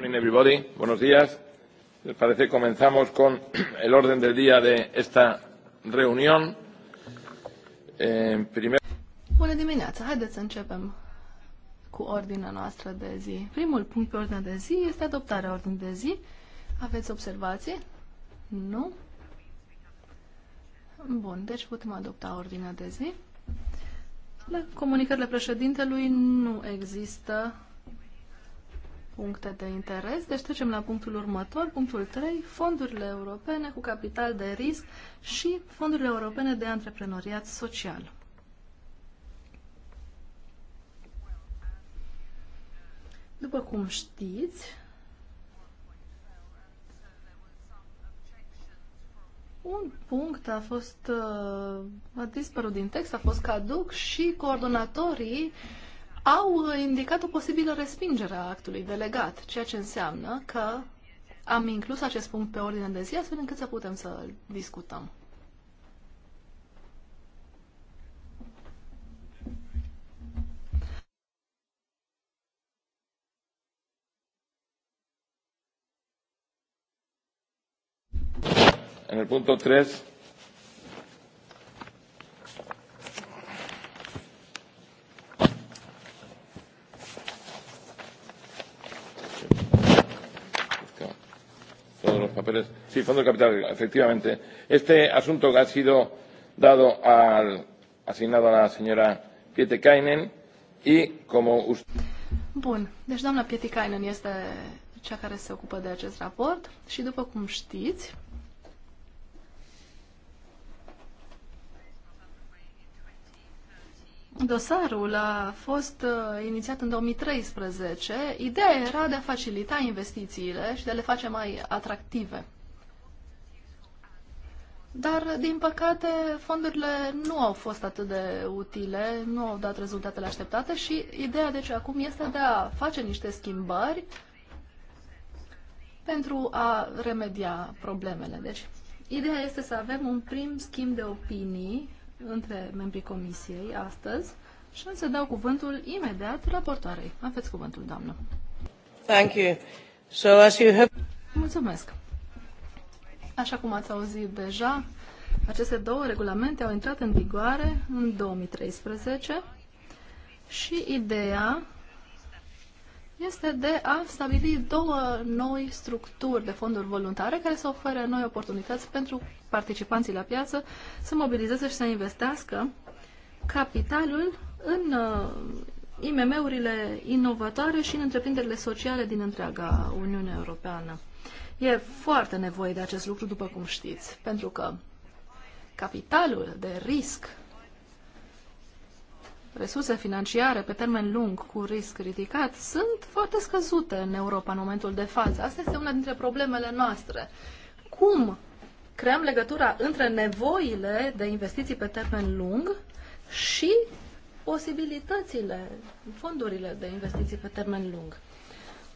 Morning, everybody. Buenos días. Les parece, comenzamos con el orden del día de esta reunión. Eh, primer... Bună dimineața! Haideți să începem cu ordinea noastră de zi. Primul punct pe ordinea de zi este adoptarea ordinii de zi. Aveți observații? Nu? Bun, deci putem adopta ordinea de zi. La comunicările președintelui nu există puncte de interes. Deci trecem la punctul următor, punctul 3, fondurile europene cu capital de risc și fondurile europene de antreprenoriat social. După cum știți, un punct a fost uh, a dispărut din text, a fost caduc și coordonatorii uh, au uh, indicat o posibilă respingere a actului delegat, ceea ce înseamnă că am inclus acest punct pe ordine de zi astfel încât să putem să discutăm. În punctul 3 Papeles, sí, Fondo de Capital, efectivamente. Este asunto ha sido dado al, asignado a la señora Pietekainen y como usted... Bun, deci doamna Pietikainen este cea care se ocupă de acest raport și după cum știți, Dosarul a fost uh, inițiat în 2013. Ideea era de a facilita investițiile și de a le face mai atractive. Dar, din păcate, fondurile nu au fost atât de utile, nu au dat rezultatele așteptate și ideea, deci, acum este de a face niște schimbări pentru a remedia problemele. Deci, ideea este să avem un prim schimb de opinii între membrii comisiei astăzi și să dau cuvântul imediat raportoarei. Aveți cuvântul, doamnă. Thank you. So as you have... Mulțumesc. Așa cum ați auzit deja, aceste două regulamente au intrat în vigoare în 2013 și ideea este de a stabili două noi structuri de fonduri voluntare care să ofere noi oportunități pentru participanții la piață să mobilizeze și să investească capitalul în uh, IMM-urile inovatoare și în întreprinderile sociale din întreaga Uniune Europeană. E foarte nevoie de acest lucru, după cum știți, pentru că capitalul de risc resurse financiare pe termen lung cu risc ridicat sunt foarte scăzute în Europa în momentul de față. Asta este una dintre problemele noastre. Cum creăm legătura între nevoile de investiții pe termen lung și posibilitățile, fondurile de investiții pe termen lung.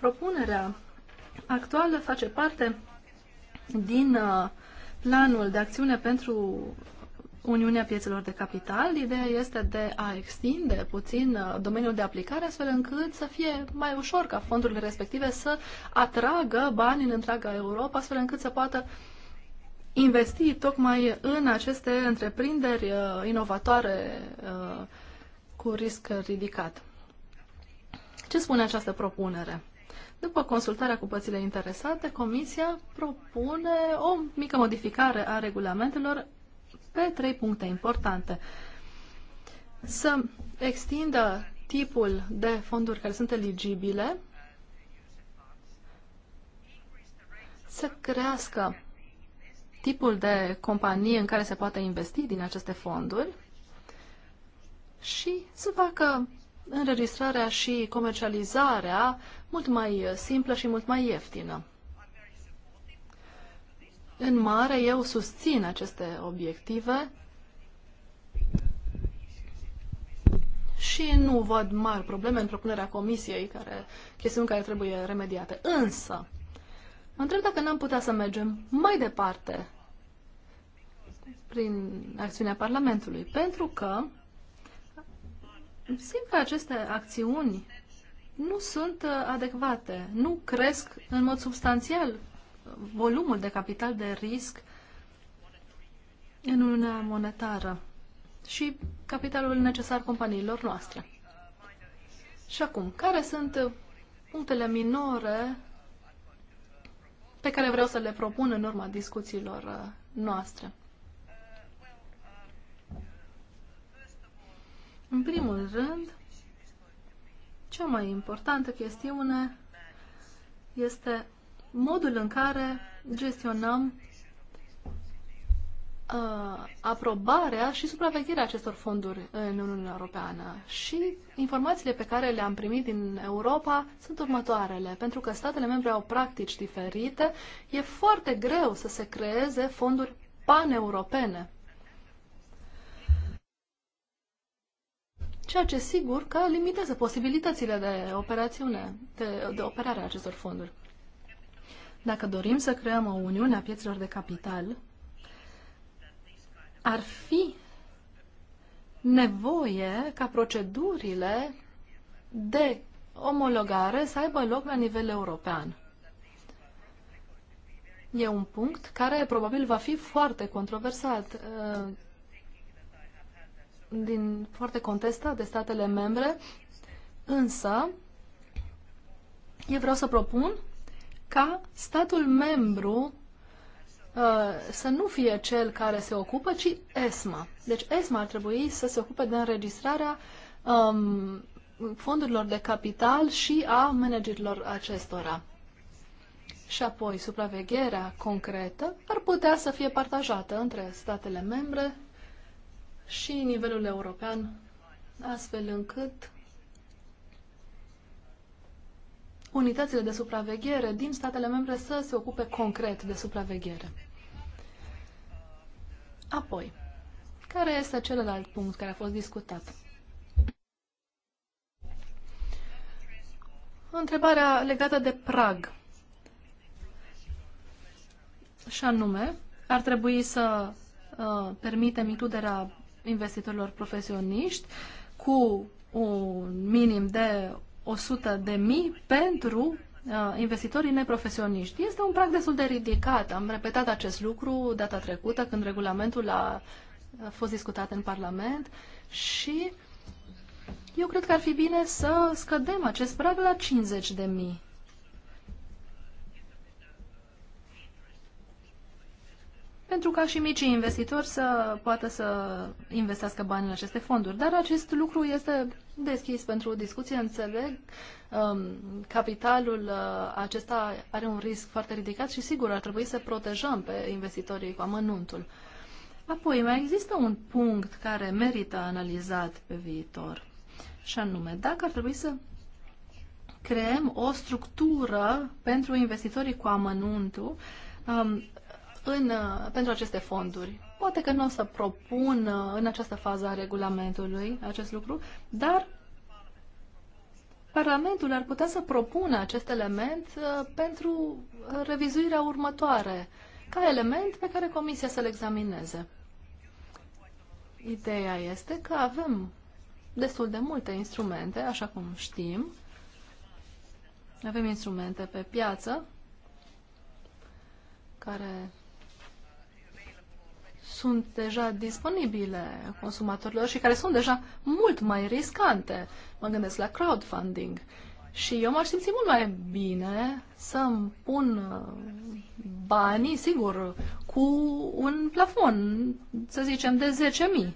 Propunerea actuală face parte din uh, planul de acțiune pentru Uniunea Piețelor de Capital. Ideea este de a extinde puțin uh, domeniul de aplicare astfel încât să fie mai ușor ca fondurile respective să atragă bani în întreaga Europa, astfel încât să poată investi tocmai în aceste întreprinderi uh, inovatoare uh, cu risc ridicat. Ce spune această propunere? După consultarea cu părțile interesate, Comisia propune o mică modificare a regulamentelor pe trei puncte importante. Să extindă tipul de fonduri care sunt eligibile, să crească tipul de companie în care se poate investi din aceste fonduri și să facă înregistrarea și comercializarea mult mai simplă și mult mai ieftină. În mare, eu susțin aceste obiective și nu văd mari probleme în propunerea comisiei, care, chestiuni care trebuie remediate. Însă, mă întreb dacă n-am putea să mergem mai departe prin acțiunea Parlamentului, pentru că simt că aceste acțiuni nu sunt uh, adecvate, nu cresc în mod substanțial volumul de capital de risc în Uniunea Monetară și capitalul necesar companiilor noastre. Și acum, care sunt punctele minore pe care vreau să le propun în urma discuțiilor uh, noastre? În primul rând, cea mai importantă chestiune este modul în care gestionăm uh, aprobarea și supravegherea acestor fonduri în Uniunea Europeană. Și informațiile pe care le-am primit din Europa sunt următoarele. Pentru că statele membre au practici diferite, e foarte greu să se creeze fonduri paneuropene. Ceea ce sigur că limitează posibilitățile de operațiune, de, de operare a acestor fonduri. Dacă dorim să creăm o uniune a piețelor de capital, ar fi nevoie ca procedurile de omologare să aibă loc la nivel european. E un punct care probabil va fi foarte controversat, uh, din, foarte contestat de statele membre, însă eu vreau să propun ca statul membru uh, să nu fie cel care se ocupă, ci ESMA. Deci ESMA ar trebui să se ocupe de înregistrarea um, fondurilor de capital și a managerilor acestora. Și apoi, supravegherea concretă ar putea să fie partajată între statele membre și nivelul european, astfel încât unitățile de supraveghere din statele membre să se ocupe concret de supraveghere. Apoi, care este celălalt punct care a fost discutat? Întrebarea legată de prag. Și anume, ar trebui să uh, permitem includerea investitorilor profesioniști cu un minim de 100 de mii pentru uh, investitorii neprofesioniști. Este un prag destul de ridicat. Am repetat acest lucru data trecută când regulamentul a fost discutat în Parlament și eu cred că ar fi bine să scădem acest prag la 50 de mii. pentru ca și micii investitori să poată să investească bani în aceste fonduri. Dar acest lucru este deschis pentru o discuție, înțeleg. Um, capitalul uh, acesta are un risc foarte ridicat și sigur ar trebui să protejăm pe investitorii cu amănuntul. Apoi, mai există un punct care merită analizat pe viitor, și anume, dacă ar trebui să creăm o structură pentru investitorii cu amănuntul, um, în, uh, pentru aceste fonduri. Poate că nu o să propun uh, în această fază a regulamentului acest lucru, dar Parlamentul ar putea să propună acest element uh, pentru revizuirea următoare, ca element pe care Comisia să-l examineze. Ideea este că avem destul de multe instrumente, așa cum știm. Avem instrumente pe piață care sunt deja disponibile consumatorilor și care sunt deja mult mai riscante. Mă gândesc la crowdfunding. Și eu m-aș simți mult mai bine să îmi pun uh, banii, sigur, cu un plafon, să zicem, de 10.000.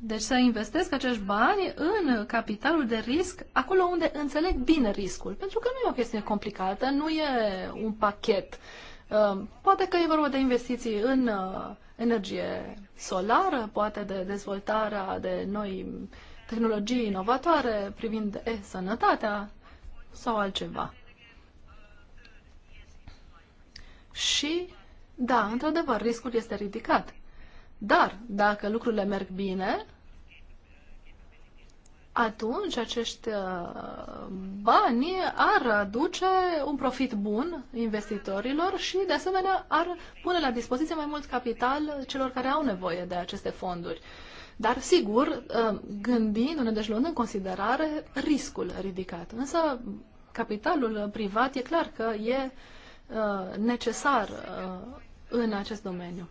Deci să investesc acești bani în capitalul de risc, acolo unde înțeleg bine riscul. Pentru că nu e o chestie complicată, nu e un pachet uh, Um, poate că e vorba de investiții în uh, energie solară, poate de dezvoltarea de noi tehnologii inovatoare privind e-sănătatea sau altceva. Și, da, într-adevăr, riscul este ridicat. Dar, dacă lucrurile merg bine, atunci acești uh, bani ar aduce un profit bun investitorilor și, de asemenea, ar pune la dispoziție mai mult capital celor care au nevoie de aceste fonduri. Dar, sigur, uh, gândindu-ne, deci luând în considerare riscul ridicat. Însă, capitalul privat e clar că e uh, necesar în acest domeniu.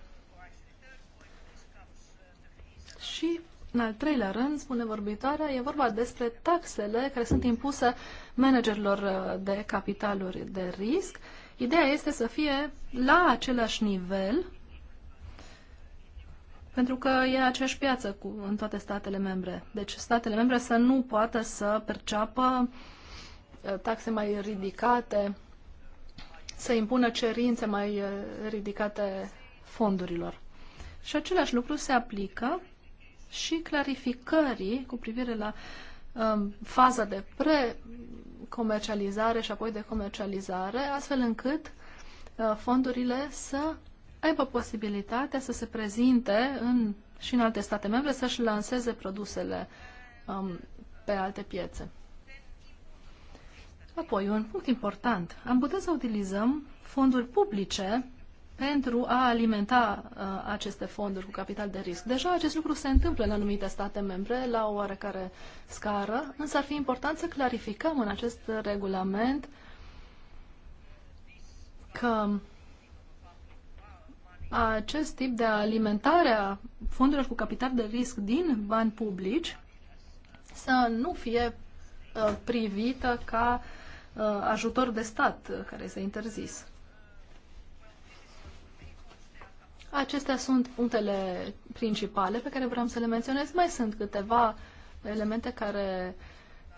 Și în al treilea rând, spune vorbitoarea, e vorba despre taxele care sunt impuse managerilor uh, de capitaluri de risc. Ideea este să fie la același nivel, pentru că e aceeași piață cu, în toate statele membre. Deci statele membre să nu poată să perceapă uh, taxe mai ridicate, să impună cerințe mai uh, ridicate fondurilor. Și același lucru se aplică și clarificării cu privire la um, faza de pre-comercializare și apoi de comercializare, astfel încât uh, fondurile să aibă posibilitatea să se prezinte în, și în alte state membre, să-și lanseze produsele um, pe alte piețe. Apoi, un punct important. Am putea să utilizăm fonduri publice pentru a alimenta uh, aceste fonduri cu capital de risc. Deja acest lucru se întâmplă în anumite state membre la o oarecare scară, însă ar fi important să clarificăm în acest regulament că acest tip de alimentare a fondurilor cu capital de risc din bani publici să nu fie uh, privită ca uh, ajutor de stat care este interzis. Acestea sunt punctele principale pe care vreau să le menționez. Mai sunt câteva elemente care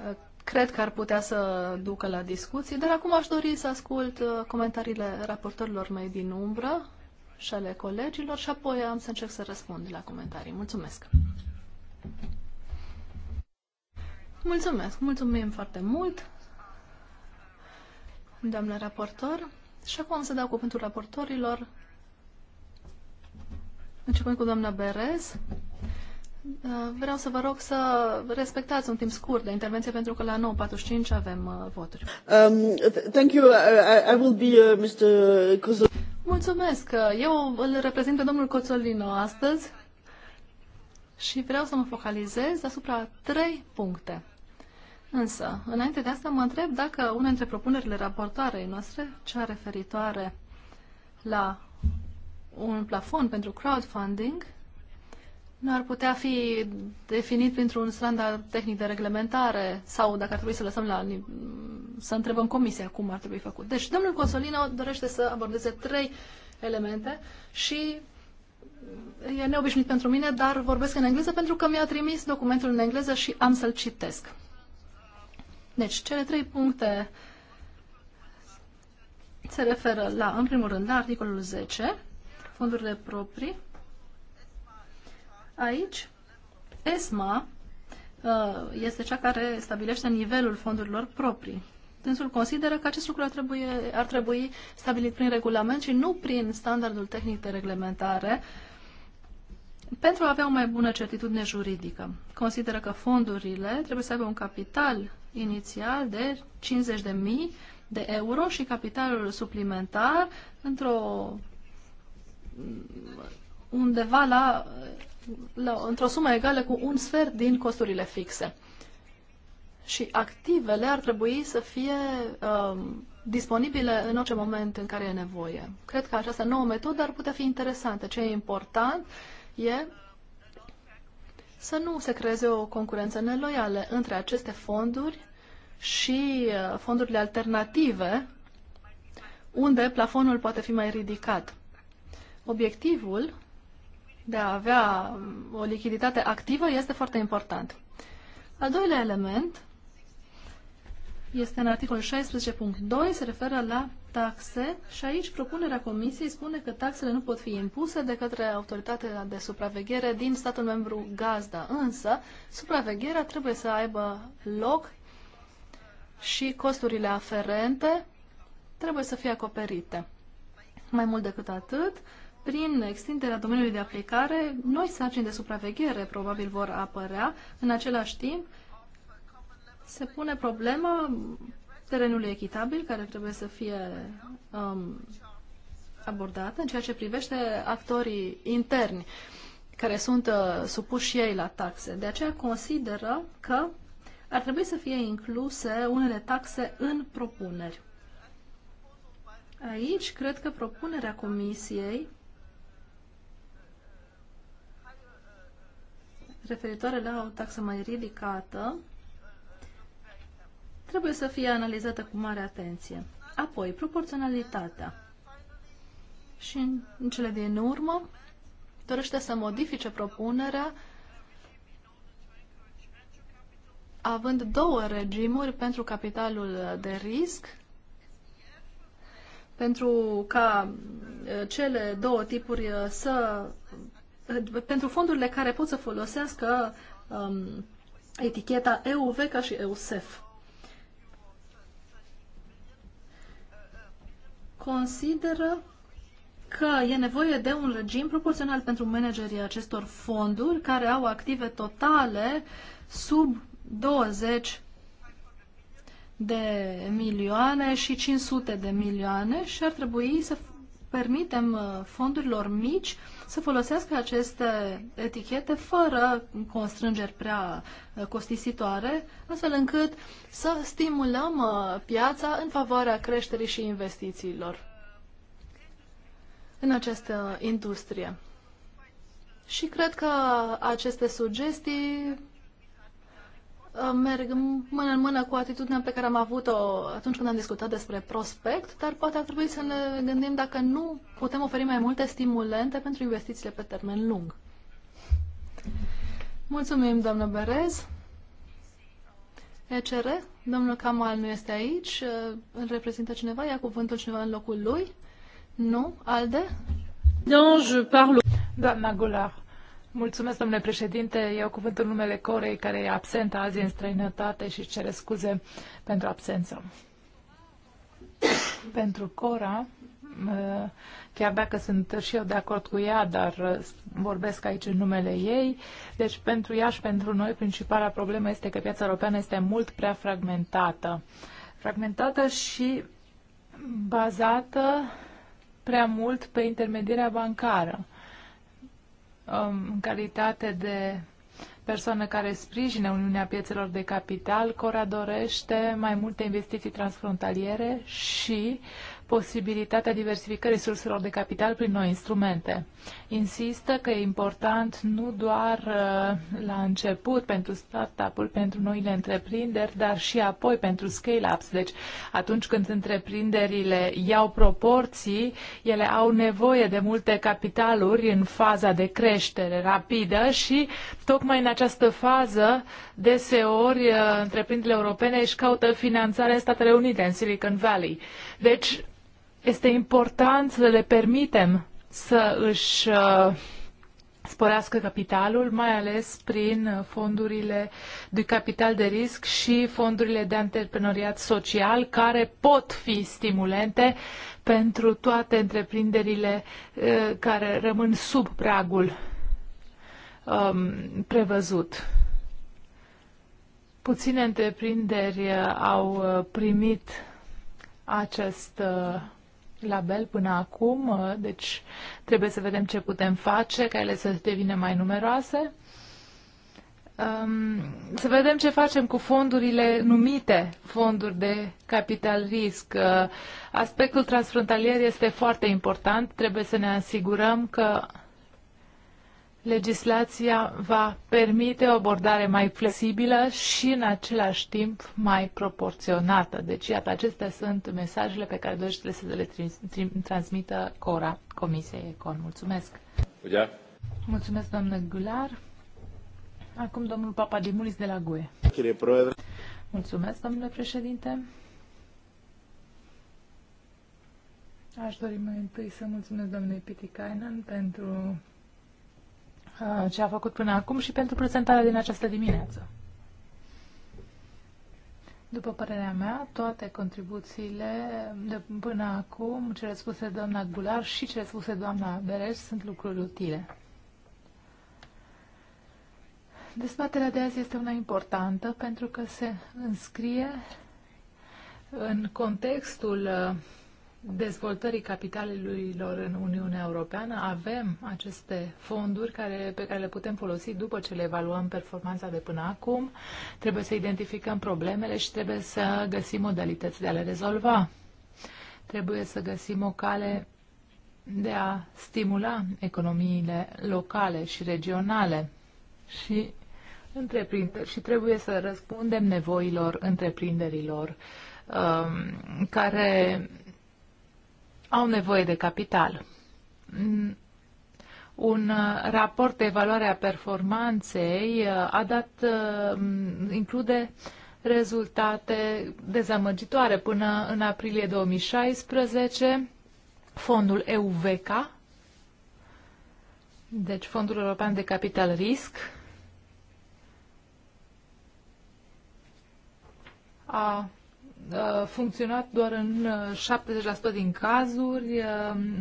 uh, cred că ar putea să ducă la discuții, dar acum aș dori să ascult uh, comentariile raportorilor mei din umbră și ale colegilor și apoi am să încerc să răspund la comentarii. Mulțumesc! Mulțumesc! Mulțumim foarte mult, doamna raportor. Și acum să dau cuvântul raportorilor Începem cu doamna Berez, da, vreau să vă rog să respectați un timp scurt de intervenție pentru că la 9.45 avem uh, voturi. Um, thank you. I, I will be uh, Mr. Cozolino. Mulțumesc. Eu îl reprezint pe domnul Cozolino astăzi și vreau să mă focalizez asupra trei puncte. Însă, înainte de asta, mă întreb dacă una dintre propunerile raportoarei noastre, cea referitoare la un plafon pentru crowdfunding nu ar putea fi definit printr-un standard tehnic de reglementare sau dacă ar trebui să lăsăm la să întrebăm comisia cum ar trebui făcut. Deci domnul Consolino dorește să abordeze trei elemente și e neobișnuit pentru mine, dar vorbesc în engleză pentru că mi-a trimis documentul în engleză și am să-l citesc. Deci cele trei puncte se referă la, în primul rând, la articolul 10, fondurile proprii. Aici, ESMA uh, este cea care stabilește nivelul fondurilor proprii. Dânsul consideră că acest lucru ar trebui, ar trebui stabilit prin regulament și nu prin standardul tehnic de reglementare pentru a avea o mai bună certitudine juridică. Consideră că fondurile trebuie să aibă un capital inițial de 50.000 de euro și capitalul suplimentar într-o undeva la, la într-o sumă egală cu un sfert din costurile fixe. Și activele ar trebui să fie um, uh, disponibile în orice moment în care e nevoie. Cred că această nouă metodă ar putea fi interesantă. Ce e important e să nu se creeze o concurență neloială între aceste fonduri și uh, fondurile alternative, unde plafonul poate fi mai ridicat obiectivul de a avea o lichiditate activă este foarte important. Al doilea element este în articolul 16.2, se referă la taxe și aici propunerea Comisiei spune că taxele nu pot fi impuse de către autoritatea de supraveghere din statul membru gazda, însă supravegherea trebuie să aibă loc și costurile aferente trebuie să fie acoperite. Mai mult decât atât, prin extinderea domeniului de aplicare, noi sarcini de supraveghere probabil vor apărea. În același timp, se pune problema terenului echitabil care trebuie să fie um, abordată în ceea ce privește actorii interni care sunt uh, supuși ei la taxe. De aceea consideră că ar trebui să fie incluse unele taxe în propuneri. Aici cred că propunerea Comisiei referitoare la o taxă mai ridicată trebuie să fie analizată cu mare atenție. Apoi, proporționalitatea. Și în cele din urmă, dorește să modifice propunerea având două regimuri pentru capitalul de risc, pentru ca eh, cele două tipuri eh, să pentru fondurile care pot să folosească um, eticheta ca și EUSEF. Consideră că e nevoie de un regim proporțional pentru managerii acestor fonduri care au active totale sub 20 de milioane și 500 de milioane și ar trebui să permitem uh, fondurilor mici uh, să folosească aceste etichete fără constrângeri prea uh, costisitoare, astfel încât să stimulăm uh, piața în favoarea creșterii și investițiilor în această industrie. Și cred că aceste sugestii Uh, merg mână în mână cu atitudinea pe care am avut-o atunci când am discutat despre prospect, dar poate ar trebui să ne gândim dacă nu putem oferi mai multe stimulente pentru investițiile pe termen lung. Mulțumim, doamnă Berez. ECR, domnul Kamal nu este aici, uh, îl reprezintă cineva, ia cuvântul cineva în locul lui? Nu? Alde? Non, je parle. Doamna Golar. Mulțumesc, domnule președinte. Eu cuvântul numele Corei, care e absentă azi în străinătate și cere scuze pentru absență. pentru Cora, eh, chiar dacă sunt și eu de acord cu ea, dar eh, vorbesc aici în numele ei. Deci pentru ea și pentru noi principala problemă este că piața europeană este mult prea fragmentată. Fragmentată și bazată prea mult pe intermedierea bancară. Um, în calitate de persoană care sprijină Uniunea Piețelor de Capital, Cora dorește mai multe investiții transfrontaliere și uh, posibilitatea diversificării surselor de capital prin noi instrumente. Insistă că e important nu doar uh, la început pentru startup-uri, pentru noile întreprinderi, dar și apoi pentru scale-ups. Deci atunci când întreprinderile iau proporții, ele au nevoie de multe capitaluri în faza de creștere rapidă și tocmai în această fază deseori uh, întreprinderile europene își caută finanțare în Statele Unite, în Silicon Valley. Deci, este important să le permitem să își uh, sporească capitalul, mai ales prin fondurile de capital de risc și fondurile de antreprenoriat social, care pot fi stimulente pentru toate întreprinderile uh, care rămân sub pragul um, prevăzut. Puține întreprinderi uh, au primit acest la Bel până acum, uh, deci trebuie să vedem ce putem face, ca ele să devină mai numeroase. Um, să vedem ce facem cu fondurile numite fonduri de capital risc. Uh, aspectul transfrontalier este foarte important. Trebuie să ne asigurăm că legislația va permite o abordare mai flexibilă și în același timp mai proporționată. Deci, iată, acestea sunt mesajele pe care dorește să le transmită Cora Comisiei Econ. Mulțumesc! Ugea. Mulțumesc, doamnă Gular. Acum domnul Dimulis de la GUE. Mulțumesc, domnule președinte. Aș dori mai întâi să mulțumesc doamnei Pitikainen pentru Uh, ce a făcut până acum și pentru prezentarea din această dimineață. După părerea mea, toate contribuțiile de până acum, cele spuse doamna Gular și cele spuse doamna Bereș, sunt lucruri utile. Dezbaterea de azi este una importantă pentru că se înscrie în contextul uh, dezvoltării capitalelor în Uniunea Europeană, avem aceste fonduri care, pe care le putem folosi după ce le evaluăm performanța de până acum. Trebuie să identificăm problemele și trebuie să găsim modalități de a le rezolva. Trebuie să găsim o cale de a stimula economiile locale și regionale și întreprinderi și trebuie să răspundem nevoilor întreprinderilor um, care au nevoie de capital. Un uh, raport de evaluare a performanței uh, a dat, uh, include rezultate dezamăgitoare. Până în aprilie 2016, fondul EUVECA, deci Fondul European de Capital Risc, a funcționat doar în 70% uh, din cazuri, uh,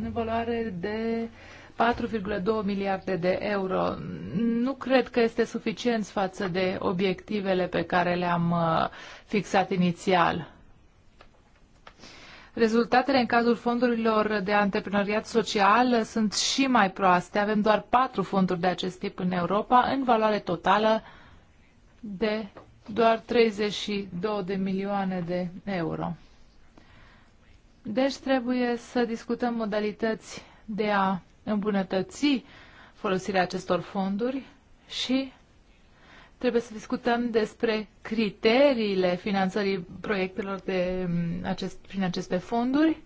în valoare de 4,2 miliarde de euro. Nu cred că este suficient față de obiectivele pe care le-am uh, fixat inițial. Rezultatele în cazul fondurilor de antreprenoriat social sunt și mai proaste. Avem doar patru fonduri de acest tip în Europa, în valoare totală de doar 32 de milioane de euro. Deci trebuie să discutăm modalități de a îmbunătăți folosirea acestor fonduri și trebuie să discutăm despre criteriile finanțării proiectelor de acest, prin aceste fonduri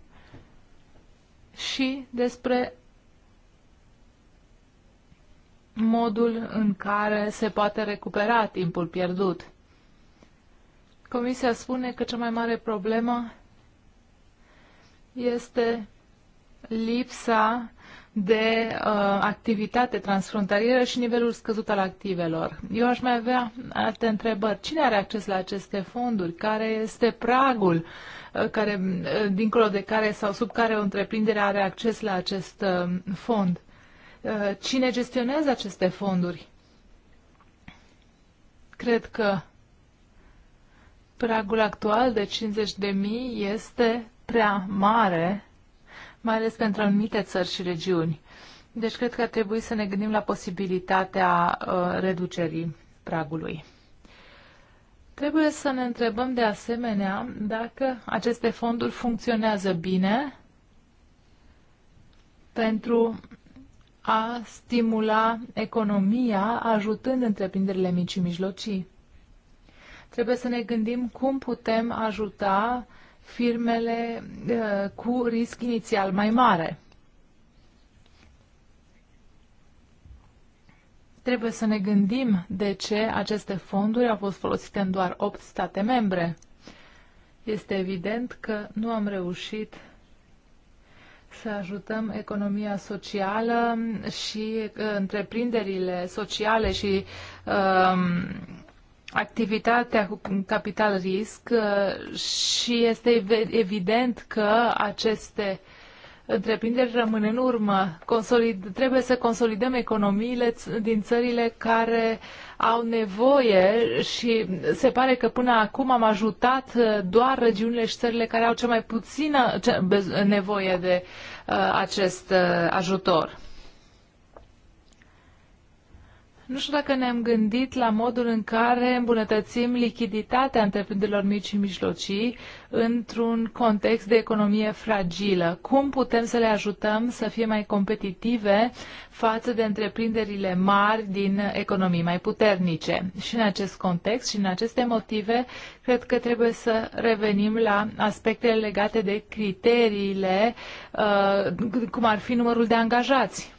și despre modul în care se poate recupera timpul pierdut. Comisia spune că cea mai mare problemă este lipsa de uh, activitate transfrontalieră și nivelul scăzut al activelor. Eu aș mai avea alte întrebări. Cine are acces la aceste fonduri? Care este pragul uh, care, uh, dincolo de care sau sub care o întreprindere are acces la acest uh, fond? Uh, cine gestionează aceste fonduri? Cred că Pragul actual de 50.000 este prea mare, mai ales pentru anumite țări și regiuni. Deci cred că ar trebui să ne gândim la posibilitatea uh, reducerii pragului. Trebuie să ne întrebăm de asemenea dacă aceste fonduri funcționează bine pentru a stimula economia ajutând întreprinderile mici și mijlocii. Trebuie să ne gândim cum putem ajuta firmele eh, cu risc inițial mai mare. Trebuie să ne gândim de ce aceste fonduri au fost folosite în doar 8 state membre. Este evident că nu am reușit să ajutăm economia socială și uh, întreprinderile sociale și uh, activitatea cu capital risc uh, și este evident că aceste întreprinderi rămân în urmă. Consolid, trebuie să consolidăm economiile din țările care au nevoie și se pare că până acum am ajutat uh, doar regiunile și țările care au cea mai puțină nevoie de uh, acest ajutor. Nu știu dacă ne-am gândit la modul în care îmbunătățim lichiditatea întreprinderilor mici și mijlocii într-un context de economie fragilă. Cum putem să le ajutăm să fie mai competitive față de întreprinderile mari din economii mai puternice? Și în acest context și în aceste motive, cred că trebuie să revenim la aspectele legate de criteriile, uh, cum ar fi numărul de angajați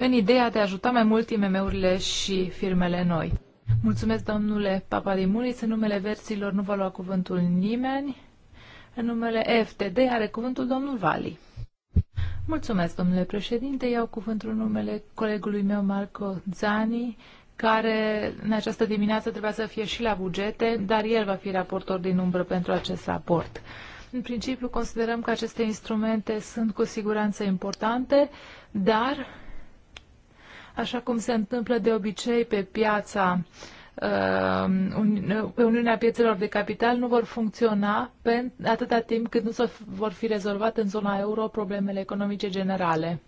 în ideea de a ajuta mai mult IMM-urile și firmele noi. Mulțumesc, domnule Papadimulis. În numele verților nu va lua cuvântul nimeni. În numele FTD are cuvântul domnul Vali. Mulțumesc, domnule președinte. Iau cuvântul în numele colegului meu, Marco Zani, care în această dimineață trebuia să fie și la bugete, dar el va fi raportor din umbră pentru acest raport. În principiu, considerăm că aceste instrumente sunt cu siguranță importante, dar așa cum se întâmplă de obicei pe piața uh, pe Uniunea Piețelor de Capital nu vor funcționa atâta timp cât nu vor fi rezolvate în zona euro problemele economice generale.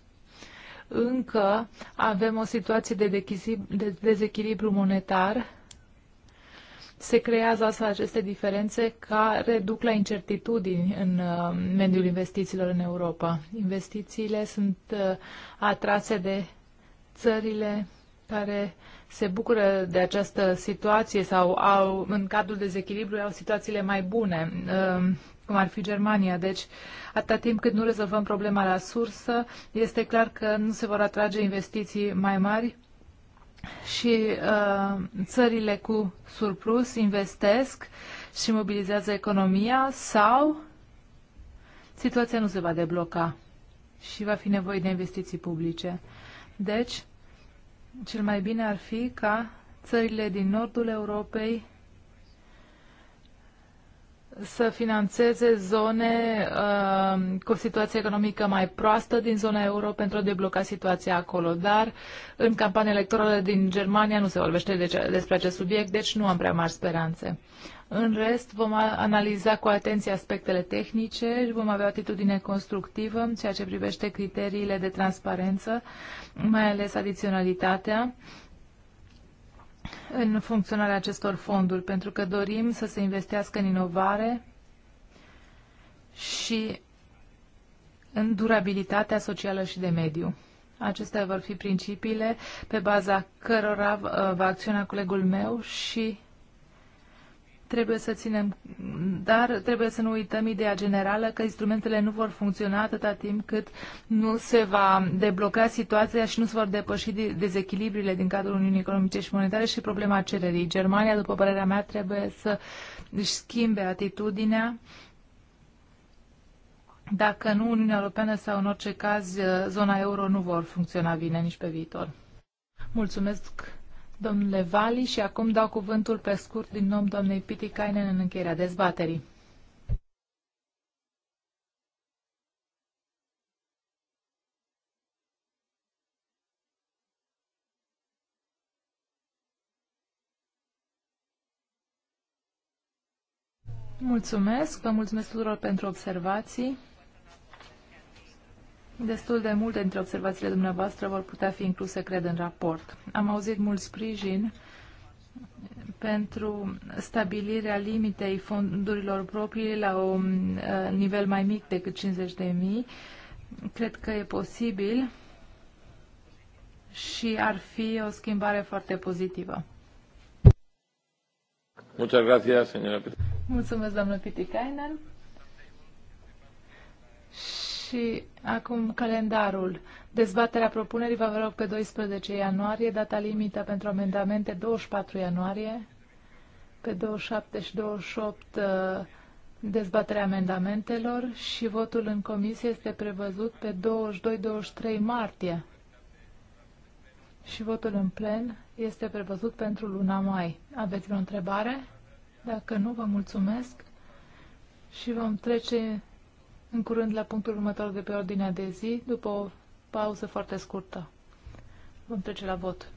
Încă avem o situație de dezechilibru monetar. Se creează astfel aceste diferențe care duc la incertitudini în uh, mediul investițiilor în Europa. Investițiile sunt uh, atrase de țările care se bucură de această situație sau au, în cadrul dezechilibrului, au situațiile mai bune, um, cum ar fi Germania. Deci, atâta timp cât nu rezolvăm problema la sursă, este clar că nu se vor atrage investiții mai mari și uh, țările cu surplus investesc și mobilizează economia sau situația nu se va debloca și va fi nevoie de investiții publice. Deci, cel mai bine ar fi ca țările din nordul Europei să financeze zone uh, cu o situație economică mai proastă din zona euro pentru a debloca situația acolo. Dar în campania electorală din Germania nu se vorbește de ce, despre acest subiect, deci nu am prea mari speranțe. În rest, vom analiza cu atenție aspectele tehnice, vom avea o atitudine constructivă în ceea ce privește criteriile de transparență, mai ales adiționalitatea în funcționarea acestor fonduri, pentru că dorim să se investească în inovare și în durabilitatea socială și de mediu. Acestea vor fi principiile pe baza cărora uh, va acționa colegul meu și trebuie să ținem, dar trebuie să nu uităm ideea generală că instrumentele nu vor funcționa atâta timp cât nu se va debloca situația și nu se vor depăși dezechilibrile din cadrul Uniunii Economice și Monetare și problema cererii. Germania, după părerea mea, trebuie să își schimbe atitudinea dacă nu Uniunea Europeană sau în orice caz zona euro nu vor funcționa bine nici pe viitor. Mulțumesc domnule Vali și acum dau cuvântul pe scurt din nou doamnei Pitikainen în încheierea dezbaterii. Mulțumesc, vă mulțumesc tuturor pentru observații. Destul de multe dintre observațiile dumneavoastră vor putea fi incluse, cred, în raport. Am auzit mult sprijin pentru stabilirea limitei fondurilor proprii la un uh, nivel mai mic decât 50 de mii. Cred că e posibil și ar fi o schimbare foarte pozitivă. Mulțumesc, doamnă Pitikainen. Și acum calendarul. Dezbaterea propunerii va avea loc pe 12 ianuarie, data limită pentru amendamente 24 ianuarie, pe 27 și 28 uh, dezbaterea amendamentelor și votul în comisie este prevăzut pe 22-23 martie și votul în plen este prevăzut pentru luna mai. Aveți vreo întrebare? Dacă nu, vă mulțumesc și vom trece în curând la punctul următor de pe ordinea de zi, după o pauză foarte scurtă. Vom trece la vot.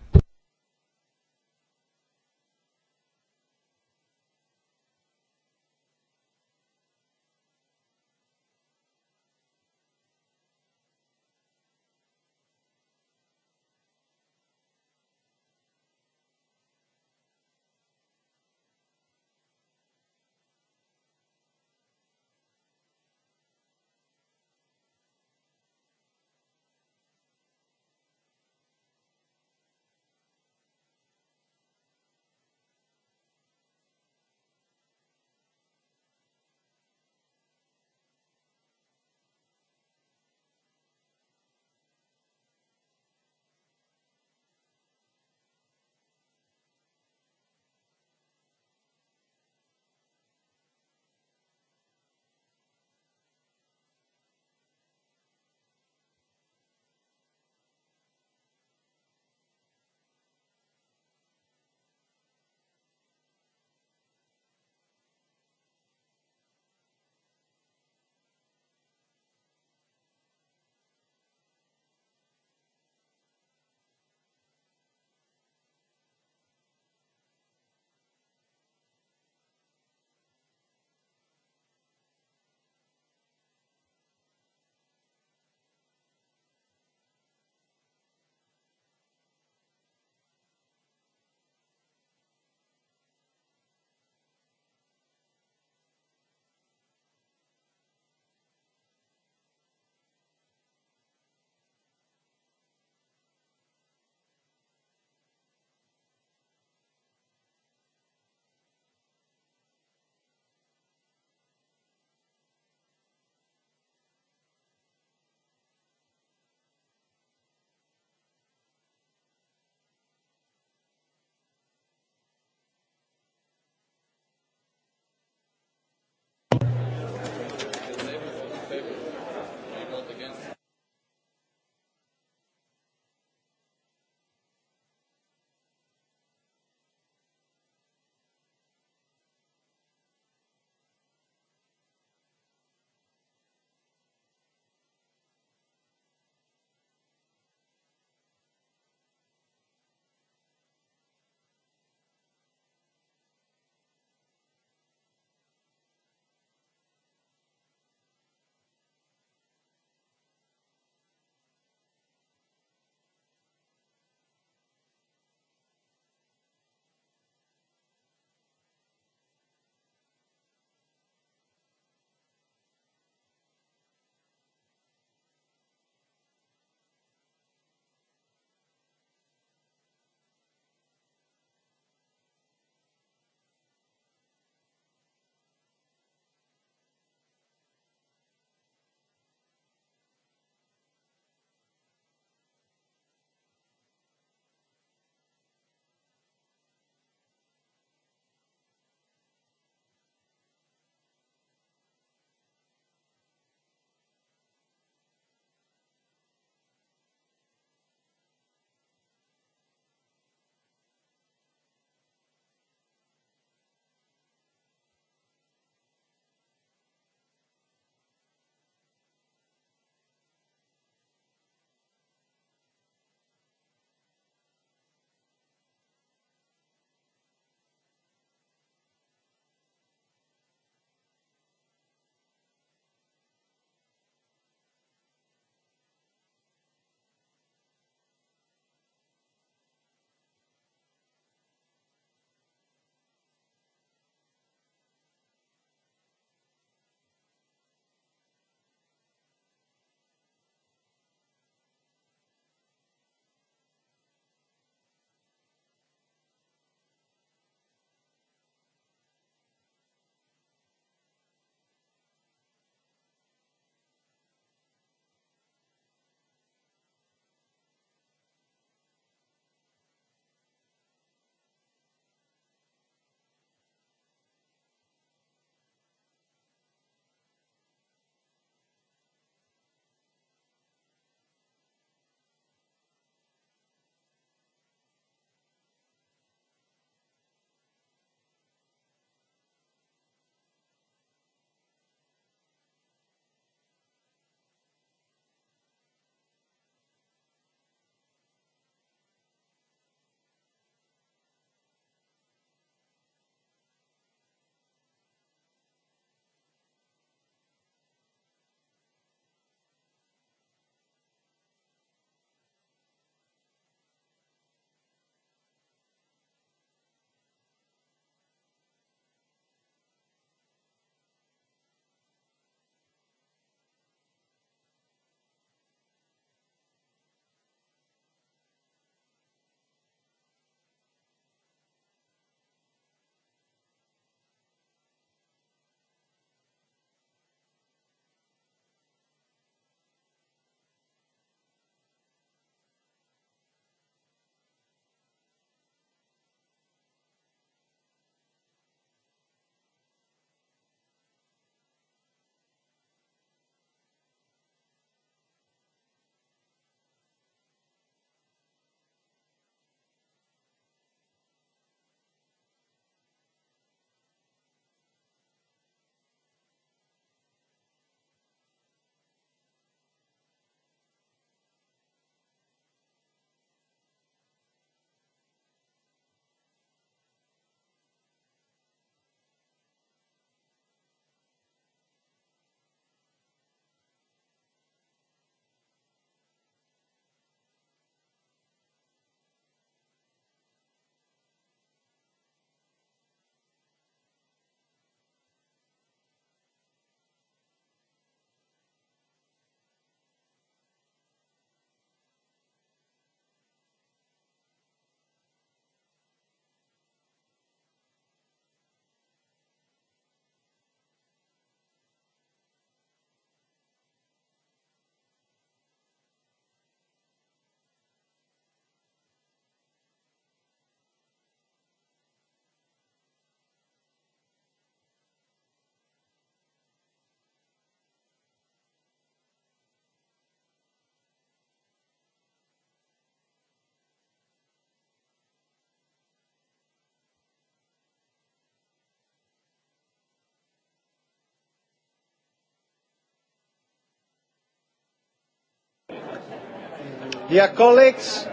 Dear colleagues,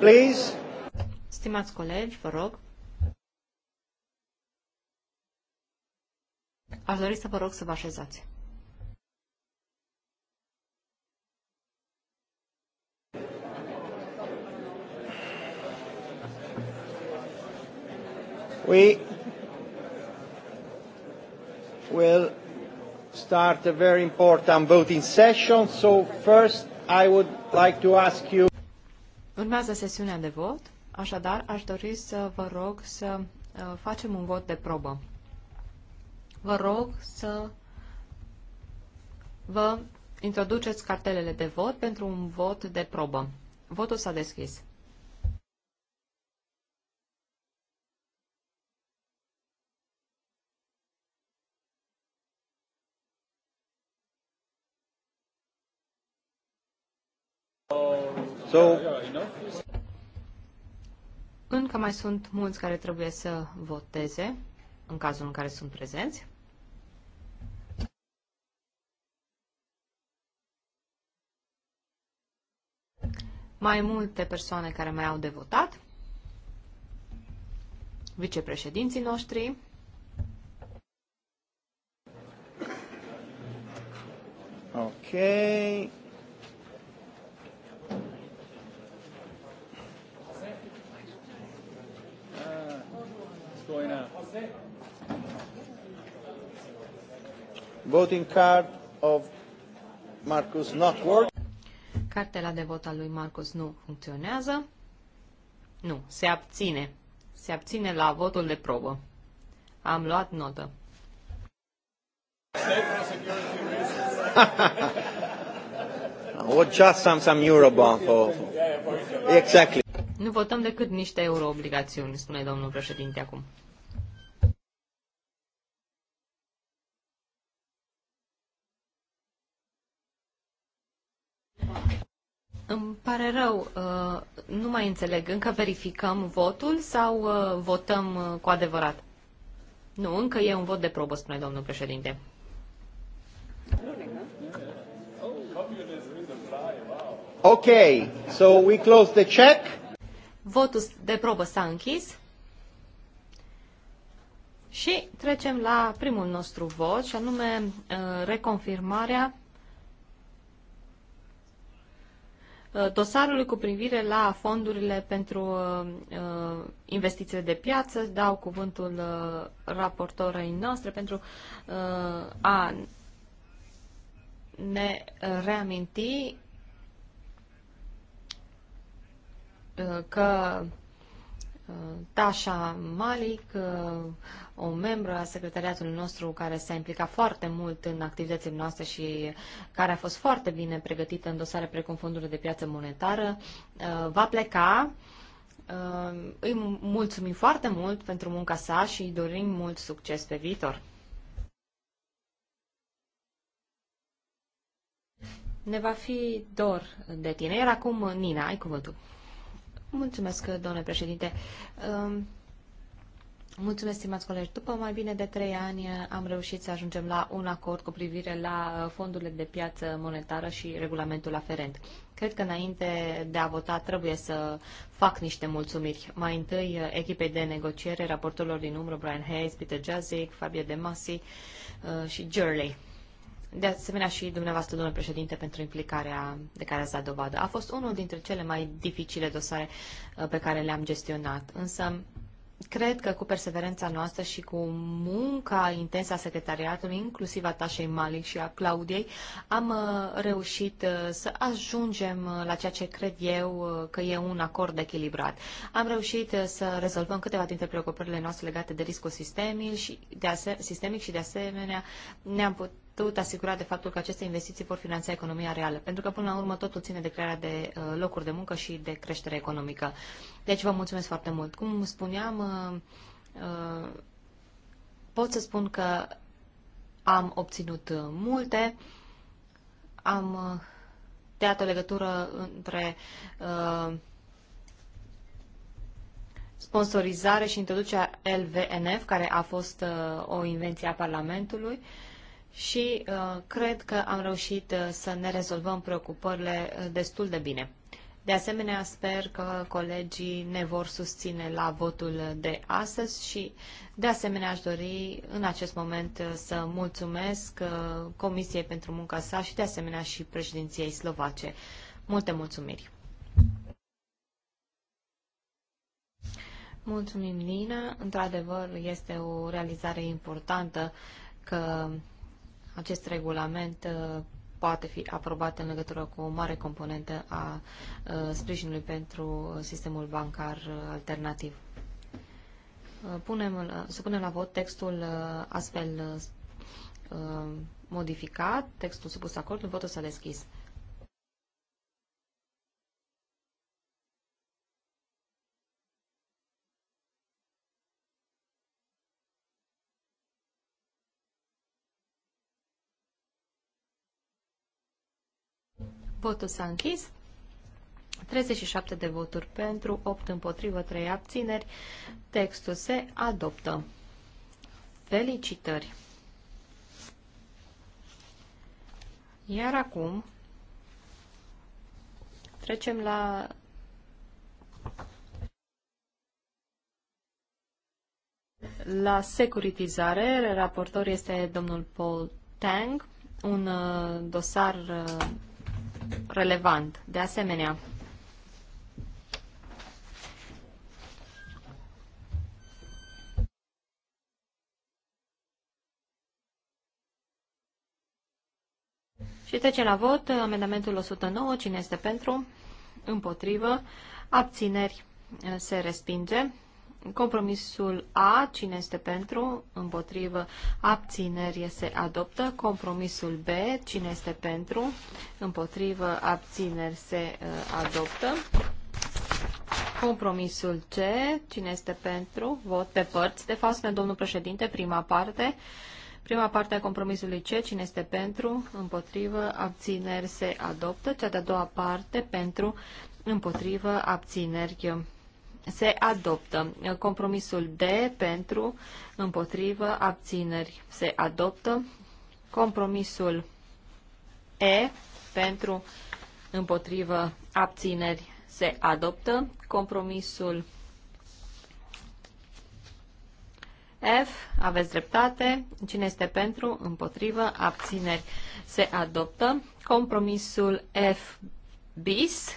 please. Stimați colegi, vă rog. Aș dori să vă rog să vă așezați. We will start a very important voting session. So first I would like to ask you... Urmează sesiunea de vot, așadar aș dori să vă rog să uh, facem un vot de probă. Vă rog să vă introduceți cartelele de vot pentru un vot de probă. Votul s-a deschis. So... Încă mai sunt mulți care trebuie să voteze, în cazul în care sunt prezenți. Mai multe persoane care mai au de votat. Vicepreședinții noștri. Okay. Voting card of Marcus not work. Cartela de vot al lui Marcus nu funcționează. Nu, se abține. Se abține la votul de probă. Am luat notă. Or oh, just some, some Eurobond for... Exactly. Nu votăm decât niște euro obligațiuni, spune domnul președinte acum. Îmi pare rău, uh, nu mai înțeleg. Încă verificăm votul sau uh, votăm uh, cu adevărat? Nu, încă e un vot de probă, spune domnul președinte. Ok, so we close the check. Votul de probă s-a închis. Și trecem la primul nostru vot, și anume reconfirmarea Uh, dosarului cu privire la fondurile pentru uh, uh, investițiile de piață. Dau cuvântul raportorului noastre pentru a ne reaminti că Tasha Malik, uh, o membră a secretariatului nostru care s-a implicat foarte mult în activitățile noastre și care a fost foarte bine pregătită în dosare precum fondurile de piață monetară, uh, va pleca. Uh, îi mulțumim foarte mult pentru munca sa și îi dorim mult succes pe viitor. Ne va fi dor de tine, iar acum Nina, ai cuvântul. Mulțumesc, domnule președinte. Um, mulțumesc, stimați colegi. După mai bine de trei ani am reușit să ajungem la un acord cu privire la fondurile de piață monetară și regulamentul aferent. Cred că înainte de a vota trebuie să fac niște mulțumiri. Mai întâi echipei de negociere, raportorilor din umbră, Brian Hayes, Peter Jazik, Fabio De Masi uh, și Gurley de asemenea și dumneavoastră, domnule președinte, pentru implicarea de care ați dat dovadă. A fost unul dintre cele mai dificile dosare uh, pe care le-am gestionat, însă cred că cu perseverența noastră și cu munca intensă a secretariatului, inclusiv a Tașei Malic și a Claudiei, am uh, reușit uh, să ajungem la ceea ce cred eu că e un acord echilibrat. Am reușit să rezolvăm câteva dintre preocupările noastre legate de riscul sistemic și de, ase- sistemic și de asemenea ne-am putut atât asigurat de faptul că aceste investiții vor finanța economia reală, pentru că până la urmă totul ține de crearea de uh, locuri de muncă și de creștere economică. Deci vă mulțumesc foarte mult. Cum spuneam, uh, uh, pot să spun că am obținut multe, am teat o legătură între sponsorizare și introducerea LVNF, care a fost o invenție a Parlamentului, uh, și uh, cred că am reușit uh, să ne rezolvăm preocupările uh, destul de bine. De asemenea, sper că colegii ne vor susține la votul de astăzi și, de asemenea, aș dori în acest moment uh, să mulțumesc Comisiei pentru munca sa și, de asemenea, și președinției slovace. Multe mulțumiri! Mulțumim, Nina. Într-adevăr, este o realizare importantă că acest regulament uh, poate fi aprobat în legătură cu o mare componentă a uh, sprijinului pentru sistemul bancar uh, alternativ. Punem, punem la vot textul astfel modificat, textul supus acord, votul s-a deschis. Votul s-a închis. 37 de voturi pentru, 8 împotrivă, 3 abțineri. Textul se adoptă. Felicitări! Iar acum trecem la la securitizare. Raportor este domnul Paul Tang, un uh, dosar uh, relevant. De asemenea, Și trece la vot. Amendamentul 109. Cine este pentru? Împotrivă. Abțineri. Se respinge. Compromisul A, cine este pentru, împotrivă, abțineri, se adoptă. Compromisul B, cine este pentru, împotrivă, abțineri, se uh, adoptă. Compromisul C, cine este pentru, vot pe părți. De fapt, spune domnul președinte, prima parte. Prima parte a compromisului C, cine este pentru, împotrivă, abțineri, se adoptă. Cea de-a doua parte, pentru, împotrivă, abțineri, se adoptă. Compromisul D pentru, împotrivă, abțineri se adoptă. Compromisul E pentru, împotrivă, abțineri se adoptă. Compromisul F, aveți dreptate. Cine este pentru, împotrivă, abțineri se adoptă. Compromisul F bis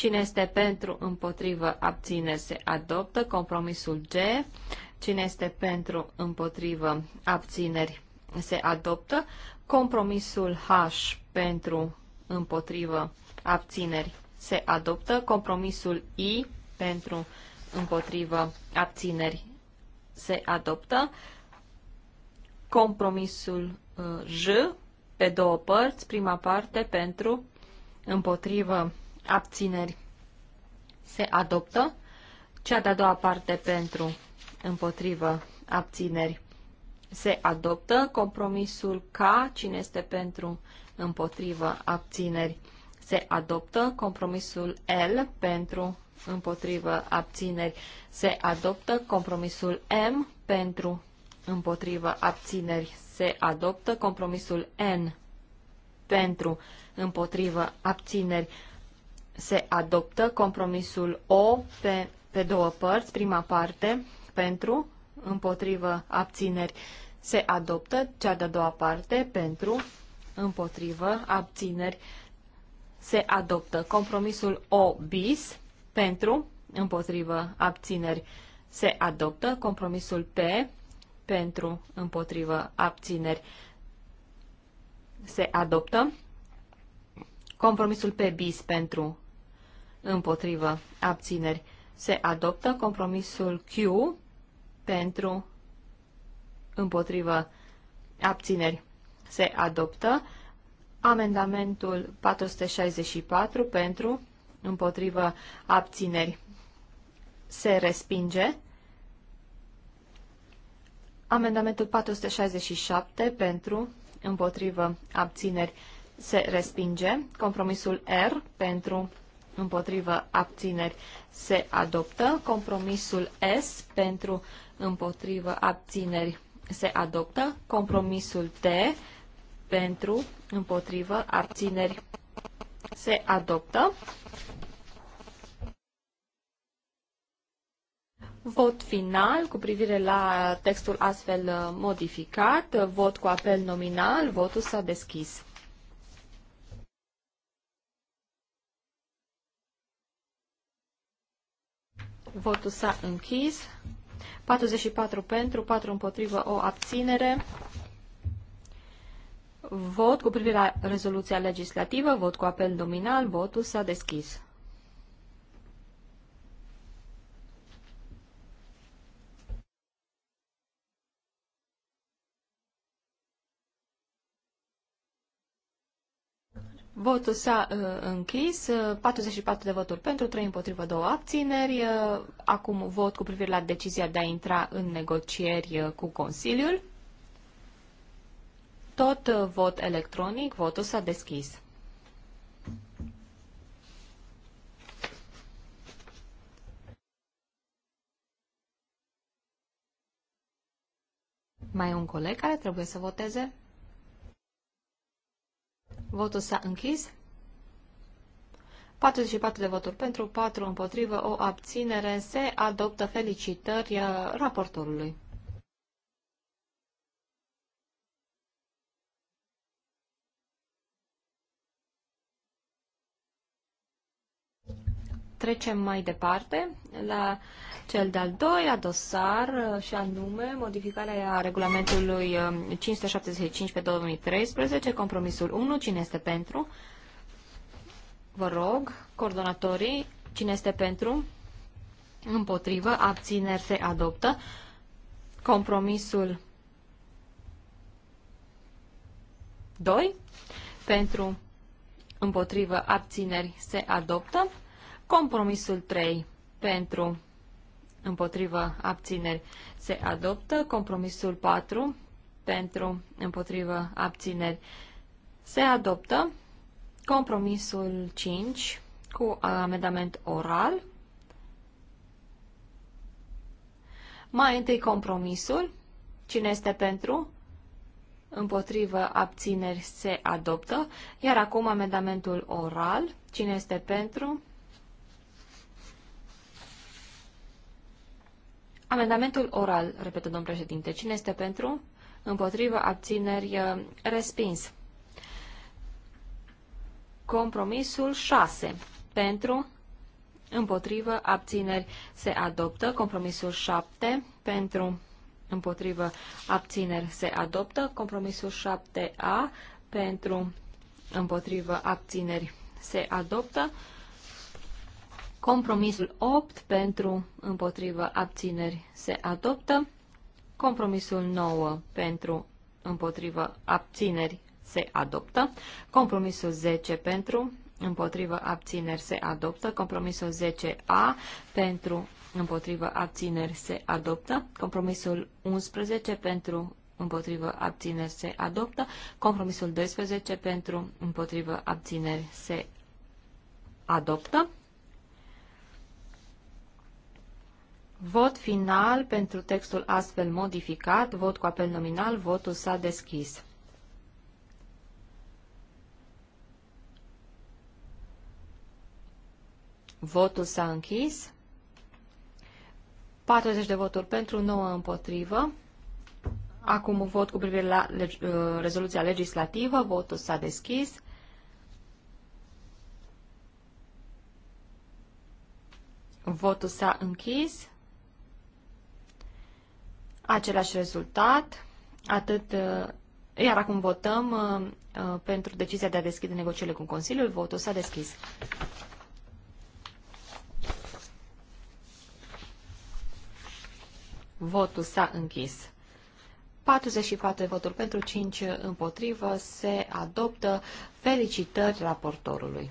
Cine este pentru, împotrivă, abține, se adoptă. Compromisul G. Cine este pentru, împotrivă, abțineri, se adoptă. Compromisul H pentru, împotrivă, abțineri, se adoptă. Compromisul I pentru, împotrivă, abțineri, se adoptă. Compromisul uh, J pe două părți, prima parte pentru, împotrivă, abțineri se adoptă. Cea de-a doua parte pentru, împotrivă, abțineri se adoptă. Compromisul K, cine este pentru, împotrivă, abțineri se adoptă. Compromisul L, pentru, împotrivă, abțineri se adoptă. Compromisul M, pentru, împotrivă, abțineri se adoptă. Compromisul N, pentru, împotrivă, abțineri se se adoptă compromisul O pe, pe două părți, prima parte pentru, împotrivă, abțineri, se adoptă, cea de-a doua parte pentru, împotrivă, abțineri, se adoptă. Compromisul O bis pentru, împotrivă, abțineri, se adoptă. Compromisul P pentru, împotrivă, abțineri, se adoptă. Compromisul pe bis pentru împotrivă abțineri se adoptă. Compromisul Q pentru împotrivă abțineri se adoptă. Amendamentul 464 pentru împotrivă abțineri se respinge. Amendamentul 467 pentru împotrivă abțineri se respinge. Compromisul R pentru împotrivă abțineri se adoptă. Compromisul S pentru împotrivă abțineri se adoptă. Compromisul T pentru împotrivă abțineri se adoptă. Vot final cu privire la textul astfel uh, modificat, vot cu apel nominal, votul s-a deschis. Votul s-a închis. 44 pentru, 4 împotrivă, o abținere. Vot cu privire la rezoluția legislativă, vot cu apel nominal, votul s-a deschis. Votul s-a uh, închis, 44 uh, de voturi pentru, 3 împotrivă, 2 abțineri. Uh, acum vot cu privire la decizia de a intra în negocieri uh, cu Consiliul. Tot vot electronic, votul s-a deschis. Mai e un coleg care trebuie să voteze? Votul s-a închis. 44 de voturi pentru, 4 împotrivă, o abținere. Se adoptă felicitări uh, raportorului. trecem mai departe la cel de-al doilea dosar, uh, și anume modificarea regulamentului 575 um, pe 2013, compromisul 1, cine este pentru? Vă rog, coordonatorii, cine este pentru? Împotrivă, abțineri se adoptă. Compromisul 2, pentru împotrivă, abțineri se adoptă. Compromisul 3 pentru împotrivă abțineri se adoptă. Compromisul 4 pentru împotrivă abțineri se adoptă. Compromisul 5 cu amendament oral. Mai întâi compromisul. Cine este pentru? Împotrivă abțineri se adoptă. Iar acum amendamentul oral. Cine este pentru? Amendamentul oral, repetă domnul președinte, cine este pentru? Împotrivă, abțineri, eh, respins. Compromisul 6. Pentru, împotrivă, abțineri, se adoptă. Compromisul 7. Pentru, împotrivă, abțineri, se adoptă. Compromisul 7A. Pentru, împotrivă, abțineri, se adoptă. Compromisul 8 pentru împotrivă abțineri se adoptă. Compromisul 9 pentru împotrivă abțineri se adoptă. Compromisul 10 pentru împotrivă abțineri se adoptă. Compromisul 10A pentru împotrivă abțineri se adoptă. Compromisul 11 pentru împotrivă abțineri se adoptă. Compromisul 12 pentru împotrivă abțineri se adoptă. Vot final pentru textul astfel modificat, vot cu apel nominal, votul s-a deschis. Votul s-a închis. 40 de voturi pentru, 9 împotrivă. Acum vot cu privire la leg uh, rezoluția legislativă. Votul s-a deschis. Votul s-a închis același rezultat, atât uh, iar acum votăm uh, uh, pentru decizia de a deschide negocierile cu Consiliul. Votul s-a deschis. Votul s-a închis. 44 voturi pentru 5 împotrivă se adoptă. Felicitări raportorului.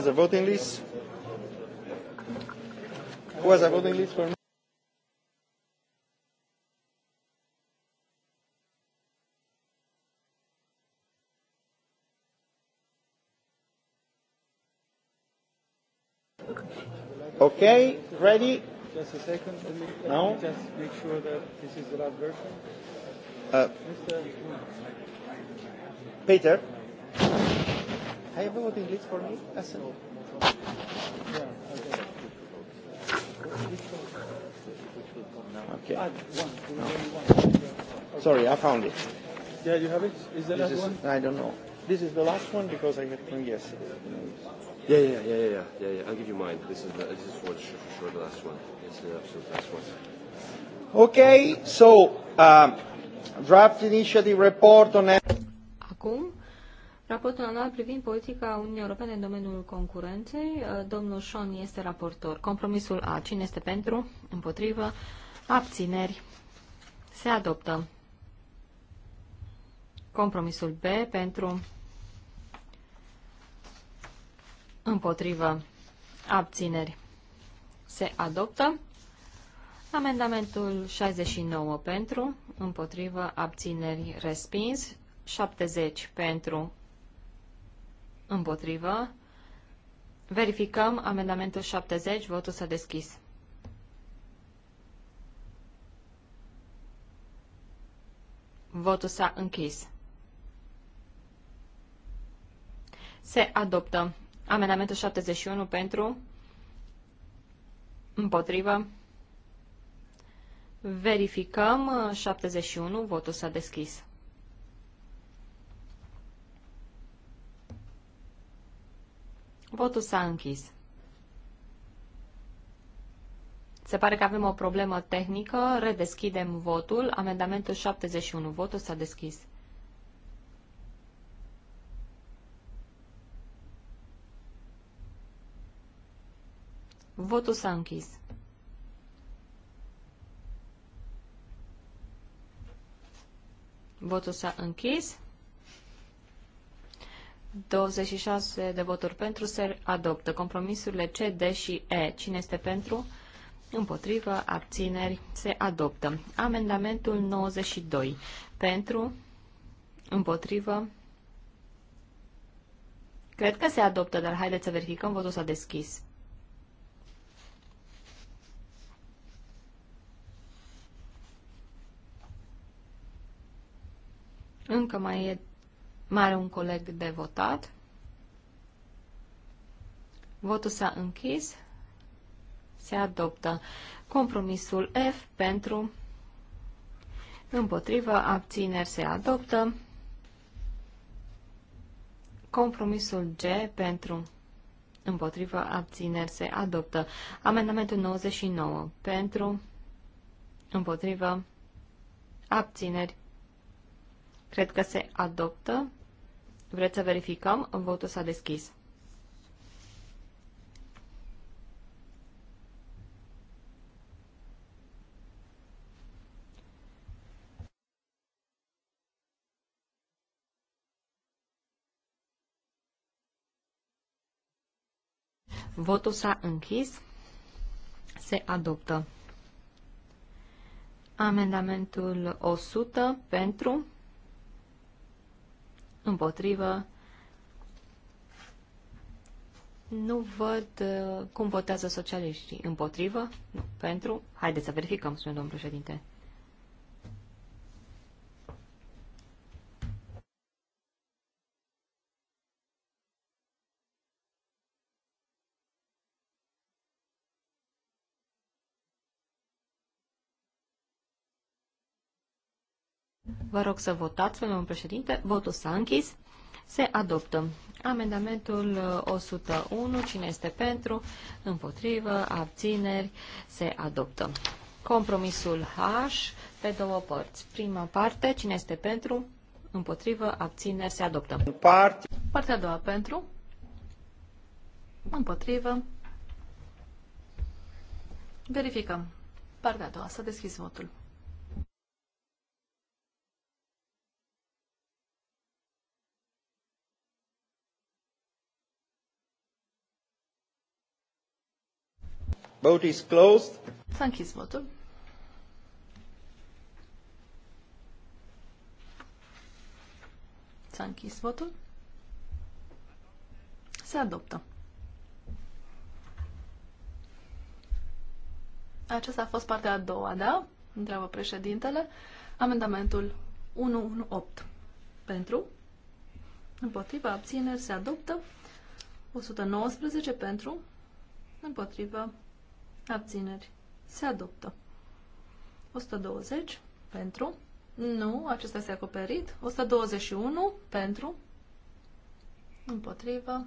has a voting list? Who has a voting list for me? Okay, ready? Just a second. Let me, let no? just make sure that this is the last version. Uh, Mr. Peter? I have a voting list for me? That's all. Yeah, okay. Okay. Sorry, I found it. Yeah, you have it? Is the last is, one? I don't know. This is the last one because I had one yes. Yeah, yeah, yeah, yeah, yeah, yeah. I'll give you mine. This is the, this is for sure, for sure the last one. It's the absolute last one. Okay, so um, draft initiative report on. Acum Raportul anual privind politica Uniunii Europene în domeniul concurenței. Uh, domnul Sean este raportor. Compromisul A. Cine este pentru? Împotrivă? Abțineri? Se adoptă. Compromisul B pentru împotrivă abțineri. Se adoptă. Amendamentul 69 pentru, împotrivă, abțineri, respins. 70 pentru, Împotrivă. Verificăm amendamentul 70. Votul s-a deschis. Votul s-a închis. Se adoptă amendamentul 71 pentru, împotrivă, verificăm 71, votul s-a deschis. Votul s-a închis. Se pare că avem o problemă tehnică. Redeschidem votul. Amendamentul 71. Votul s-a deschis. Votul s-a închis. Votul s-a închis. 26 de voturi pentru se adoptă. Compromisurile C, D și E. Cine este pentru? Împotrivă, abțineri, se adoptă. Amendamentul 92. Pentru, împotrivă, cred că se adoptă, dar haideți să verificăm, votul s-a deschis. Încă mai e mai are un coleg de votat. Votul s-a închis. Se adoptă compromisul F pentru împotrivă, abțineri se adoptă. Compromisul G pentru împotrivă, abțineri se adoptă. Amendamentul 99 pentru împotrivă, abțineri. Cred că se adoptă, Vreți să verificăm? Votul s-a deschis. Votul s-a închis. Se adoptă. Amendamentul 100 pentru, Împotrivă. Nu văd uh, cum votează socialiștii. Împotrivă? Nu. Pentru? Haideți să verificăm, spune domnul președinte. Vă rog să votați, domnul președinte. Votul s-a închis. Se adoptă. Amendamentul 101. Uh, cine este pentru? Împotrivă? Abțineri? Se adoptă. Compromisul H pe două părți. Prima parte. Cine este pentru? Împotrivă? Abțineri? Se adoptă. Part. Partea a doua. Pentru? Împotrivă? Verificăm. Partea a doua. Să deschis votul. Vote is closed. S-a închis votul. S-a închis votul. Se adoptă. Aceasta a fost partea a doua, da? Întreabă președintele. Amendamentul 118. Pentru? Împotriva abțineri se adoptă. 119 pentru? Împotriva abțineri, se adoptă. 120 pentru, nu, acesta s-a acoperit. 121 pentru, împotrivă,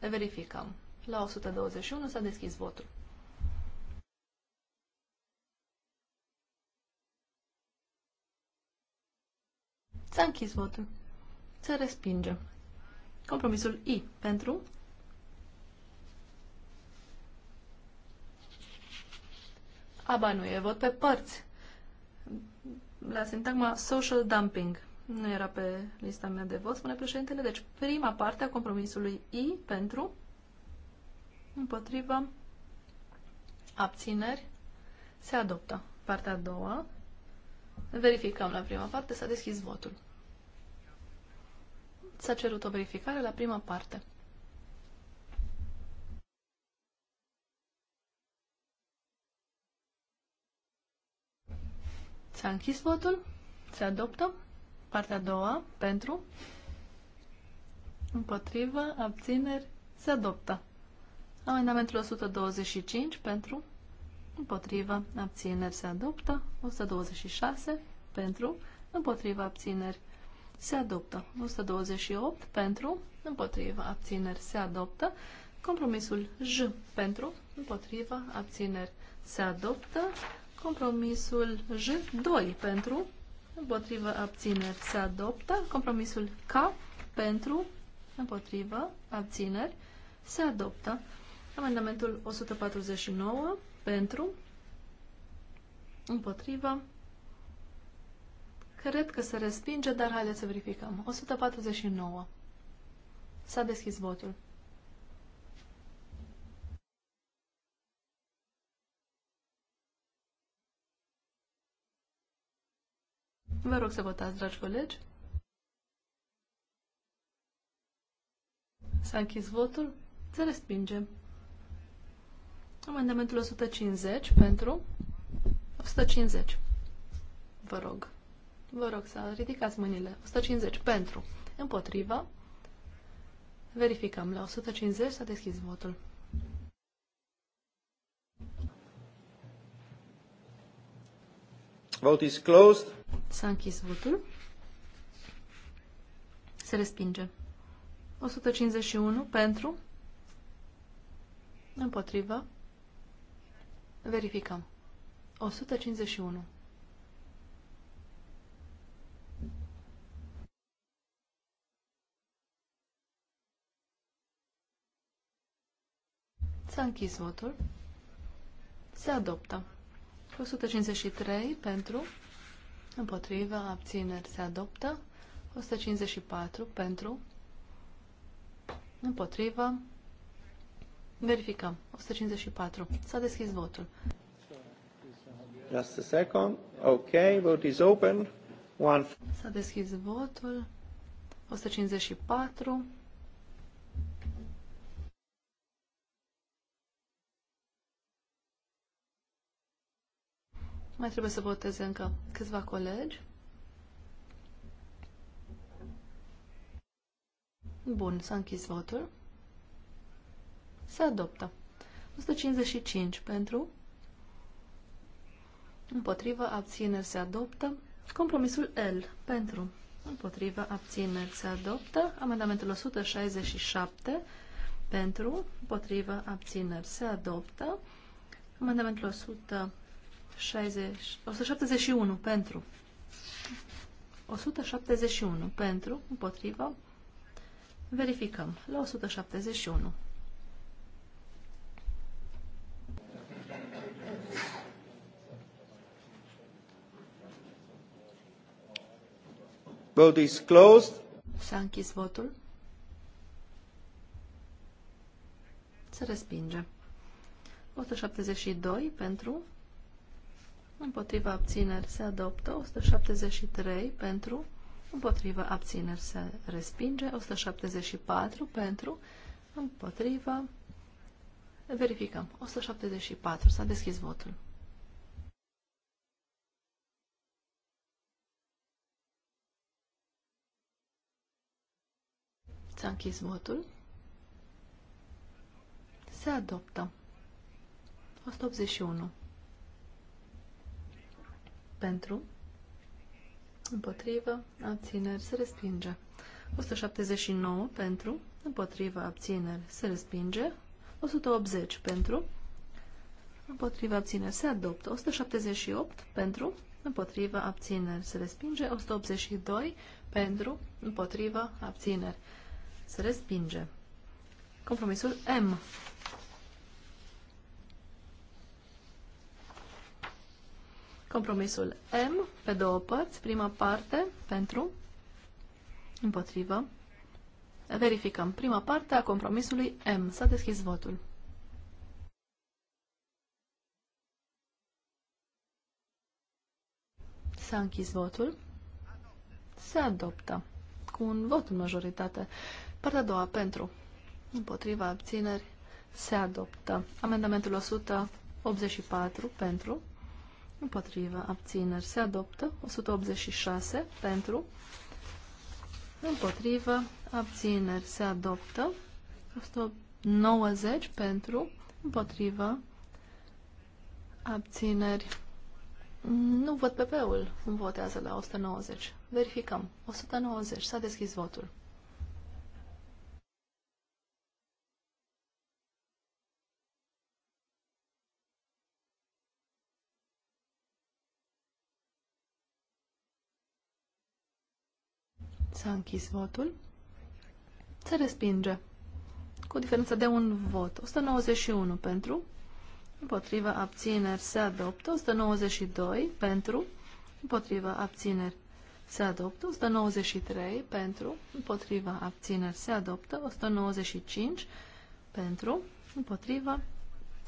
verificăm. La 121 s-a deschis votul. S-a închis votul. Se respinge. Compromisul I pentru, Aba nu e vot pe părți. La sintagma social dumping. Nu era pe lista mea de vot, spune președintele. Deci, prima parte a compromisului I pentru, împotriva, abțineri, se adoptă. Partea a doua. Verificăm la prima parte, s-a deschis votul. S-a cerut o verificare la prima parte. S-a închis votul. Se adoptă. Partea a doua, pentru. Împotrivă, abțineri, se adoptă. Amendamentul 125, pentru. Împotrivă, abțineri, se adoptă. 126, pentru. Împotrivă, abțineri, se adoptă. 128, pentru. Împotrivă, abțineri, se adoptă. Compromisul J, pentru. Împotrivă, abțineri, se adoptă. Compromisul J2 pentru, împotrivă, abțineri se adoptă. Compromisul K pentru, împotrivă, abțineri se adoptă. Amendamentul 149 pentru, împotrivă, cred că se respinge, dar haideți să verificăm. 149. S-a deschis votul. Vă rog să votați, dragi colegi. S-a închis votul. Se respinge. Amendamentul 150 pentru 150. Vă rog. Vă rog să ridicați mâinile. 150 pentru. Împotriva. Verificăm. La 150 s-a deschis votul. Vote is closed. S-a închis votul. Se respinge. 151 pentru. Împotrivă. Verificăm. 151. S-a închis votul. Se adoptă. 153 pentru, Împotriva, abțineri se adoptă. 154 pentru. Împotriva. Verificăm. 154. S-a deschis votul. Just a second. Okay, vote is open. One. S-a deschis votul. 154. Mai trebuie să voteze încă câțiva colegi. Bun, s-a închis votul. Se adoptă. 155 pentru. Împotrivă, abțineri se adoptă. Compromisul L pentru. Împotrivă, abțineri se adoptă. Amendamentul 167 pentru. Împotrivă, abțineri se adoptă. Amendamentul 100 60, 171 pentru. 171 pentru, împotrivă. Verificăm. La 171. Vote is closed. S-a închis votul. Se respinge. 172 pentru, Împotriva abțineri se adoptă 173 pentru. Împotriva abțineri se respinge 174 pentru. Împotriva. Verificăm. 174. S-a deschis votul. S-a închis votul. Se adoptă. 181 pentru, împotrivă, abțineri, se respinge. 179 pentru, împotrivă, abțineri, se respinge. 180 pentru, împotrivă, abțineri, se adoptă. 178 pentru, împotrivă, abțineri, se respinge. 182 pentru, împotrivă, abțineri, se respinge. Compromisul M Compromisul M, pe două părți, prima parte, pentru, împotrivă. Verificăm. Prima parte a compromisului M. S-a deschis votul. S-a închis votul. Se adoptă. Cu un vot în majoritate. Partea a doua, pentru. Împotriva abțineri. Se adoptă. Amendamentul 184, pentru. Împotrivă. Abțineri. Se adoptă. 186. Pentru. Împotrivă. Abțineri. Se adoptă. 190. Pentru. Împotrivă. Abțineri. Nu văd PP-ul. Votează la 190. Verificăm. 190. S-a deschis votul. S-a închis votul. Se respinge. Cu diferență de un vot. 191 pentru. Împotrivă abțineri se adoptă. 192 pentru. Împotrivă abțineri se adoptă. 193 pentru. Împotrivă abțineri se adoptă. 195 pentru. Împotrivă.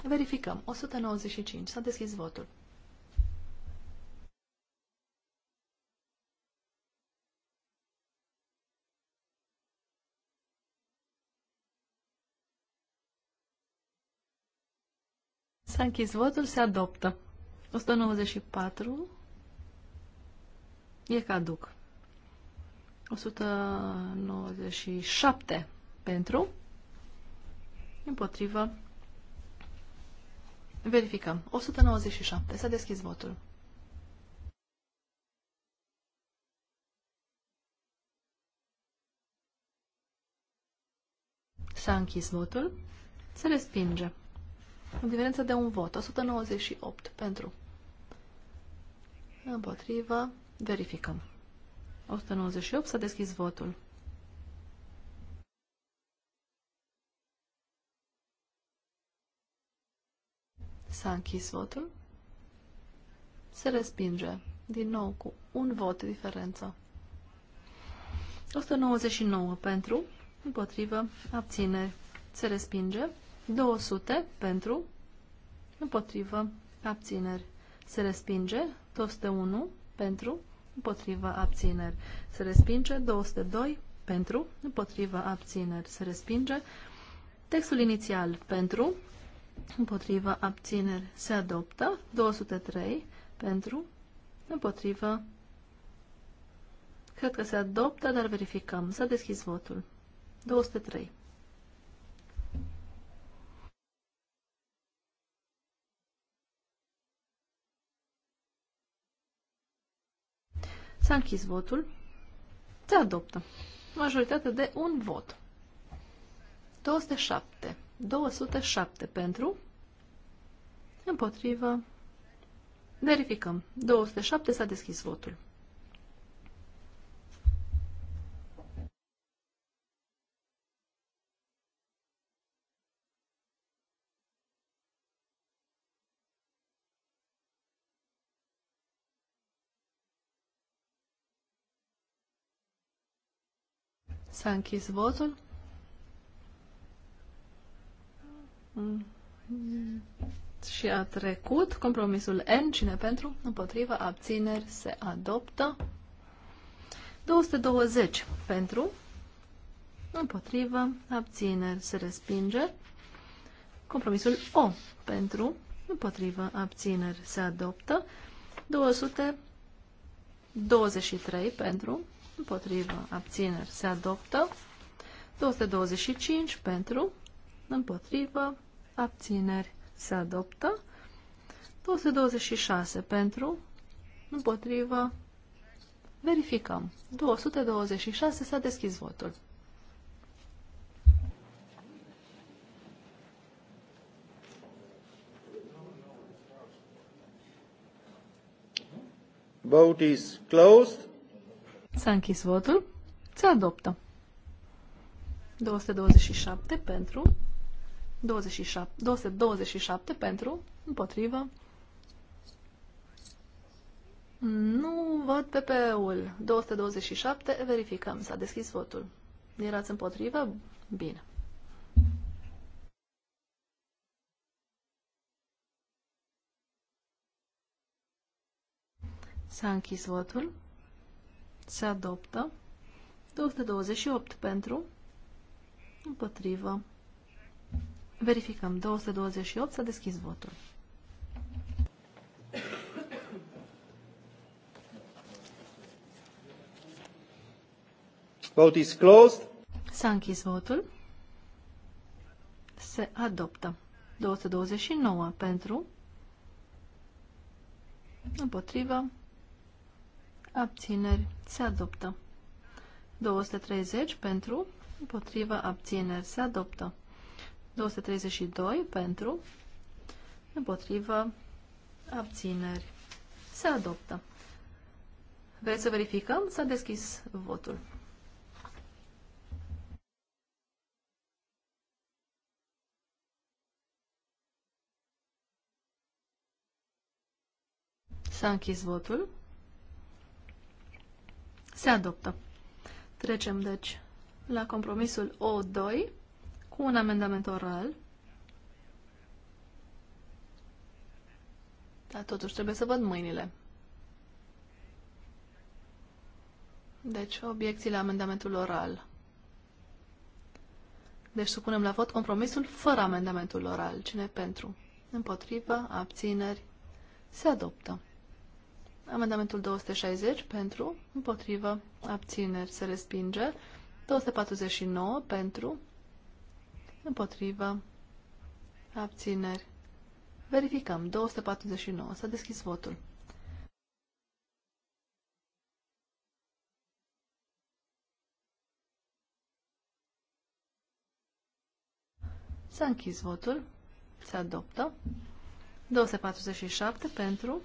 Verificăm. 195. S-a deschis votul. S-a închis votul, se adoptă. 194 e caduc. 197 pentru, împotrivă, verificăm. 197, s-a deschis votul. S-a închis votul, se respinge în diferență de un vot. 198 pentru. Împotrivă. Verificăm. 198 s-a deschis votul. S-a închis votul. Se respinge. Din nou cu un vot diferență. 199 pentru, împotrivă, abține, Se respinge. 200 pentru, împotrivă, abțineri. Se respinge 201 pentru, împotrivă, abțineri. Se respinge 202 pentru, împotrivă, abțineri. Se respinge textul inițial pentru, împotrivă, abțineri. Se adoptă 203 pentru, împotrivă, cred că se adoptă, dar verificăm. S-a deschis votul. 203. S-a închis votul. Se adoptă. Majoritate de un vot. 207. 207 pentru. Împotrivă. Verificăm. 207 s-a deschis votul. S-a închis votul. Și a trecut compromisul N. Cine pentru? Împotriva. Abțineri. Se adoptă. 220 pentru. Împotrivă. Abțineri. Se respinge. Compromisul O pentru. Împotrivă. Abțineri. Se adoptă. 223 pentru împotrivă, abțineri, se adoptă. 225 pentru, împotrivă, abțineri, se adoptă. 226 pentru, împotrivă, verificăm. 226 s-a deschis votul. Vote is closed. S-a închis votul. Se adoptă. 227 pentru. 27, 227 pentru. Împotrivă. Nu văd PP-ul. 227. Verificăm. S-a deschis votul. Erați împotrivă? Bine. S-a închis votul se adoptă. 228 pentru, împotrivă. Verificăm. 228 s-a deschis votul. Vote is closed. S-a închis votul. Se adoptă. 229 pentru, împotrivă abțineri, se adoptă. 230 pentru, împotriva, abțineri, se adoptă. 232 pentru, împotriva, abțineri, se adoptă. Vreți să verificăm? S-a deschis votul. S-a închis votul. Se adoptă. Trecem, deci, la compromisul O2 cu un amendament oral. Dar totuși trebuie să văd mâinile. Deci, obiecții la amendamentul oral. Deci supunem la vot compromisul fără amendamentul oral. Cine pentru? Împotrivă, abțineri, se adoptă. Amendamentul 260 pentru, împotrivă, abțineri se respinge. 249 pentru, împotrivă, abțineri. Verificăm. 249. S-a deschis votul. S-a închis votul. Se adoptă. 247 pentru,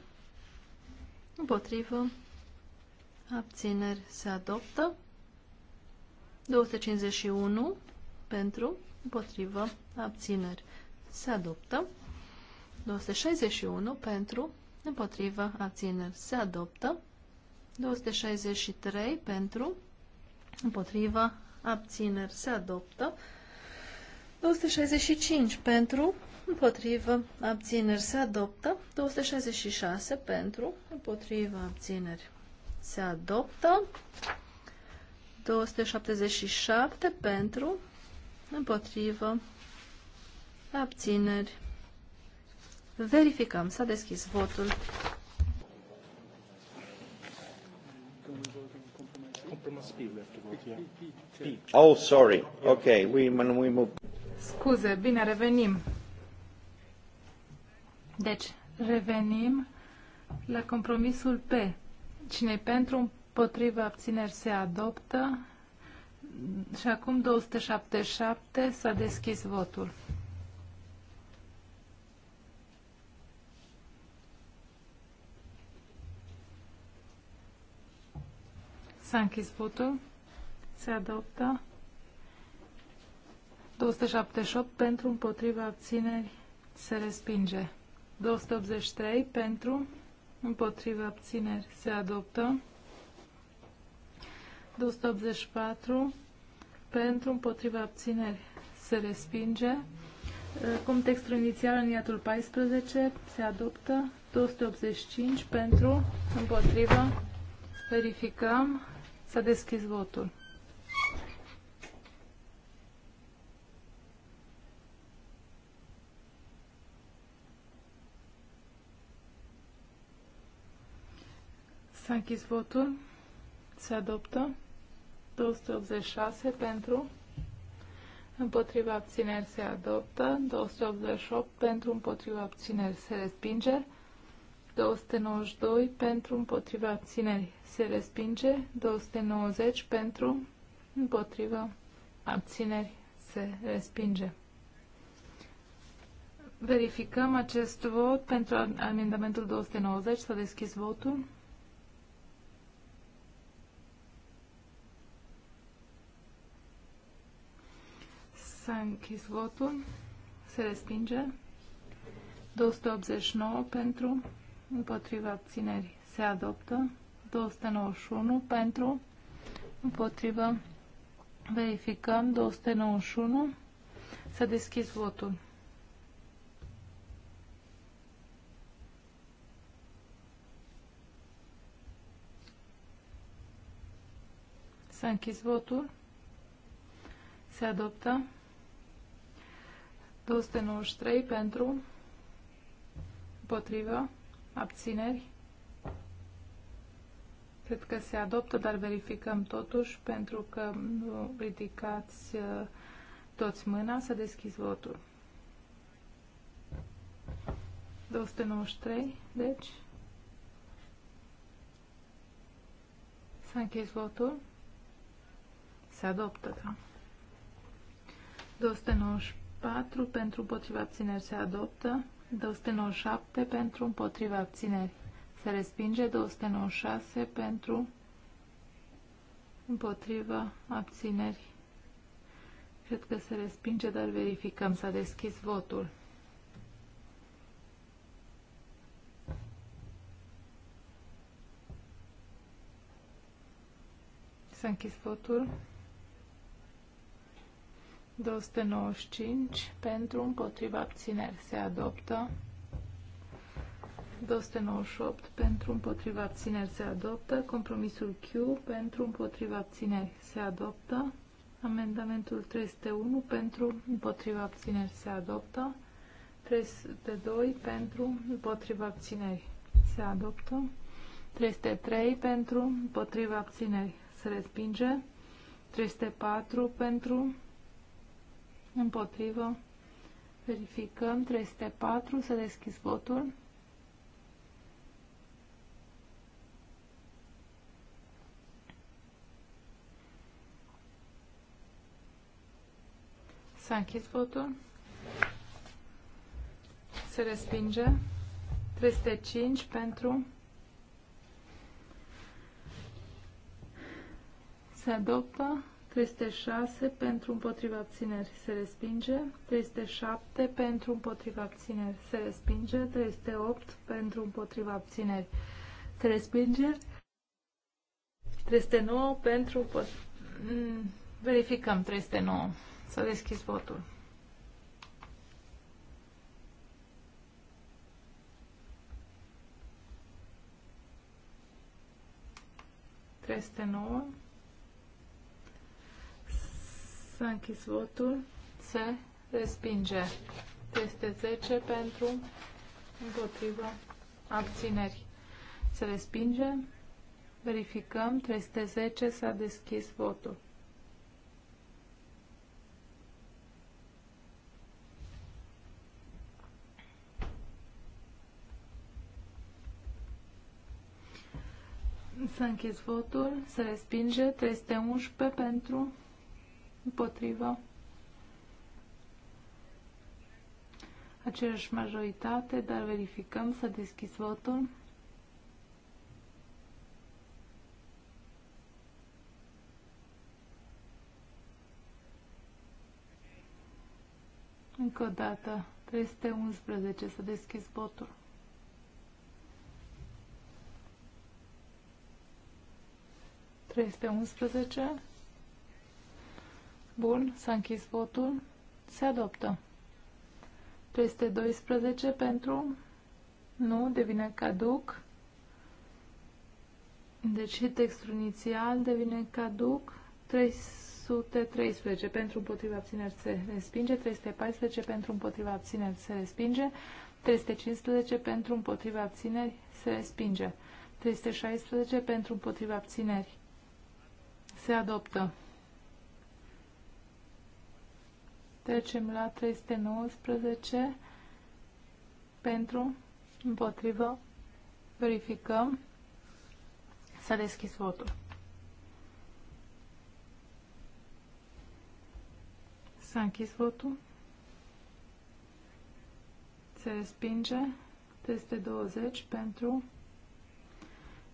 Împotrivă. Abțineri se adoptă. 251 pentru, împotrivă, abțineri se adoptă. 261 pentru, împotrivă, abțineri se adoptă. 263 pentru, împotrivă, abțineri se adoptă. 265 pentru, împotrivă, abțineri se adoptă, 266 pentru, împotrivă, abțineri se adoptă, 277 pentru, împotrivă, abțineri. Verificăm, s-a deschis votul. Oh, sorry. Okay, we, we move. Scuze, bine, revenim. Deci, revenim la compromisul P. Cine pentru, împotriva abțineri se adoptă. Și acum 277 s-a deschis votul. S-a închis votul. Se adoptă. 278 pentru împotriva abțineri se respinge. 283 pentru, împotriva abțineri se adoptă. 284 pentru, împotriva abțineri se respinge. Cum textul inițial în iatul 14 se adoptă 285 pentru, împotriva, verificăm, s-a deschis votul. S-a închis votul. Se adoptă. 286 pentru. Împotriva abțineri se adoptă. 288 pentru. Împotriva abțineri se respinge. 292 pentru. Împotriva abțineri se respinge. 290 pentru. Împotriva abțineri se respinge. Verificăm acest vot pentru amendamentul 290. S-a deschis votul. S-a închis votul. Se respinge. 289 pentru. Împotriva abțineri se adoptă. 291 pentru. Împotrivă. Verificăm. 291. S-a deschis votul. S-a închis votul. Se adoptă. 293 pentru, împotrivă, abțineri. Cred că se adoptă, dar verificăm totuși, pentru că nu ridicați uh, toți mâna, să deschizi votul. 293, deci. S-a închis votul. Se adoptă, da. 294 4 pentru împotriva abțineri se adoptă, 297 pentru împotriva abțineri se respinge, 296 pentru împotriva abțineri. Cred că se respinge, dar verificăm. S-a deschis votul. S-a închis votul. 295 pentru, împotriva abțineri se adoptă. 298 pentru, împotriva abțineri se adoptă. Compromisul Q pentru, împotriva abțineri se adoptă. Amendamentul 301 pentru, împotriva abțineri se adoptă. 302 pentru, împotriva abțineri se adoptă. 303 pentru, împotriva abțineri se respinge. 304 pentru, împotrivă, verificăm, 304, să deschis votul. S-a închis votul. Se respinge. 305 pentru. Se adoptă. 306 pentru împotriva abțineri se respinge, 307 pentru împotriva abțineri se respinge, 308 pentru împotriva abțineri se respinge, 309 pentru mm, verificăm 309. S-a deschis votul. Treste nouă. S-a închis votul. Se respinge. Este 10 pentru, împotriva abțineri. Se respinge. Verificăm. 310 s-a deschis votul. S-a închis votul, se respinge 311 pentru, împotrivă, aceeași majoritate, dar verificăm, să deschis votul. Încă o dată, 311, să deschis votul. Trei este Bun, s-a închis votul. Se adoptă. 312 pentru. Nu, devine caduc. Deci și textul inițial devine caduc. 313 pentru împotriva abțineri se respinge. 314 pentru împotriva abțineri se respinge. 315 pentru împotriva abțineri se respinge. 316 pentru împotriva abțineri se adoptă. Trecem la 319 pentru, împotrivă, verificăm. S-a deschis votul. S-a închis votul. Se respinge. 320 pentru.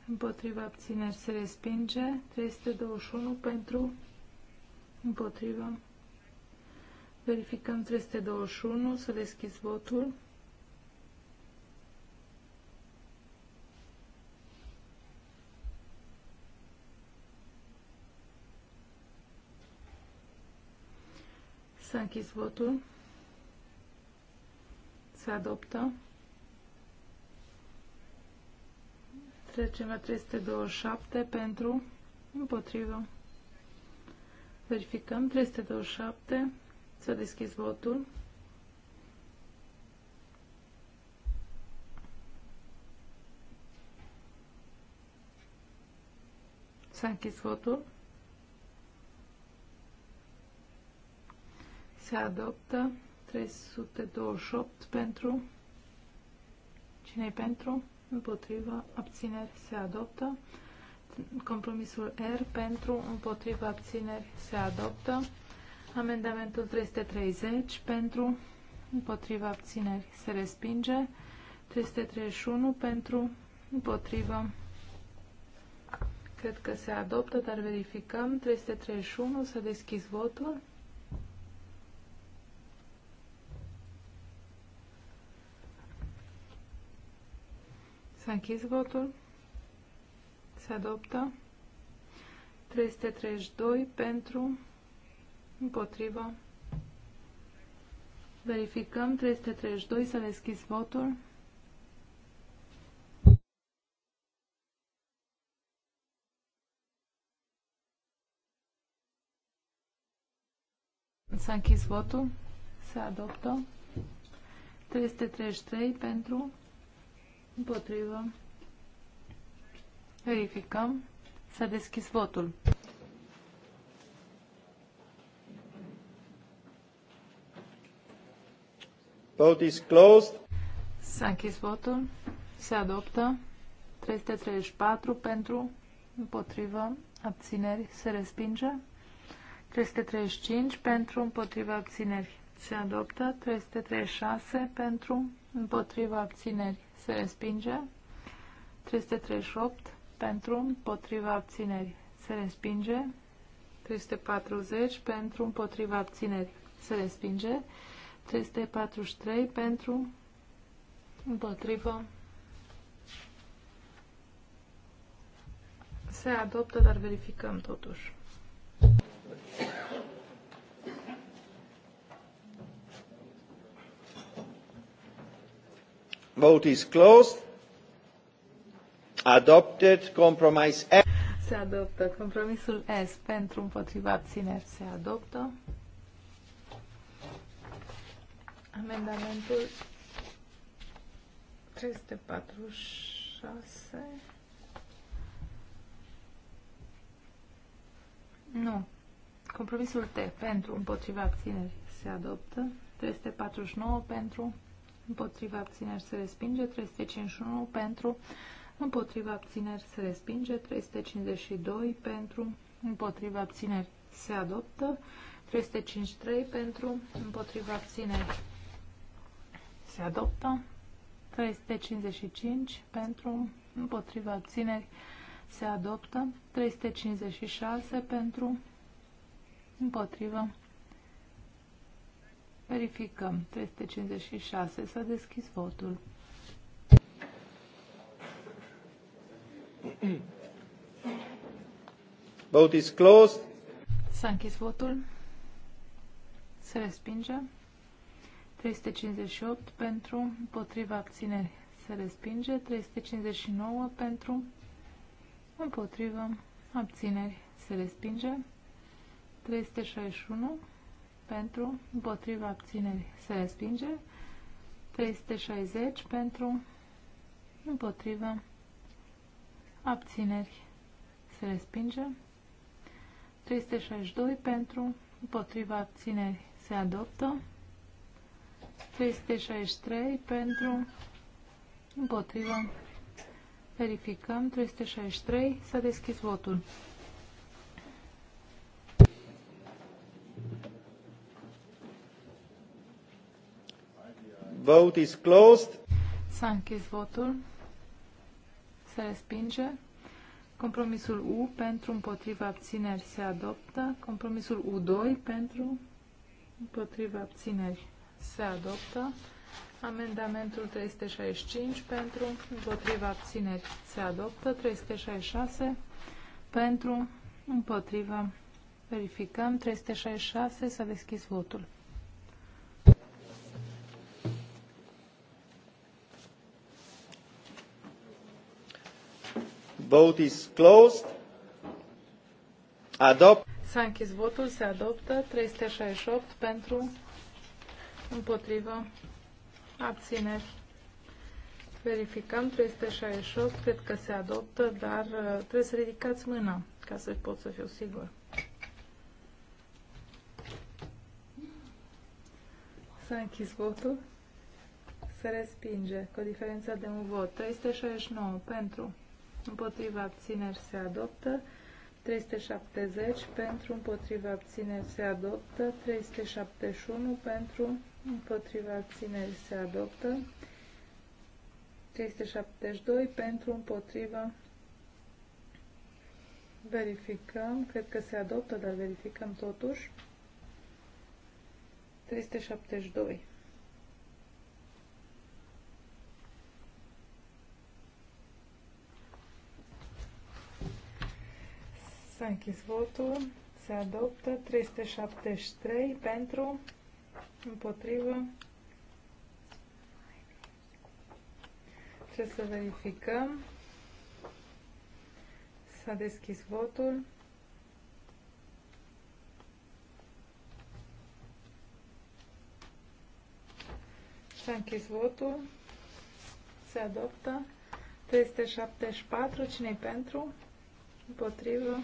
Împotriva abțineri se respinge. 321 pentru. Împotriva Verificăm 321, să deschis votul. S-a închis votul. Se adoptă. Trecem la 327 pentru împotrivă. Verificăm 327. Să deschis votul. S-a închis votul. Se adoptă 328 pentru. cine pentru? Împotriva. Abțineri. Se adoptă. Compromisul R pentru. Împotriva. Abțineri. Se adoptă. Amendamentul 330 pentru, împotriva abțineri se respinge. 331 pentru, împotriva, cred că se adoptă, dar verificăm. 331, să deschis votul. S-a închis votul. Se adoptă. 332 pentru, Împotrivă. Verificăm 332 să deschis votul. S-a închis votul. Se adoptă. 333 pentru. Împotrivă. Verificăm. S-a deschis votul. Vote is closed. S-a închis votul. Se adoptă. 334 pentru, împotrivă, abțineri, se respinge. 335 pentru, împotrivă, abțineri, se adoptă. 336 pentru, împotrivă, abțineri, se respinge. 338 pentru, împotriva abțineri. Se respinge. 340 pentru, împotriva abțineri. Se respinge. 343 pentru, împotrivă, se adoptă, dar verificăm totuși. Vote is closed. Adopted compromise S. Se adoptă compromisul S pentru împotriva abțineri se adoptă. Amendamentul 346. Nu. Compromisul T pentru împotriva abțineri se adoptă. 349 pentru împotriva abțineri se respinge. 351 pentru împotriva abțineri se respinge. 352 pentru împotriva abțineri se adoptă. 353 pentru împotriva abțineri se adoptă. 355 pentru, împotriva abțineri se adoptă. 356 pentru, împotriva. Verificăm. 356. S-a deschis votul. Vote is closed. S-a închis votul. Se respinge. 358 pentru, împotriva abțineri se respinge, 359 pentru, împotriva abțineri se respinge, 361 pentru, împotriva abțineri se respinge, 360 pentru, împotriva abțineri se respinge, 362 pentru, împotriva abțineri se adoptă, 363 pentru, împotrivă, verificăm, 363, s-a deschis votul. Vote is closed. S-a închis votul. Se respinge. Compromisul U pentru împotriva abțineri se adoptă. Compromisul U2 pentru împotriva abțineri se adoptă. Amendamentul 365 pentru, împotriva abțineri se adoptă. 366 pentru, împotriva. Verificăm. 366 s-a deschis votul. Vote is closed. Adopt. S-a închis votul, se adoptă 368 pentru, împotrivă, abțineri. Verificăm 368, cred că se adoptă, dar uh, trebuie să ridicați mâna ca să pot să fiu sigur. S-a închis votul. Se respinge cu diferența de un vot. 369 pentru, împotriva abțineri se adoptă. 370 pentru, împotriva abțineri se adoptă. 371 pentru, împotriva abținerii se adoptă. 372 pentru împotriva verificăm, cred că se adoptă, dar verificăm totuși. 372 S-a închis votul, se adoptă 373 pentru împotrivă. Trebuie să verificăm. S-a deschis votul. S-a închis votul. Se adoptă. 374. Cine-i pentru? Împotrivă.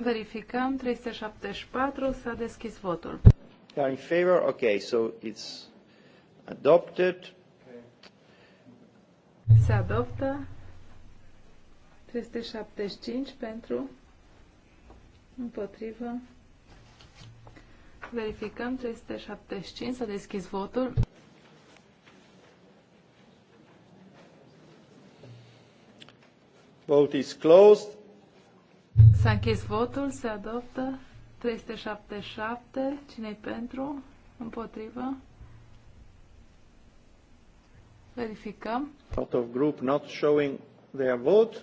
Verificăm. 374. S-a deschis votul. are in favor? Okay, so it's adopted. Se adoptă. 375 pentru. Împotrivă. Verificăm 375, să deschis votul. Vote is closed. S-a închis votul, se adoptă 377. Cine-i pentru? Împotrivă? Verificăm. Out of group not showing their vote.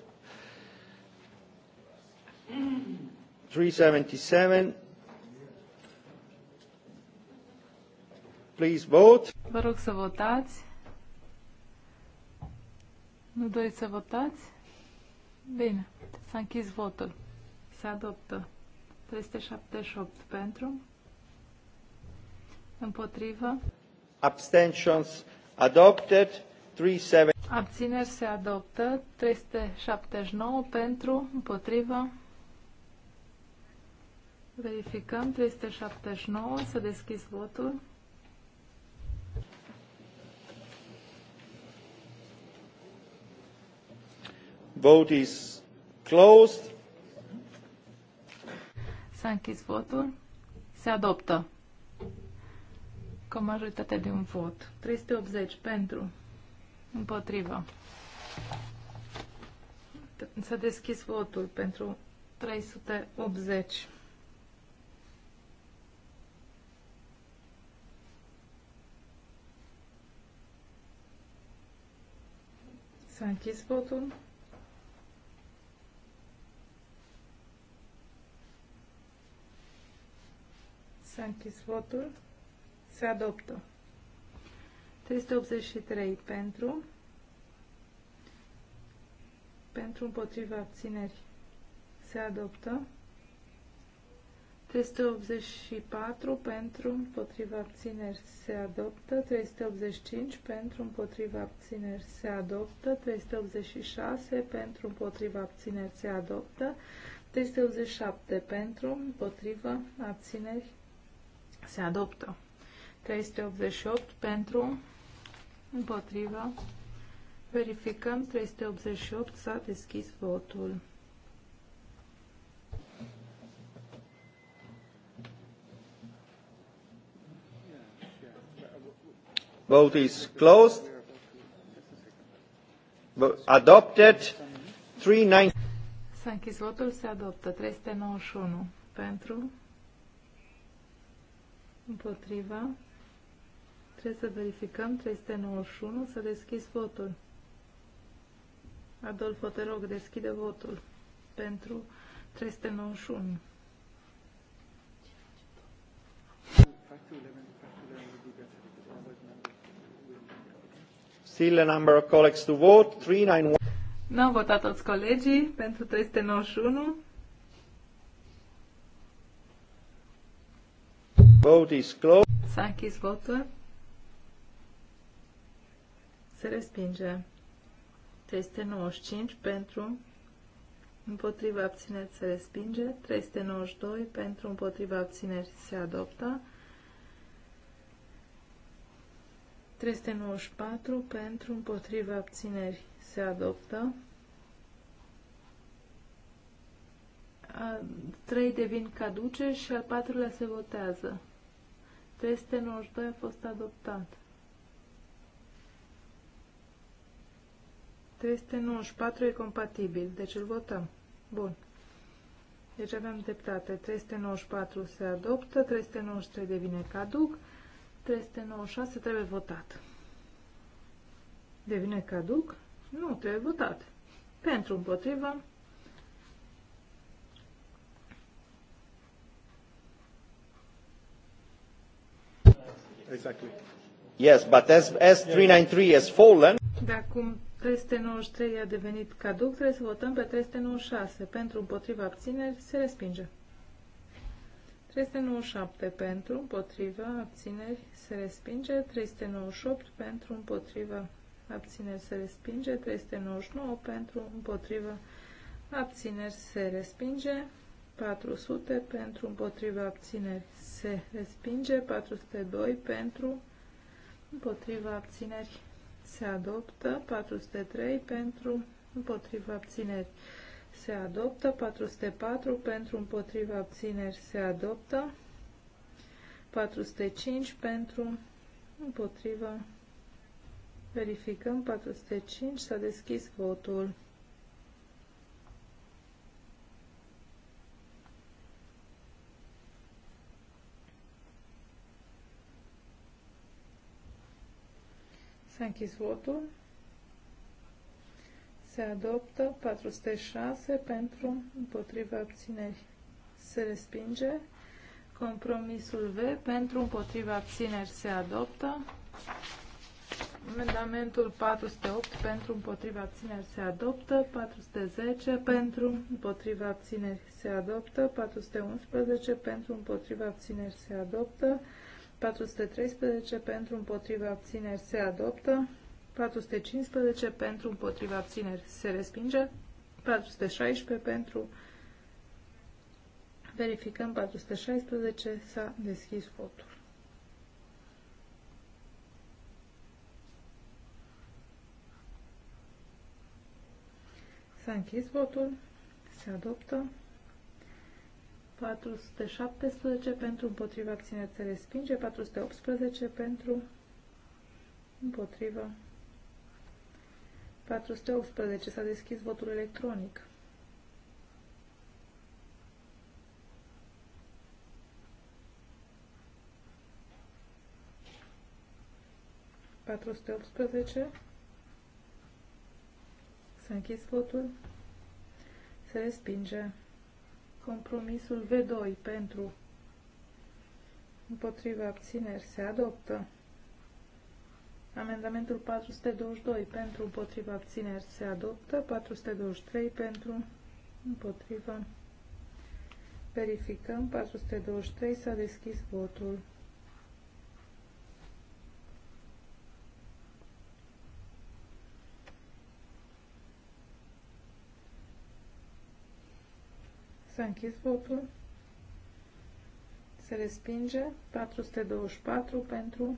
377. Please vote. Vă rog să votați. Nu doriți să votați? Bine, s-a închis votul. Se adoptă. 378 pentru. Împotrivă. Abstentions adopted. 37. Abțineri se adoptă. 379 pentru. Împotrivă. Verificăm 379, să deschis votul. Vote is closed. S-a închis votul. Se adoptă. Cu majoritate de un vot. 380 pentru. Împotrivă. S-a deschis votul pentru 380. S-a închis votul. S-a închis votul. Se adoptă. 383 pentru. Pentru împotriva abțineri se adoptă. 384 pentru împotriva abțineri se adoptă, 385 pentru împotriva abțineri se adoptă, 386 pentru împotriva abțineri se adoptă, 387 pentru împotriva abțineri se adoptă. 388 pentru, împotriva. Verificăm. 388 s-a deschis votul. Vote is closed. Adopted. 39. S-a închis votul, se adoptă. 391 pentru, împotriva, trebuie să verificăm 391, să deschizi votul. Adolfo, te rog, deschide votul pentru 391. Still the number of colleagues to vote. 391. N-au votat toți colegii pentru 391. Vote is closed. S-a închis votul. Se respinge. 95 pentru, împotriva abțineri se respinge. 392 pentru, împotriva abțineri se adoptă. 394 pentru, împotriva abțineri se adoptă. 3 devin caduce și al patrulea se votează. Peste 92 a fost adoptat. 394 e compatibil, deci îl votăm. Bun. Deci avem dreptate. 394 se adoptă, 393 devine caduc, 396 trebuie votat. Devine caduc? Nu, trebuie votat. Pentru împotriva, Exactly. Yes, but as, s 393 has fallen... Dar cum 393 a devenit caduc, trebuie să votăm pe 396. Pentru, împotriva, abțineri, se respinge. 397 pentru, împotriva, abțineri, se respinge. 398 pentru, împotriva, abțineri, se respinge. 399 pentru, împotriva, abțineri, se respinge. 400 pentru împotriva abțineri se respinge, 402 pentru împotriva abțineri se adoptă, 403 pentru împotriva abțineri se adoptă, 404 pentru împotriva abțineri se adoptă, 405 pentru împotriva verificăm 405 s-a deschis votul S-a închis votul. Se adoptă 406 pentru împotriva abțineri. Se respinge. Compromisul V pentru împotriva abțineri se adoptă. Amendamentul 408 pentru împotriva abțineri se adoptă, 410 pentru împotriva abțineri se adoptă, 411 pentru împotriva abțineri se adoptă, 413 pentru împotriva abțineri se adoptă. 415 pentru împotriva abțineri se respinge. 416 pentru verificăm 416 s-a deschis votul. S-a închis votul, se adoptă. 417 pentru împotriva abțineri se respinge, 418 pentru împotriva 418 s-a deschis votul electronic. Patruste optsprezece. S-a închis votul. Se respinge. Compromisul V2 pentru împotriva abțineri se adoptă. Amendamentul 422 pentru împotriva abțineri se adoptă. 423 pentru împotriva. Verificăm. 423 s-a deschis votul. S-a închis votul. Se respinge. 424 pentru.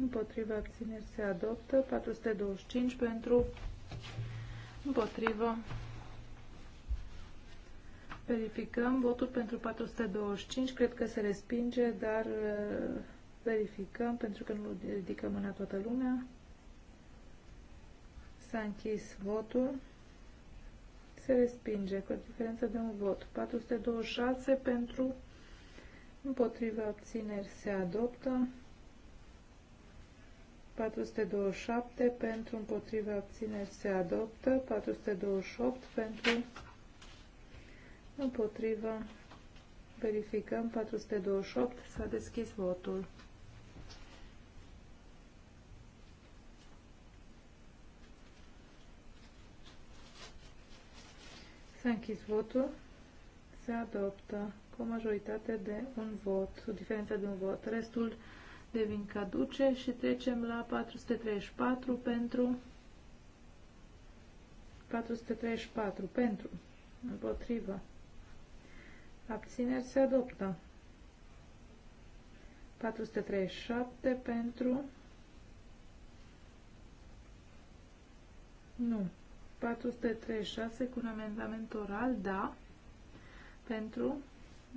Împotriva abțineri se adoptă. 425 pentru. Împotrivă. Verificăm votul pentru 425. Cred că se respinge, dar uh, verificăm pentru că nu ridică mâna toată lumea. S-a închis votul se respinge cu diferență de un vot. 426 pentru, împotriva abțineri se adoptă. 427 pentru, împotriva abțineri se adoptă. 428 pentru, împotriva, verificăm, 428 s-a deschis votul. S-a închis votul. Se adoptă cu o majoritate de un vot, o diferență de un vot. Restul devin caduce și trecem la 434 pentru 434 pentru împotrivă abțineri se adoptă 437 pentru nu 436 cu un amendament oral, da, pentru,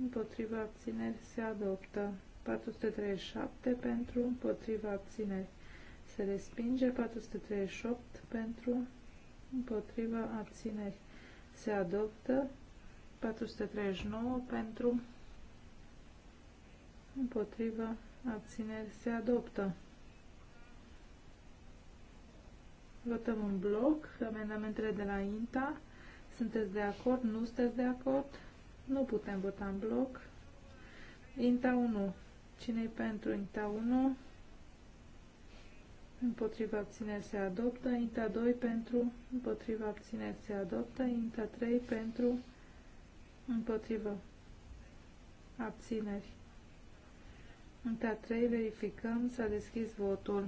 împotriva abțineri se adoptă. 437 pentru, împotriva abțineri se respinge. 438 pentru, împotriva abțineri se adoptă. 439 pentru, împotriva abțineri se adoptă. Votăm în bloc amendamentele de la INTA. Sunteți de acord? Nu sunteți de acord? Nu putem vota în bloc. INTA 1. Cine-i pentru INTA 1? Împotriva abține se adoptă. INTA 2 pentru. Împotriva abține se adoptă. INTA 3 pentru. Împotriva abțineri. INTA 3 verificăm. S-a deschis votul.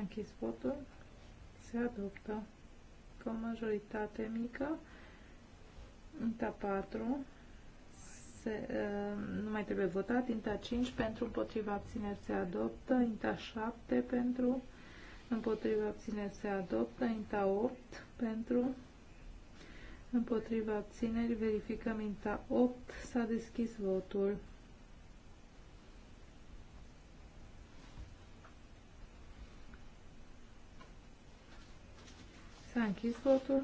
închis votul. Se adoptă cu o majoritate mică. Inta 4 se, uh, nu mai trebuie votat. Inta 5 pentru împotriva abțineri se adoptă. Inta 7 pentru împotriva abțineri se adoptă. Inta 8 pentru împotriva abțineri verificăm inta 8. S-a deschis votul. S-a închis votul.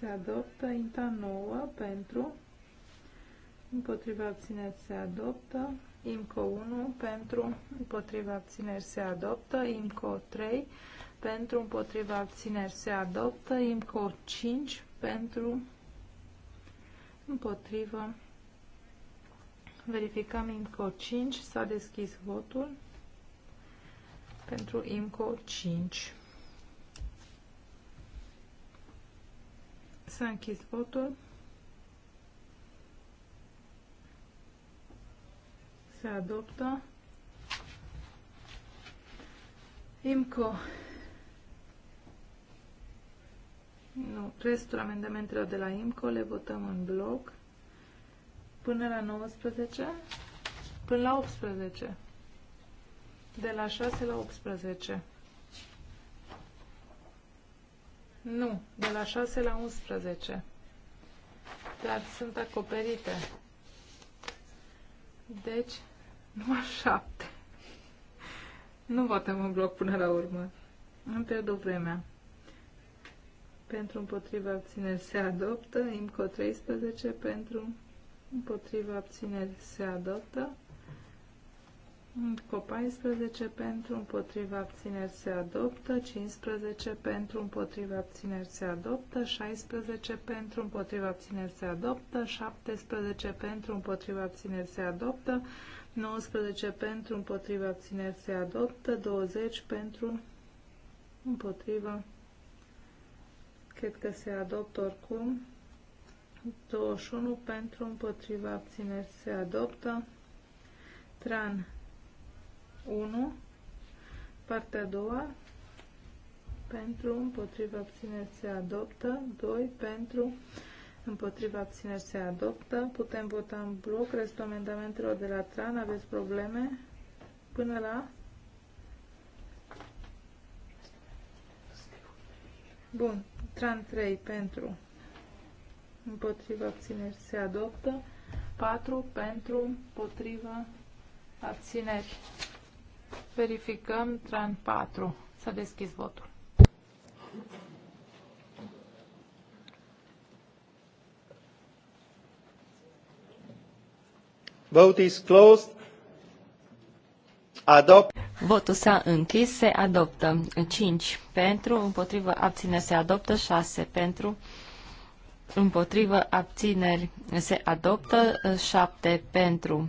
Se adoptă. Inta 9 pentru. Împotriva abțineri se adoptă. IMCO 1 pentru. Împotriva abțineri se adoptă. IMCO 3 pentru. Împotriva abțineri se adoptă. IMCO 5 pentru. Împotriva. Verificăm IMCO 5. S-a deschis votul pentru IMCO 5. S-a închis votul. Se adoptă. IMCO. Nu, restul amendamentelor de la IMCO le votăm în bloc până la 19, până la 18. De la 6 la 18. Nu, de la 6 la 11. Dar sunt acoperite. Deci, numai 7. Nu votăm în bloc până la urmă. Îmi pierd o vremea. Pentru împotriva abțineri se adoptă. IMCO 13 pentru împotriva abțineri se adoptă. Cu 14 pentru împotriva abțineri se adoptă, 15 pentru împotriva abțineri se adoptă, 16 pentru împotriva abțineri se adoptă, 17 pentru împotriva abțineri se adoptă, 19 pentru împotriva abțineri se adoptă, 20 pentru împotriva, cred că se adoptă oricum, 21 pentru împotriva abțineri se adoptă, tran 1, partea a doua, pentru, împotriva abțineri se adoptă, 2, pentru, împotriva abțineri se adoptă, putem vota în bloc, restul amendamentelor de la TRAN, aveți probleme, până la... Bun, TRAN 3 pentru, împotriva abțineri se adoptă, 4 pentru, împotriva abțineri. Verificăm tran 4. S-a deschis votul. Vote is closed. Adopt. Votul s-a închis, se adoptă 5 pentru, împotrivă abține se adoptă 6 pentru, împotrivă abțineri se adoptă 7 pentru,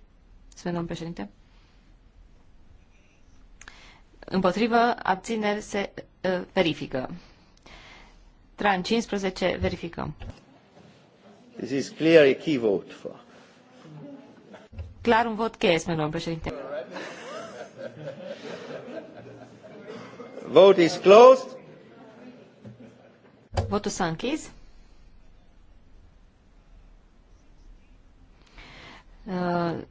Spune domnul președinte. Împotrivă, abțineri se uh, verifică. Tran 15, verificăm. This is clear a key vote for. Clar un vot cheie, spune domnul președinte. Vote is closed. Votul s-a închis. Uh,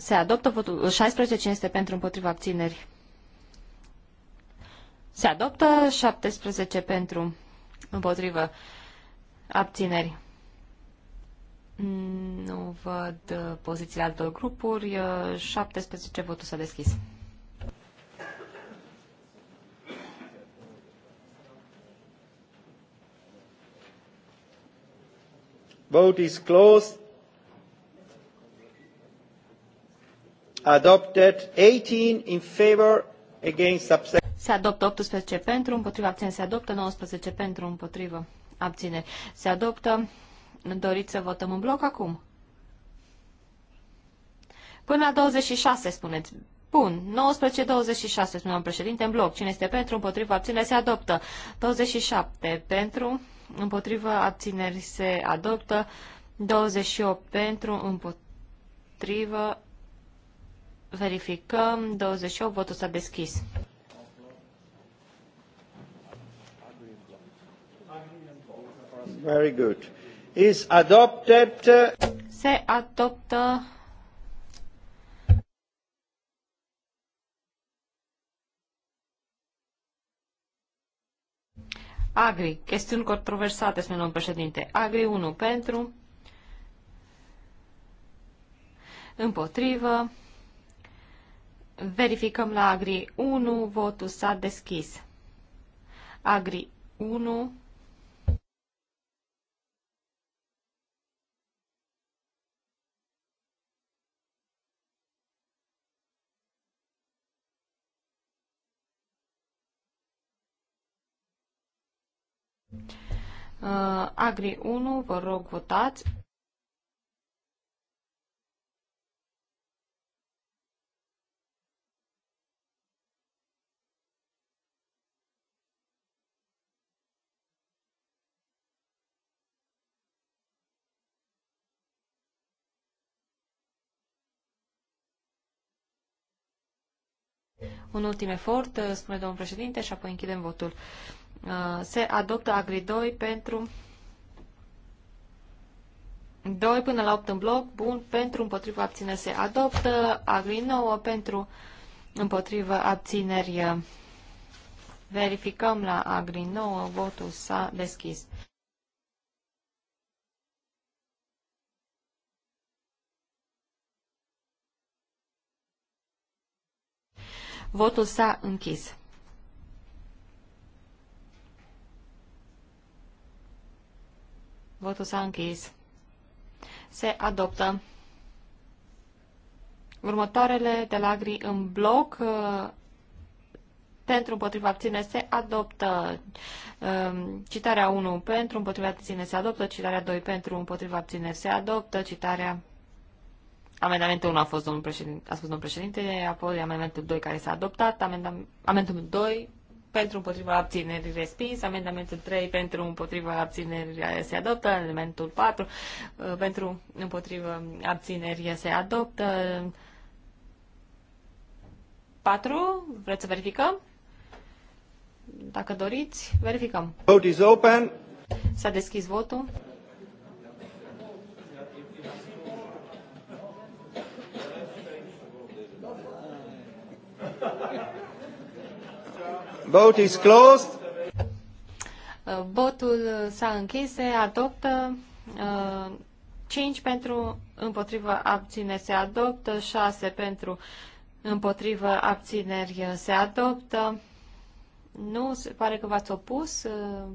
se adoptă votul 16, este pentru, împotriva abțineri. Se adoptă 17 pentru, împotriva abțineri. Nu văd pozițiile altor grupuri. 17 votul s-a deschis. Vote is closed. adopted 18 in favor against se adoptă 18 pentru, împotriva abțineri se adoptă, 19 pentru, împotriva abțineri se adoptă. Doriți să votăm în bloc acum? Până la 26, spuneți. Bun, 19-26, spuneam președinte, în bloc. Cine este pentru, împotriva abțineri se adoptă. 27 pentru, împotriva abțineri se adoptă. 28 pentru, împotriva Verificăm. 28. Votul s-a deschis. Very good. Is adopted. Uh, Se adoptă. Agri. Chestiuni controversate, spune domnul președinte. Agri 1 pentru. Împotrivă. Verificăm la Agri 1, votul s-a deschis. Agri 1. Uh, Agri 1, vă rog votați. Un ultim efort, uh, spune domnul președinte, și apoi închidem votul. Uh, se adoptă Agri 2 pentru 2 până la 8 în bloc, bun, pentru împotriva abține se adoptă, Agri 9 pentru împotriva abțineri uh, verificăm la Agri 9, votul s-a deschis. Votul s-a închis. Votul s-a închis. Se adoptă. Următoarele de la Agri în bloc uh, pentru împotriva abține um, se adoptă. Citarea 1 pentru împotriva abține se adoptă. Citarea 2 pentru împotriva abține se adoptă. Citarea Amendamentul 1 a fost domnul președinte, a spus domnul președinte, apoi amendamentul 2 care s-a adoptat, amendam, amendamentul 2 pentru împotriva abținerii respins, amendamentul 3 pentru împotriva abținerii se adoptă, amendamentul 4 uh, pentru împotriva abținerii se adoptă. 4, vreți să verificăm? Dacă doriți, verificăm. Vote is open. S-a deschis votul. Vote is closed. Votul s-a închis, se adoptă uh, 5 pentru, împotrivă abțineri se adoptă, 6 pentru, împotrivă abțineri se adoptă. Nu, se pare că v-ați opus. Uh,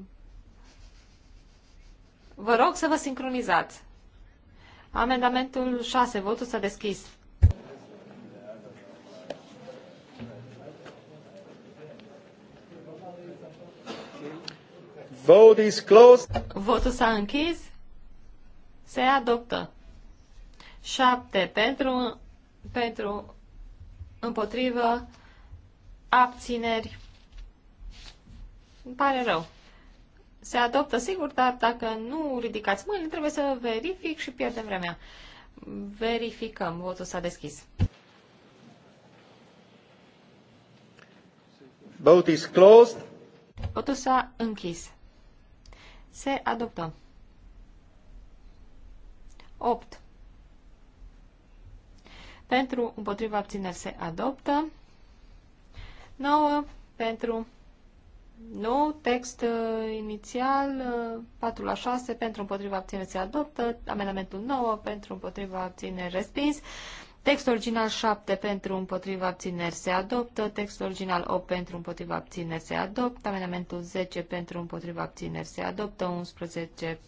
vă rog să vă sincronizați. Amendamentul 6, votul s-a deschis. Vote is closed. Votul s-a închis. Se adoptă. 7 pentru, pentru, împotrivă, abțineri. Îmi pare rău. Se adoptă, sigur, dar dacă nu ridicați mâinile, trebuie să verific și pierdem vremea. Verificăm. Votul s-a deschis. Vote is closed. Votul s-a închis. Se adoptă. 8. Pentru, împotriva abțineri se adoptă. 9. Pentru nou text uh, inițial, uh, 4 la 6, pentru împotriva abțineri se adoptă, amendamentul 9, pentru împotriva abțineri respins, Uh, Text original 7 pentru împotriva abțineri se adoptă, text original 8 pentru împotriva abțineri se adoptă, amendamentul 10 pentru împotriva abțineri se adoptă, 11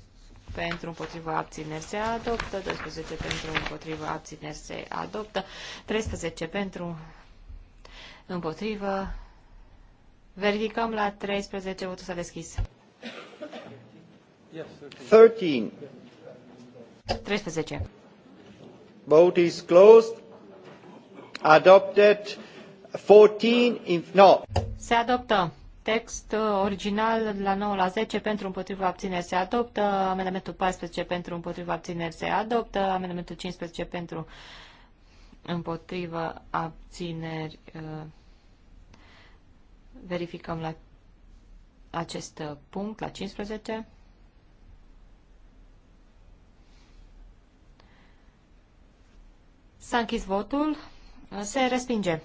pentru împotriva abțineri se adoptă, 12 pentru împotriva abțineri se adoptă, 13 pentru împotrivă. Verificăm la 13, votul s-a deschis. 13. 13. Vote is closed. Adopted 14 in... No. Se adoptă text uh, original la 9 la 10 pentru împotriva abțineri se adoptă, amendamentul 14 pentru împotriva abțineri se adoptă, amendamentul 15 pentru împotriva abțineri uh, verificăm la acest uh, punct, la 15. S-a închis votul. Se respinge.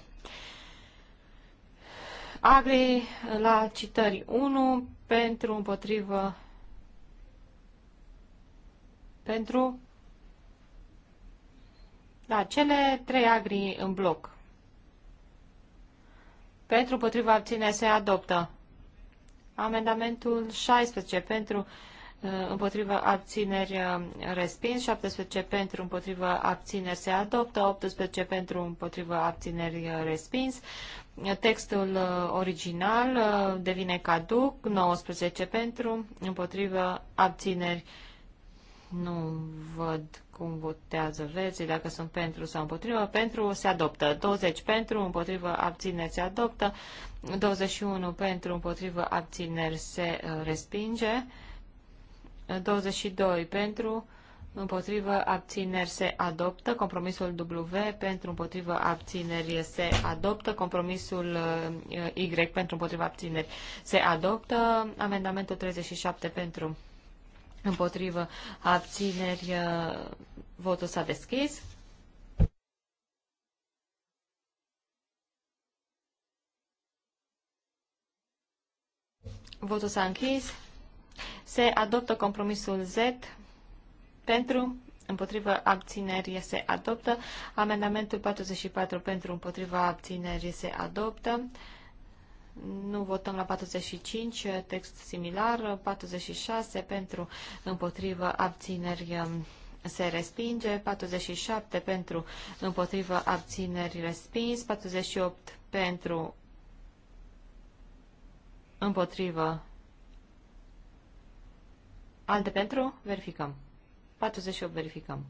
Agri la citări 1 pentru împotrivă pentru da, cele trei agri în bloc. Pentru împotriva abține se adoptă. Amendamentul 16 pentru împotriva abțineri respins, 17 pentru împotriva abțineri se adoptă, 18 pentru împotriva abțineri respins, textul uh, original uh, devine caduc, 19 pentru împotriva abțineri nu văd cum votează verzii, dacă sunt pentru sau împotrivă. Pentru se adoptă. 20 pentru, împotrivă abțineri se adoptă. 21 pentru, împotrivă abțineri se uh, respinge. 22 pentru, împotrivă, abțineri se adoptă. Compromisul W pentru, împotrivă, abțineri se adoptă. Compromisul uh, Y pentru, împotrivă, abțineri se adoptă. Amendamentul 37 pentru, împotrivă, abțineri, uh, votul s-a deschis. Votul s-a închis. Se adoptă compromisul Z pentru, împotriva abținerii se adoptă. Amendamentul 44 pentru, împotriva abținerii se adoptă. Nu votăm la 45, text similar, 46 pentru împotriva abțineri se respinge, 47 pentru împotriva abțineri respins, 48 pentru împotriva Alte pentru? Verificăm. 48 verificăm.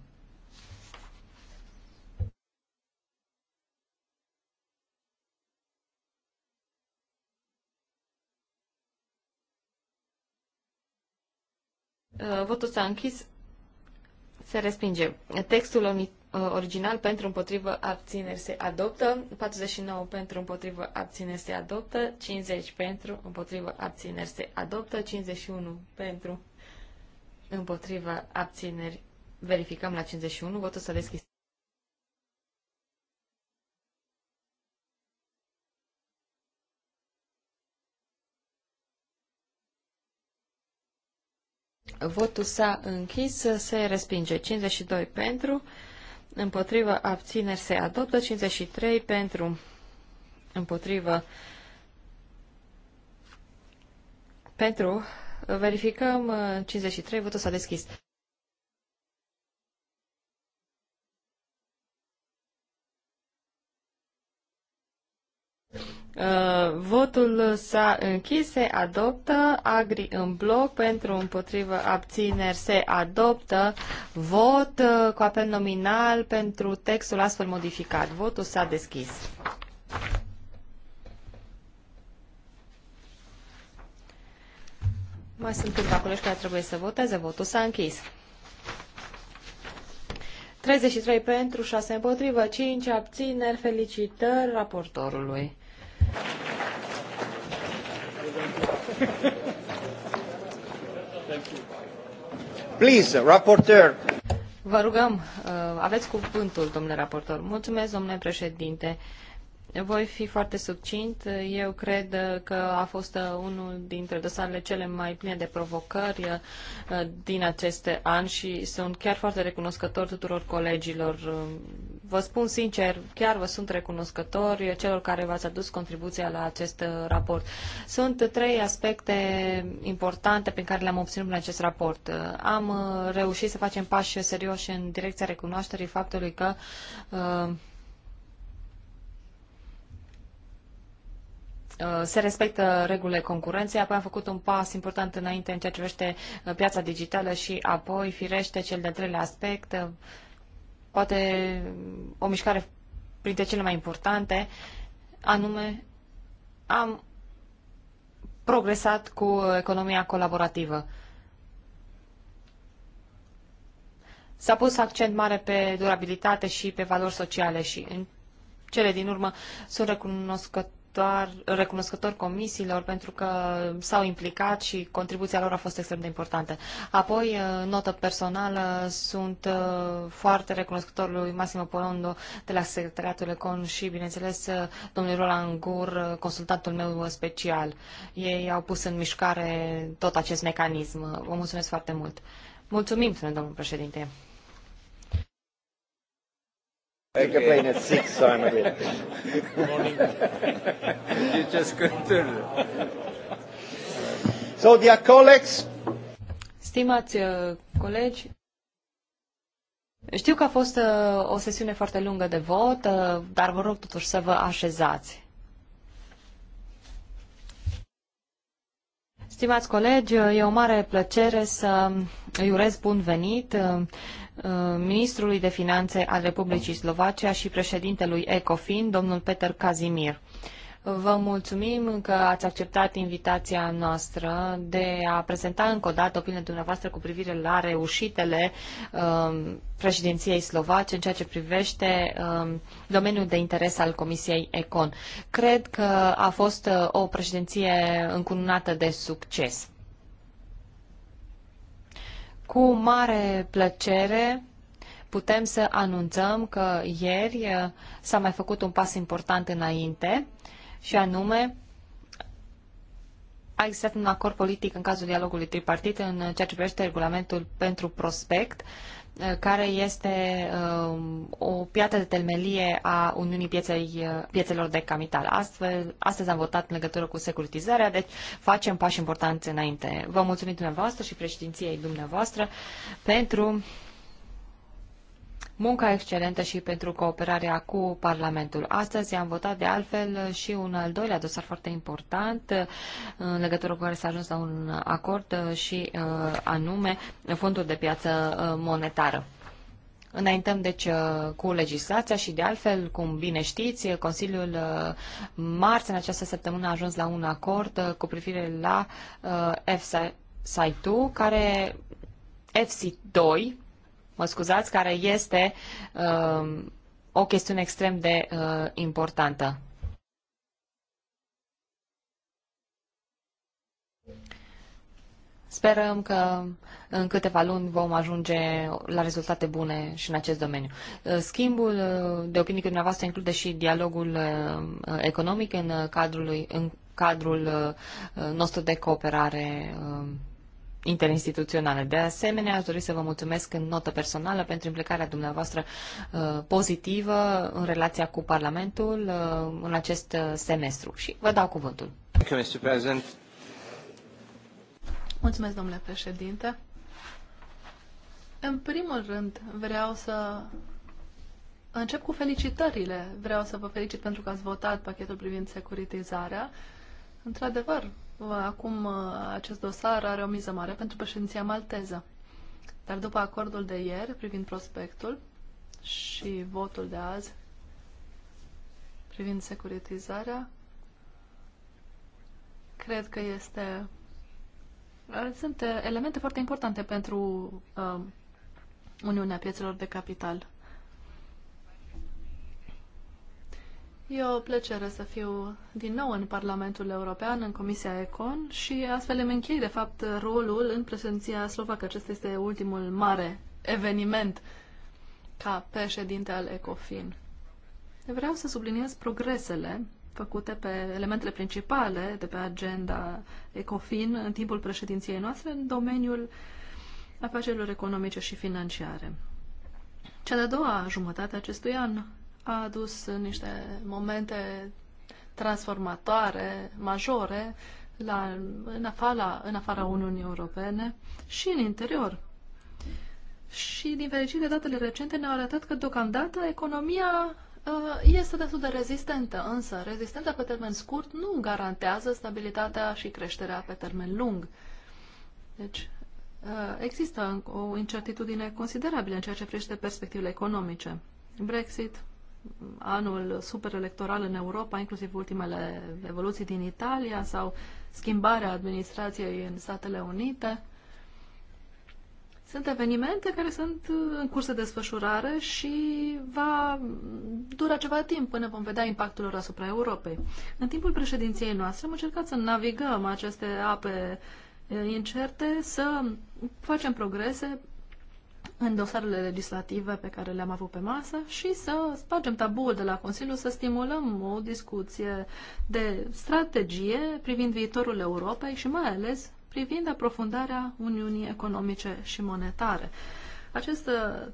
Uh, votul s-a închis. Se respinge. Textul uh, original pentru împotrivă abțineri se adoptă, 49 pentru împotrivă abțineri se adoptă, 50 pentru împotrivă abțineri se adoptă, 51 pentru împotriva abțineri. Verificăm la 51, votul s-a deschis. Votul s-a închis, se respinge 52 pentru, împotrivă abțineri se adoptă 53 pentru, împotrivă pentru Verificăm 53, uh, votul s-a deschis. Uh, votul s-a închis, se adoptă, agri în bloc, pentru împotrivă abțineri se adoptă, vot uh, cu apel nominal pentru textul astfel modificat. Votul s-a deschis. Mai sunt câțiva colegi care trebuie să voteze. Votul s-a închis. 33 pentru, 6 împotrivă, 5 abțineri. Felicitări raportorului. Please, raporteur. Vă rugăm, uh, aveți cuvântul, domnule raportor. Mulțumesc, domnule președinte. Voi fi foarte subțint. Eu cred că a fost uh, unul dintre dosarele cele mai pline de provocări uh, din aceste ani și sunt chiar foarte recunoscător tuturor colegilor. Uh, vă spun sincer, chiar vă sunt recunoscători celor care v-ați adus contribuția la acest raport. Sunt trei aspecte importante pe care le-am obținut în acest raport. Am reușit să facem pași serioși în direcția recunoașterii faptului că Uh, se respectă regulile concurenței, apoi am făcut un pas important înainte în ceea ce privește uh, piața digitală și apoi, firește, cel de-al treilea aspect, uh, poate um, o mișcare printre cele mai importante, anume am progresat cu economia colaborativă. S-a pus accent mare pe durabilitate și pe valori sociale și în cele din urmă sunt recunoscători recunoscător comisiilor pentru că s-au implicat și contribuția lor a fost extrem de importantă. Apoi, notă personală, sunt uh, foarte recunoscător lui Massimo Polondo de la Secretariatul Econ și, bineînțeles, uh, domnului Roland Gur, uh, consultantul meu special. Ei au pus în mișcare tot acest mecanism. Vă mulțumesc foarte mult. Mulțumim, domnul președinte. I can play at six, so I'm a bit. Morning. you just So, dear colleagues. Stimați uh, colegi, știu că a fost uh, o sesiune foarte lungă de vot, uh, dar vă rog totuși să vă așezați. Stimați colegi, e o mare plăcere să îi urez bun venit Uh, ministrului de finanțe al Republicii Slovacia și președintelui ECOFIN, domnul Peter Kazimir. Vă mulțumim că ați acceptat invitația noastră de a prezenta încă o dată opiniile dumneavoastră cu privire la reușitele um, președinției slovace în ceea ce privește um, domeniul de interes al Comisiei Econ. Cred că a fost uh, o președinție încununată de succes. Cu mare plăcere putem să anunțăm că ieri uh, s-a mai făcut un pas important înainte și anume a existat un acord politic în cazul dialogului tripartit în ceea ce privește regulamentul pentru prospect care este um, o piatră de temelie a Uniunii pieței, uh, Piețelor de Capital. Astfel, astăzi am votat în legătură cu securitizarea, deci facem pași importanți înainte. Vă mulțumim dumneavoastră și președinției dumneavoastră pentru munca excelentă și pentru cooperarea cu Parlamentul. Astăzi am votat de altfel și un al doilea dosar foarte important uh, în legătură cu care s-a ajuns la un acord uh, și uh, anume fondul de piață monetară. Înaintăm, deci, cu legislația și, de altfel, cum bine știți, Consiliul Marți, în această săptămână, a ajuns la un acord cu privire la FSI2, care FSI 2 mă scuzați, care este uh, o chestiune extrem de uh, importantă. Sperăm că în câteva luni vom ajunge la rezultate bune și în acest domeniu. Uh, schimbul uh, de opinii cu dumneavoastră include și dialogul uh, economic în cadrul, în cadrul nostru de cooperare interinstituționale. De asemenea, aș dori să vă mulțumesc în notă personală pentru implicarea dumneavoastră uh, pozitivă în relația cu Parlamentul uh, în acest uh, semestru. Și vă dau cuvântul. Mulțumesc, domnule președinte. În primul rând, vreau să încep cu felicitările. Vreau să vă felicit pentru că ați votat pachetul privind securitizarea. Într-adevăr, Acum uh, acest dosar are o miză mare pentru președinția malteză. Dar după acordul de ieri privind prospectul și votul de azi privind securitizarea, cred că este uh, sunt elemente foarte importante pentru uh, Uniunea Piețelor de Capital. E o plăcere să fiu din nou în Parlamentul European, în Comisia Econ și astfel îmi închei, de fapt, rolul în președinția slovacă. Acesta este ultimul mare eveniment ca președinte al ECOFIN. Vreau să subliniez progresele făcute pe elementele principale de pe agenda ECOFIN în timpul președinției noastre în domeniul afacerilor economice și financiare. Cea de-a doua jumătate acestui an a adus niște momente transformatoare, majore, la, în, afara, în afara Uniunii Europene și în interior. Și, din fericire, datele recente ne-au arătat că, deocamdată, economia uh, este destul de rezistentă, însă rezistența pe termen scurt nu garantează stabilitatea și creșterea pe termen lung. Deci, uh, există o incertitudine considerabilă în ceea ce privește perspectivele economice. Brexit, anul superelectoral în Europa, inclusiv ultimele evoluții din Italia sau schimbarea administrației în Statele Unite. Sunt evenimente care sunt uh, în curs de desfășurare și va dura ceva timp până vom vedea impactul lor asupra Europei. În timpul președinției noastre am încercat să navigăm aceste ape uh, incerte, să facem progrese în dosarele legislative pe care le-am avut pe masă și să spargem tabul de la Consiliu, să stimulăm o discuție de strategie privind viitorul Europei și mai ales privind aprofundarea Uniunii Economice și Monetare. Acest uh,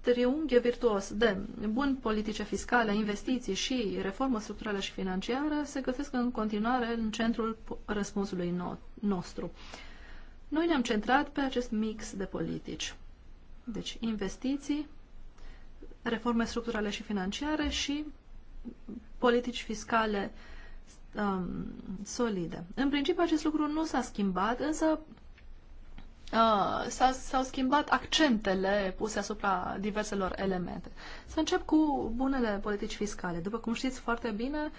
triunghi virtuos de buni politice fiscale, investiții și reformă structurală și financiară se găsesc în continuare în centrul răspunsului nostru. Noi ne-am centrat pe acest mix de politici. Deci investiții, reforme structurale și financiare și politici fiscale um, solide. În principiu acest lucru nu s-a schimbat, însă uh, s-au schimbat accentele puse asupra diverselor elemente. Să încep cu bunele politici fiscale. După cum știți foarte bine,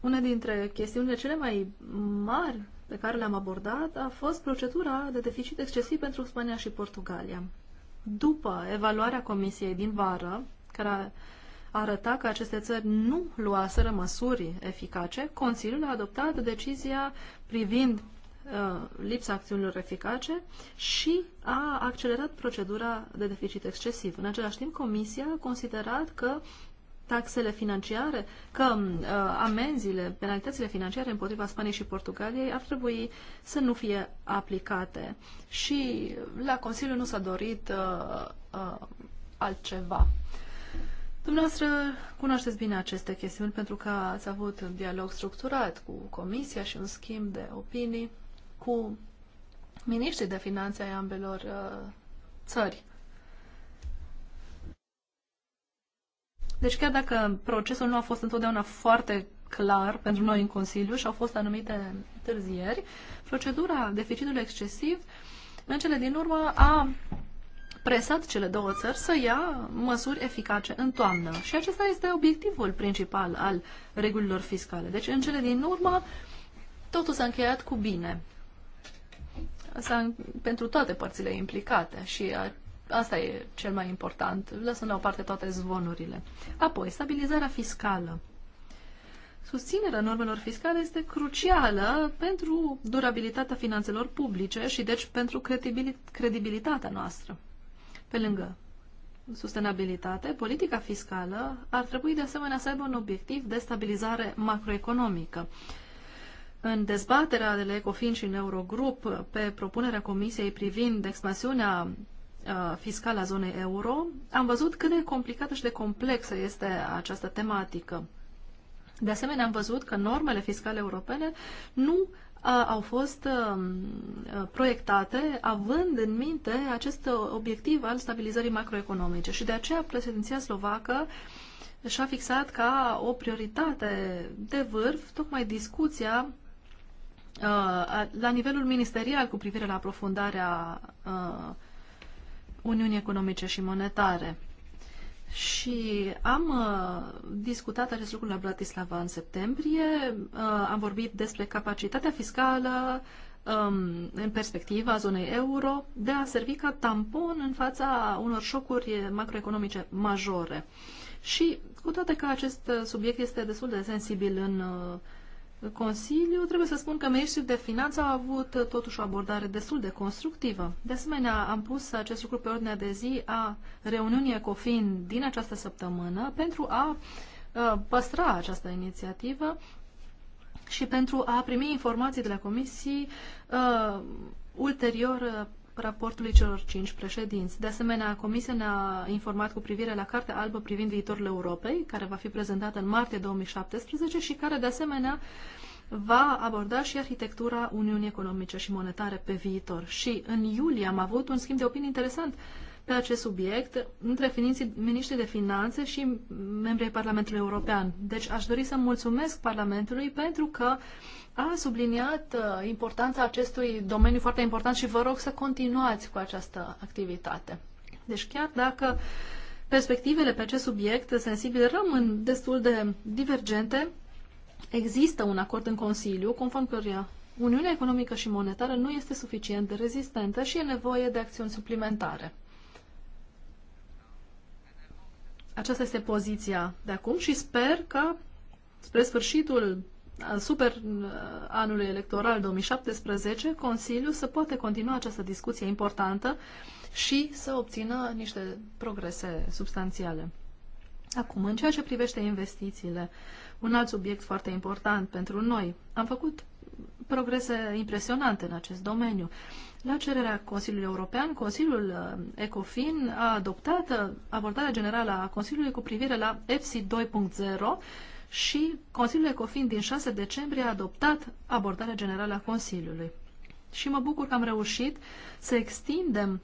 una dintre chestiunile cele mai mari pe care le-am abordat a fost procedura de deficit excesiv pentru Spania și Portugalia după evaluarea Comisiei din vară, care arăta că aceste țări nu luaseră măsuri eficace, Consiliul a adoptat decizia privind uh, lipsa acțiunilor eficace și a accelerat procedura de deficit excesiv. În același timp, Comisia a considerat că taxele financiare, că uh, amenziile, penalitățile financiare împotriva Spaniei și Portugaliei ar trebui să nu fie aplicate. Și la Consiliu nu s-a dorit uh, uh, altceva. Dumneavoastră cunoașteți bine aceste chestiuni pentru că ați avut un dialog structurat cu Comisia și un schimb de opinii cu miniștrii de finanțe ai ambelor uh, țări. Deci chiar dacă procesul nu a fost întotdeauna foarte clar pentru noi în Consiliu și au fost anumite târzieri, procedura deficitului excesiv în cele din urmă a presat cele două țări să ia măsuri eficace în toamnă. Și acesta este obiectivul principal al regulilor fiscale. Deci, în cele din urmă, totul s-a încheiat cu bine. S-a, pentru toate părțile implicate. Și Asta e cel mai important. lăsând la o parte toate zvonurile. Apoi, stabilizarea fiscală. Susținerea normelor fiscale este crucială pentru durabilitatea finanțelor publice și deci pentru credibilitatea noastră. Pe lângă sustenabilitate, politica fiscală ar trebui de asemenea să aibă un obiectiv de stabilizare macroeconomică. În dezbaterea de la Ecofin și în Eurogrup pe propunerea Comisiei privind expansiunea Uh, fiscală a zonei euro, am văzut cât de complicată și de complexă este această tematică. De asemenea, am văzut că normele fiscale europene nu uh, au fost um, uh, proiectate având în minte acest obiectiv al stabilizării macroeconomice și de aceea președinția slovacă și-a fixat ca o prioritate de vârf tocmai discuția la nivelul ministerial cu privire la aprofundarea Uniunii Economice și Monetare. Și am uh, discutat acest lucru la Bratislava în septembrie, uh, am vorbit despre capacitatea fiscală um, în perspectiva zonei euro de a servi ca tampon în fața unor șocuri macroeconomice majore. Și cu toate că acest subiect este destul de sensibil în uh, Consiliu, trebuie să spun că ministrii de finanță au avut uh, totuși o abordare destul de constructivă. De asemenea, am pus acest lucru pe ordinea de zi a reuniunii ECOFIN din această săptămână pentru a uh, păstra această inițiativă și pentru a primi informații de la comisii uh, ulterior uh, raportului celor cinci președinți. De asemenea, Comisia ne-a informat cu privire la Cartea Albă privind viitorul Europei, care va fi prezentată în martie 2017 și care, de asemenea, va aborda și arhitectura Uniunii Economice și Monetare pe viitor. Și în iulie am avut un schimb de opinii interesant pe acest subiect între miniștrii de finanțe și membrii Parlamentului European. Deci aș dori să mulțumesc Parlamentului pentru că a subliniat uh, importanța acestui domeniu foarte important și vă rog să continuați cu această activitate. Deci chiar dacă perspectivele pe acest subiect sensibil rămân destul de divergente, există un acord în Consiliu conform căruia Uniunea economică și monetară nu este suficient de rezistentă și e nevoie de acțiuni suplimentare. Aceasta este poziția de acum și sper că spre sfârșitul uh, super uh, anului electoral 2017, Consiliul să poate continua această discuție importantă și să obțină niște progrese substanțiale. Acum, în ceea ce privește investițiile, un alt subiect foarte important pentru noi, am făcut progrese impresionante în acest domeniu. La cererea Consiliului European, Consiliul uh, ECOFIN a adoptat uh, abordarea generală a Consiliului cu privire la EFSI 2.0 și Consiliul ECOFIN din 6 decembrie a adoptat abordarea generală a Consiliului. Și mă bucur că am reușit să extindem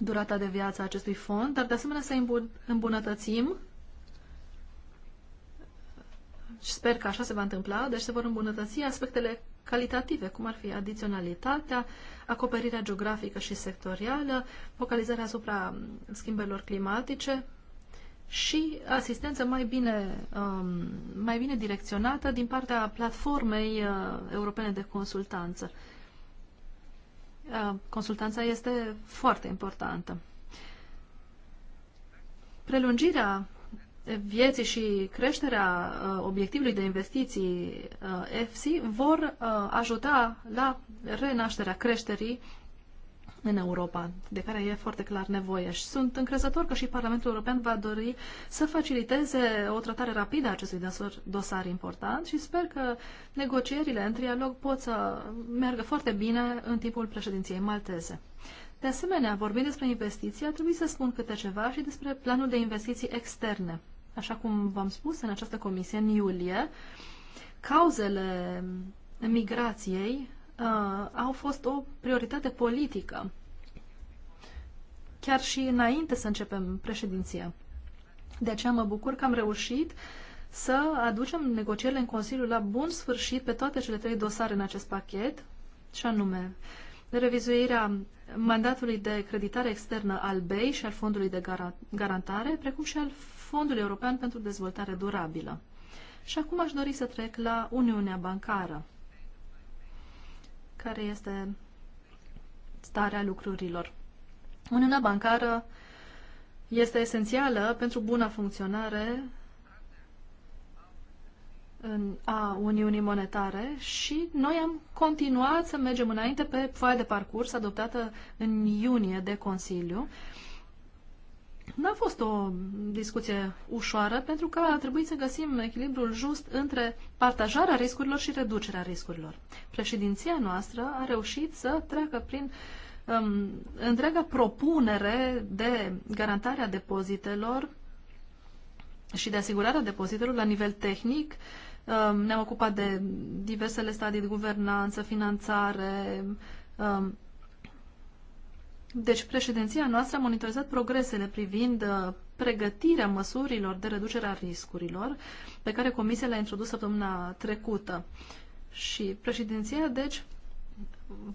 durata de viață a acestui fond, dar de asemenea să îmbunătățim și sper că așa se va întâmpla, deci se vor îmbunătăți aspectele calitative, cum ar fi adiționalitatea, acoperirea geografică și sectorială, focalizarea asupra um, schimbărilor climatice și asistență mai bine, um, mai bine direcționată din partea platformei uh, europene de consultanță. Uh, consultanța este foarte importantă. Prelungirea vieții și creșterea uh, obiectivului de investiții EFSI uh, vor uh, ajuta la renașterea creșterii în Europa, de care e foarte clar nevoie. Și sunt încrezător că și Parlamentul European va dori să faciliteze o tratare rapidă a acestui dosar important și sper că negocierile în trialog pot să meargă foarte bine în timpul președinției malteze. De asemenea, vorbind despre investiții, ar trebui să spun câte ceva și despre planul de investiții externe așa cum v-am spus, în această comisie, în iulie, cauzele migrației uh, au fost o prioritate politică, chiar și înainte să începem președinția. De aceea mă bucur că am reușit să aducem negocierile în Consiliu la bun sfârșit pe toate cele trei dosare în acest pachet, și anume revizuirea mandatului de creditare externă al BEI și al Fondului de Garantare, precum și al Fondul European pentru Dezvoltare Durabilă. Și acum aș dori să trec la Uniunea Bancară, care este starea lucrurilor. Uniunea Bancară este esențială pentru buna funcționare în, a Uniunii Monetare și noi am continuat să mergem înainte pe foaia de parcurs adoptată în iunie de Consiliu. Uh, nu a fost o discuție ușoară, pentru că a trebuit să găsim echilibrul just între partajarea riscurilor și reducerea riscurilor. Președinția noastră a reușit să treacă prin um, întreaga propunere de garantare a depozitelor și de asigurarea depozitelor la nivel tehnic. Um, ne-am ocupat de diversele stadii de guvernanță, finanțare, um, deci, președinția noastră a monitorizat progresele privind uh, pregătirea măsurilor de reducere a riscurilor pe care Comisia le-a introdus săptămâna trecută. Și președinția, deci,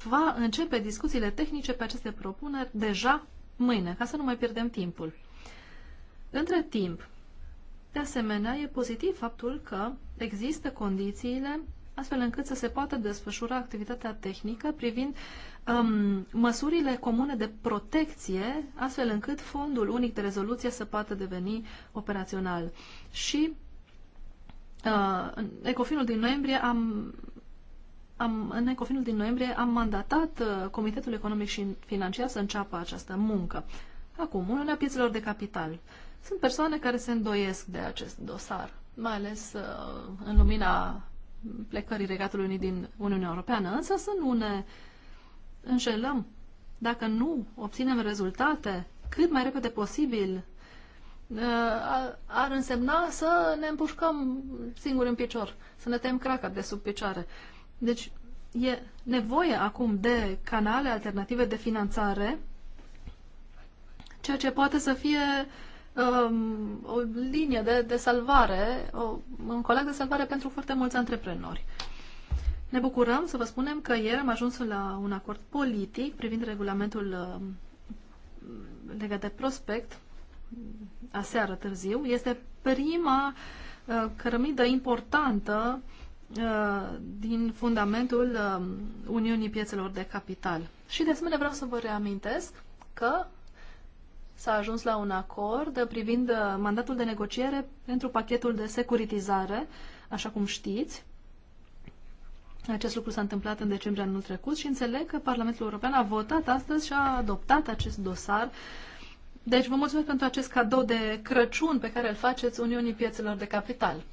va începe discuțiile tehnice pe aceste propuneri deja mâine, ca să nu mai pierdem timpul. Între timp, de asemenea, e pozitiv faptul că există condițiile astfel încât să se poată desfășura activitatea tehnică privind uh, um, măsurile comune de protecție, astfel încât fondul unic de rezoluție să poată deveni operațional. Și uh, Ecofinul din noiembrie am, am, în Ecofinul din noiembrie am mandatat uh, Comitetul Economic și Financiar să înceapă această muncă. Acum, unele piețelor de capital. Sunt persoane care se îndoiesc de acest dosar, mai ales uh, în lumina plecării Regatului Unit din Uniunea Europeană, însă sunt une, înșelăm, dacă nu obținem rezultate cât mai repede posibil, uh, ar însemna să ne împușcăm singuri în picior, să ne tem craca de sub picioare. Deci e nevoie acum de canale alternative de finanțare, ceea ce poate să fie um, o linie de, de salvare, o, un colac de salvare pentru foarte mulți antreprenori. Ne bucurăm să vă spunem că ieri am ajuns la un acord politic privind regulamentul um, legat de prospect, aseară târziu. Este prima uh, cărămidă importantă uh, din fundamentul um, Uniunii Piețelor de Capital. Și de asemenea vreau să vă reamintesc că s-a ajuns la un acord privind uh, mandatul de negociere pentru pachetul de securitizare, așa cum știți. Acest lucru s-a întâmplat în decembrie anul trecut și înțeleg că Parlamentul European a votat astăzi și a adoptat acest dosar. Deci vă mulțumesc pentru acest cadou de Crăciun pe care îl faceți Uniunii Piețelor de Capital.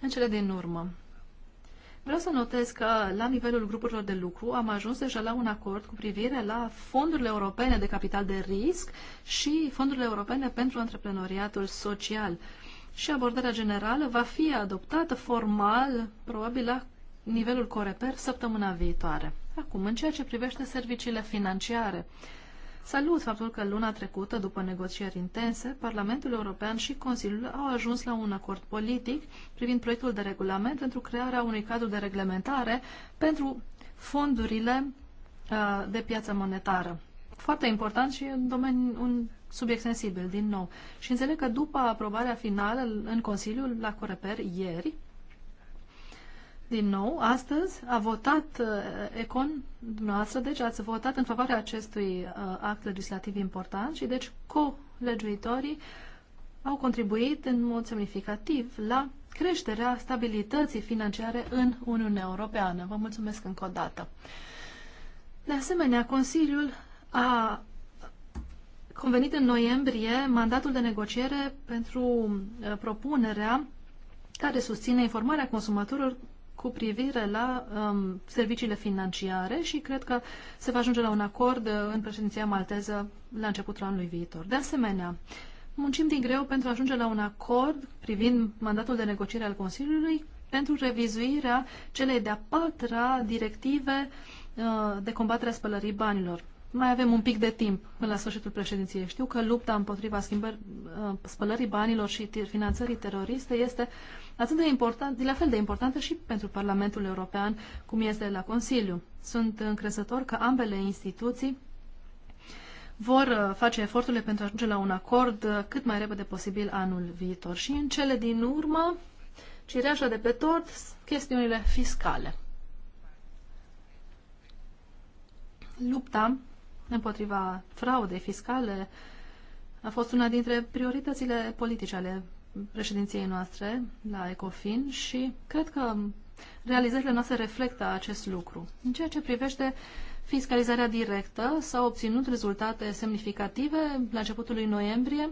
În cele din urmă, vreau să notez că la nivelul grupurilor de lucru am ajuns deja la un acord cu privire la fondurile europene de capital de risc și fondurile europene pentru antreprenoriatul social. Și abordarea generală va fi adoptată formal, probabil la nivelul Coreper săptămâna viitoare. Acum, în ceea ce privește serviciile financiare, salut faptul că luna trecută, după negocieri intense, Parlamentul European și Consiliul au ajuns la un acord politic privind proiectul de regulament pentru crearea unui cadru de reglementare pentru fondurile uh, de piață monetară. Foarte important și în domeniu, un subiect sensibil, din nou. Și înțeleg că după aprobarea finală în Consiliul la Coreper ieri, din nou, astăzi a votat uh, Econ, dumneavoastră, deci ați votat în favoarea acestui uh, act legislativ important și deci colegiuitorii au contribuit în mod semnificativ la creșterea stabilității financiare în Uniunea Europeană. Vă mulțumesc încă o dată. De asemenea, Consiliul a convenit în noiembrie mandatul de negociere pentru uh, propunerea care susține informarea consumatorilor cu privire la um, serviciile financiare și cred că se va ajunge la un acord uh, în președinția malteză la începutul anului viitor. De asemenea, muncim din greu pentru a ajunge la un acord privind mandatul de negociere al Consiliului pentru revizuirea celei de-a patra directive uh, de combatere a spălării banilor. Mai avem un pic de timp până la sfârșitul președinției. Știu că lupta împotriva schimbări, uh, spălării banilor și finanțării teroriste este uh, atât de important, la fel de importantă și pentru Parlamentul European, cum este la Consiliu. Sunt încrezător că ambele instituții vor uh, face eforturile pentru a ajunge la un acord uh, cât mai repede posibil anul viitor. Și în cele din urmă, cireașa de pe tort, chestiunile fiscale. Lupta împotriva fraudei fiscale a fost una dintre prioritățile politice ale președinției noastre la ECOFIN și cred că realizările noastre reflectă acest lucru. În ceea ce privește fiscalizarea directă, s-au obținut rezultate semnificative la începutul lui noiembrie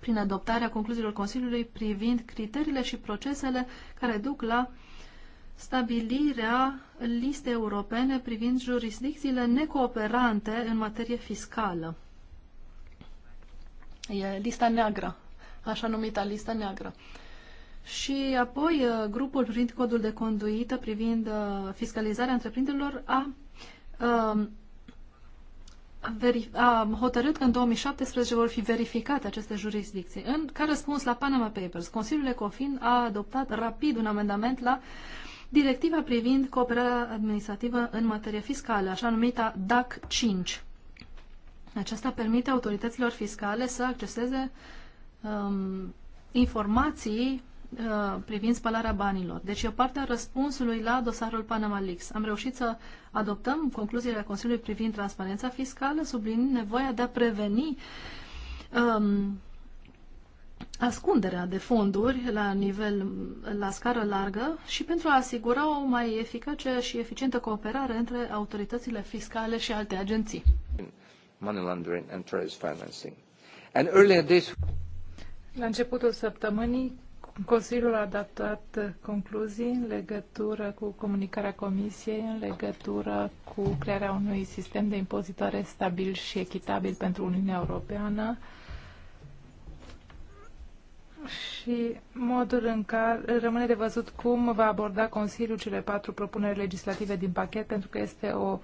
prin adoptarea concluziilor Consiliului privind criteriile și procesele care duc la stabilirea listei europene privind jurisdicțiile necooperante în materie fiscală. E lista neagră așa numită listă neagră. Și apoi uh, grupul privind codul de conduită, privind uh, fiscalizarea întreprinderilor, a, a, um, a hotărât că în 2017 vor fi verificate aceste jurisdicții. În, ca răspuns la Panama Papers, Consiliul Ecofin a adoptat rapid un amendament la directiva privind cooperarea administrativă în materie fiscală, așa numită DAC 5. Aceasta permite autorităților fiscale să acceseze uh, um, informații uh, privind spălarea banilor. Deci e o parte a răspunsului la dosarul Panama Leaks. Am reușit să adoptăm concluziile Consiliului privind transparența fiscală, sublin nevoia de a preveni um, ascunderea de fonduri la nivel, la scară largă și pentru a asigura o mai eficace și eficientă cooperare între autoritățile fiscale și alte agenții. Money laundering and trade financing. And earlier this... La începutul săptămânii, Consiliul a adaptat concluzii în legătură cu comunicarea Comisiei, în legătură cu crearea unui sistem de impozitare stabil și echitabil pentru Uniunea Europeană și modul în care rămâne de văzut cum va aborda Consiliul cele patru propuneri legislative din pachet, pentru că este o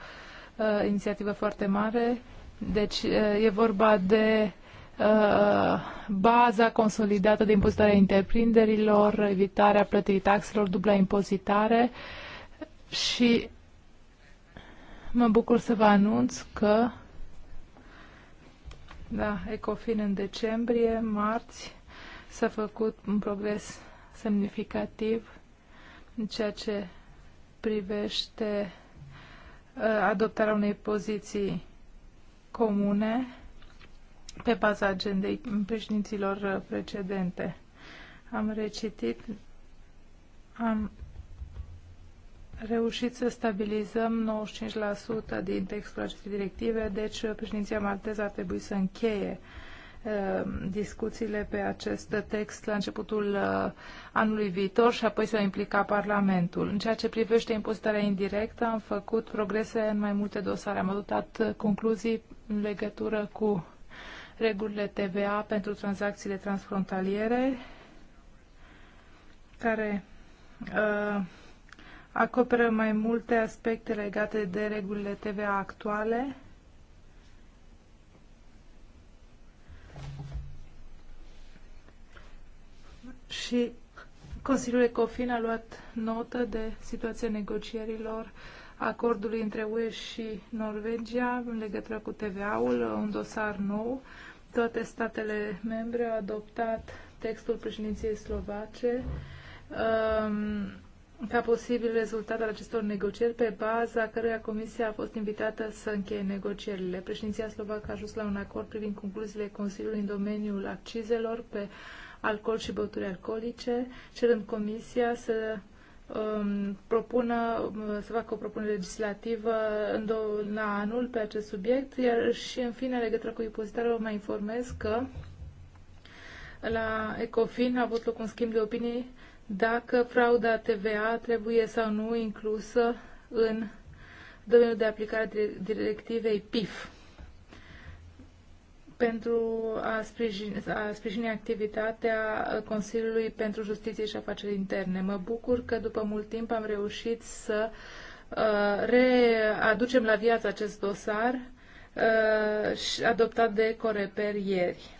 uh, inițiativă foarte mare. Deci uh, e vorba de Uh, baza consolidată de impozitare a întreprinderilor, evitarea plătirii taxelor, dubla impozitare și mă bucur să vă anunț că da, Ecofin în decembrie, marți, s-a făcut un progres semnificativ în ceea ce privește uh, adoptarea unei poziții comune pe baza agendei președinților precedente. Am recitit, am reușit să stabilizăm 95% din textul acestei directive, deci președinția malteză ar trebui să încheie uh, discuțiile pe acest text la începutul uh, anului viitor și apoi să implica Parlamentul. În ceea ce privește impozitarea indirectă, am făcut progrese în mai multe dosare. Am adoptat uh, concluzii în legătură cu regulile TVA pentru tranzacțiile transfrontaliere, care uh, acoperă mai multe aspecte legate de regulile TVA actuale. Și Consiliul Ecofin a luat notă de situația negocierilor acordului între UE și Norvegia în legătură cu TVA-ul, un dosar nou toate statele membre au adoptat textul președinției slovace um, ca posibil rezultat al acestor negocieri, pe baza căreia Comisia a fost invitată să încheie negocierile. Președinția slovacă a ajuns la un acord privind concluziile Consiliului în domeniul accizelor pe alcool și băuturi alcoolice, cerând Comisia să Um, propună, um, să facă o propunere legislativă în, două anul pe acest subiect, iar și în fine, legătură cu impozitarea, vă mai informez că la Ecofin a avut loc un schimb de opinii dacă frauda TVA trebuie sau nu inclusă în domeniul de aplicare a directivei PIF pentru a sprijini, a sprijini activitatea Consiliului pentru Justiție și Afaceri Interne. Mă bucur că după mult timp am reușit să uh, readucem la viață acest dosar uh, și adoptat de Coreper ieri.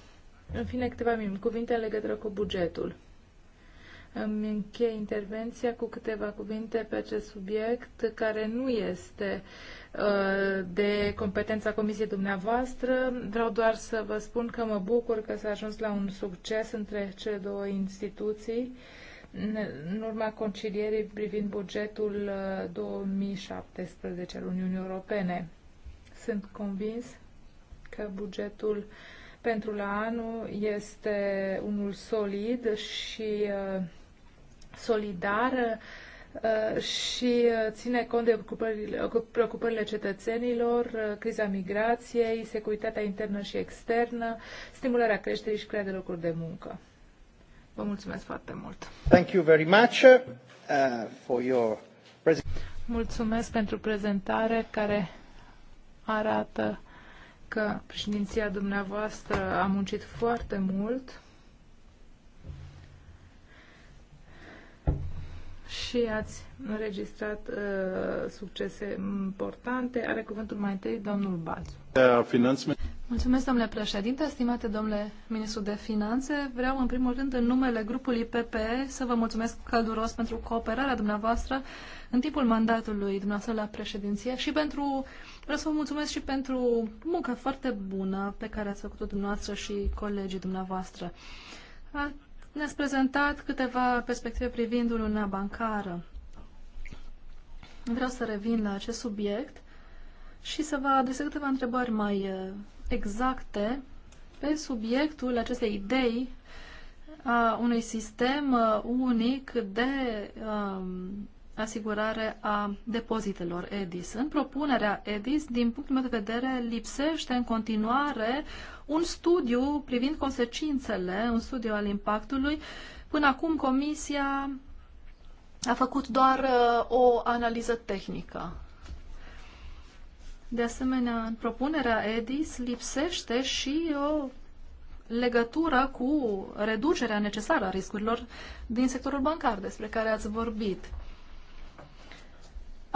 În fine, câteva cuvinte în legătură cu bugetul. Îmi închei intervenția cu câteva cuvinte pe acest subiect care nu este uh, de competența comisiei dumneavoastră. Vreau doar să vă spun că mă bucur că s-a ajuns la un succes între cele două instituții în urma concilierii privind bugetul 2017 uh, al Uniunii Europene. Sunt convins că bugetul pentru la anul este unul solid și uh, solidară uh, și uh, ține cont de preocupările cetățenilor, uh, criza migrației, securitatea internă și externă, stimularea creșterii și crearea de locuri de muncă. Vă mulțumesc foarte mult. Thank you very much for your Mulțumesc pentru prezentare care arată că președinția dumneavoastră a muncit foarte mult și ați înregistrat uh, succese importante. Are cuvântul mai întâi domnul Balțu. Mulțumesc, domnule președinte, stimate domnule ministru de finanțe. Vreau, în primul rând, în numele grupului PPE să vă mulțumesc călduros pentru cooperarea dumneavoastră în timpul mandatului dumneavoastră la președinție și pentru, vreau să vă mulțumesc și pentru munca foarte bună pe care ați făcut-o dumneavoastră și colegii dumneavoastră. Ne-ați prezentat câteva perspective privind Uniunea Bancară. Vreau să revin la acest subiect și să vă adresez câteva întrebări mai eh, exacte pe subiectul acestei idei a unui sistem eh, unic de um, asigurare a depozitelor EDIS. În propunerea EDIS, din punctul meu de vedere, lipsește în continuare un studiu privind consecințele, un studiu al impactului. Până acum Comisia a făcut doar uh, o analiză tehnică. De asemenea, în propunerea EDIS lipsește și o legătură cu reducerea necesară a riscurilor din sectorul bancar, despre care ați vorbit.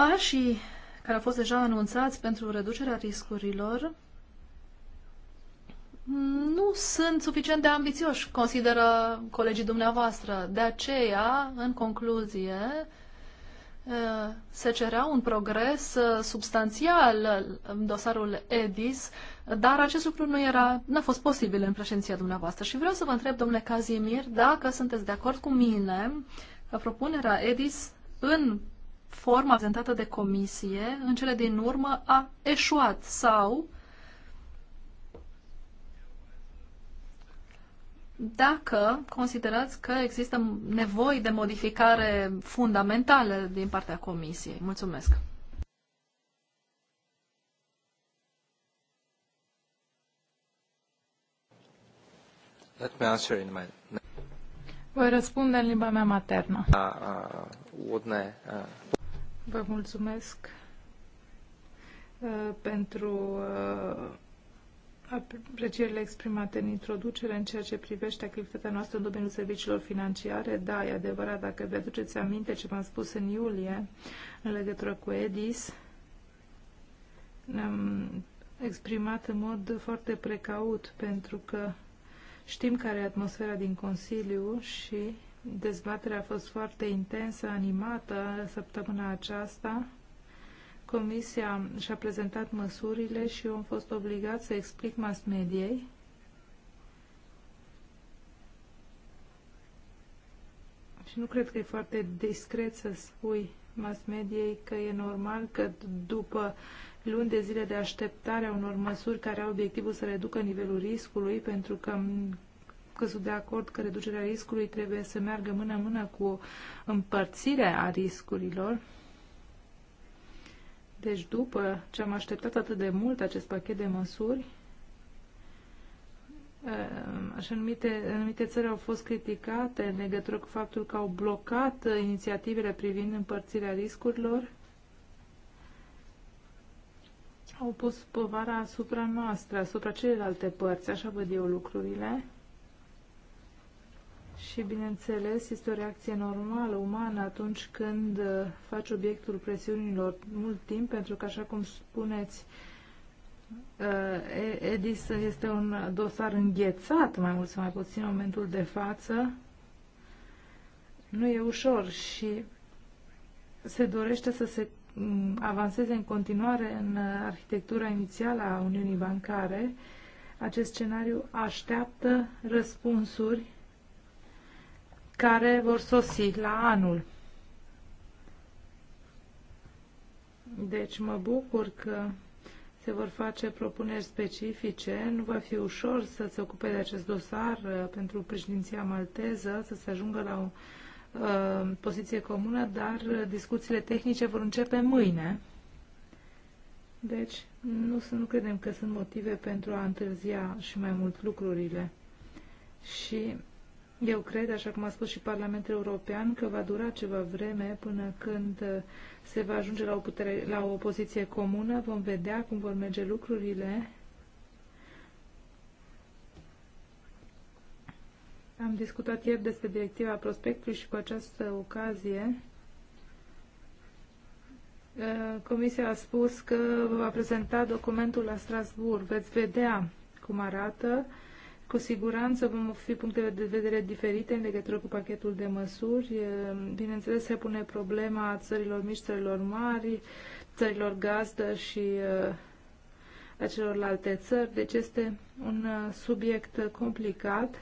Pașii care au fost deja anunțați pentru reducerea riscurilor nu sunt suficient de ambițioși, consideră colegii dumneavoastră. De aceea, în concluzie, se cerea un progres uh, substanțial uh, în dosarul EDIS, dar acest lucru nu era, n-a fost posibil în președinția dumneavoastră. Și vreau să vă întreb, domnule Cazimir, dacă sunteți de acord cu mine că propunerea EDIS în forma prezentată de comisie în cele din urmă a eșuat sau dacă considerați că există nevoi de modificare fundamentale din partea comisiei. Mulțumesc! Let me answer in my... Voi răspunde în limba mea maternă. Uh, uh, Vă mulțumesc uh, pentru uh, aprecierile exprimate în introducere în ceea ce privește activitatea noastră în domeniul serviciilor financiare. Da, e adevărat, dacă vă aduceți aminte ce v-am spus în iulie în legătură cu EDIS, ne-am exprimat în mod foarte precaut pentru că știm care e atmosfera din Consiliu și Dezbaterea a fost foarte intensă, animată săptămâna aceasta. Comisia și-a prezentat măsurile și eu am fost obligat să explic mass mediei Și nu cred că e foarte discret să spui mass mediei că e normal că după luni de zile de așteptare a unor măsuri care au obiectivul să reducă nivelul riscului, pentru că că sunt de acord că reducerea riscului trebuie să meargă mână-mână cu împărțirea a riscurilor. Deci după ce am așteptat atât de mult acest pachet de măsuri, uh, așa anumite, anumite țări au fost criticate în legătură cu faptul că au blocat inițiativele privind împărțirea riscurilor, au pus povara asupra noastră, asupra celelalte părți, așa văd eu lucrurile. Și, bineînțeles, este o reacție normală, umană, atunci când uh, faci obiectul presiunilor mult timp, pentru că, așa cum spuneți, uh, EDIS este un dosar înghețat, mai mult sau mai puțin, în momentul de față. Nu e ușor și se dorește să se mm, avanseze în continuare în uh, arhitectura inițială a Uniunii Bancare. Acest scenariu așteaptă răspunsuri care vor sosi la anul. Deci mă bucur că se vor face propuneri specifice. Nu va fi ușor să se ocupe de acest dosar uh, pentru președinția malteză, să se ajungă la o uh, poziție comună, dar uh, discuțiile tehnice vor începe mâine. Deci, nu, nu credem că sunt motive pentru a întârzia și mai mult lucrurile. Și eu cred, așa cum a spus și Parlamentul European, că va dura ceva vreme până când uh, se va ajunge la o, putere, la o poziție comună. Vom vedea cum vor merge lucrurile. Am discutat ieri despre directiva prospectului și cu această ocazie uh, Comisia a spus că va prezenta documentul la Strasbourg. Veți vedea cum arată. Cu siguranță vom fi puncte de vedere diferite în legătură cu pachetul de măsuri. Bineînțeles, se pune problema țărilor mici, țărilor mari, țărilor gazdă și a celorlalte țări, deci este un subiect complicat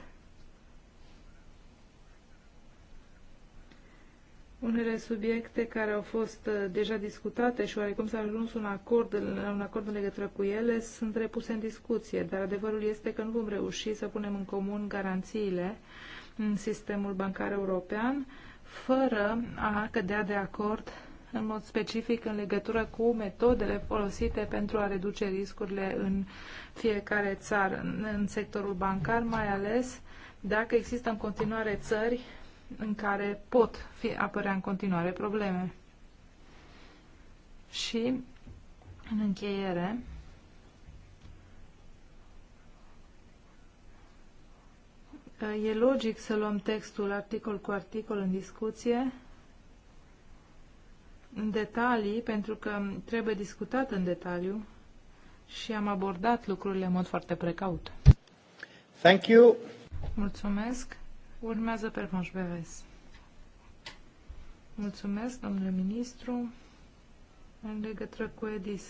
Unele subiecte care au fost uh, deja discutate și oarecum s-a ajuns un acord, un acord în legătură cu ele sunt repuse în discuție, dar adevărul este că nu vom reuși să punem în comun garanțiile în sistemul bancar european fără a cădea de acord în mod specific în legătură cu metodele folosite pentru a reduce riscurile în fiecare țară, în sectorul bancar, mai ales dacă există în continuare țări în care pot fi apărea în continuare probleme. Și, în încheiere, e logic să luăm textul articol cu articol în discuție, în detalii, pentru că trebuie discutat în detaliu și am abordat lucrurile în mod foarte precaut. Thank you. Mulțumesc. Urmează Pervanș Beves. Mulțumesc, domnule ministru. În legătură cu EDIS,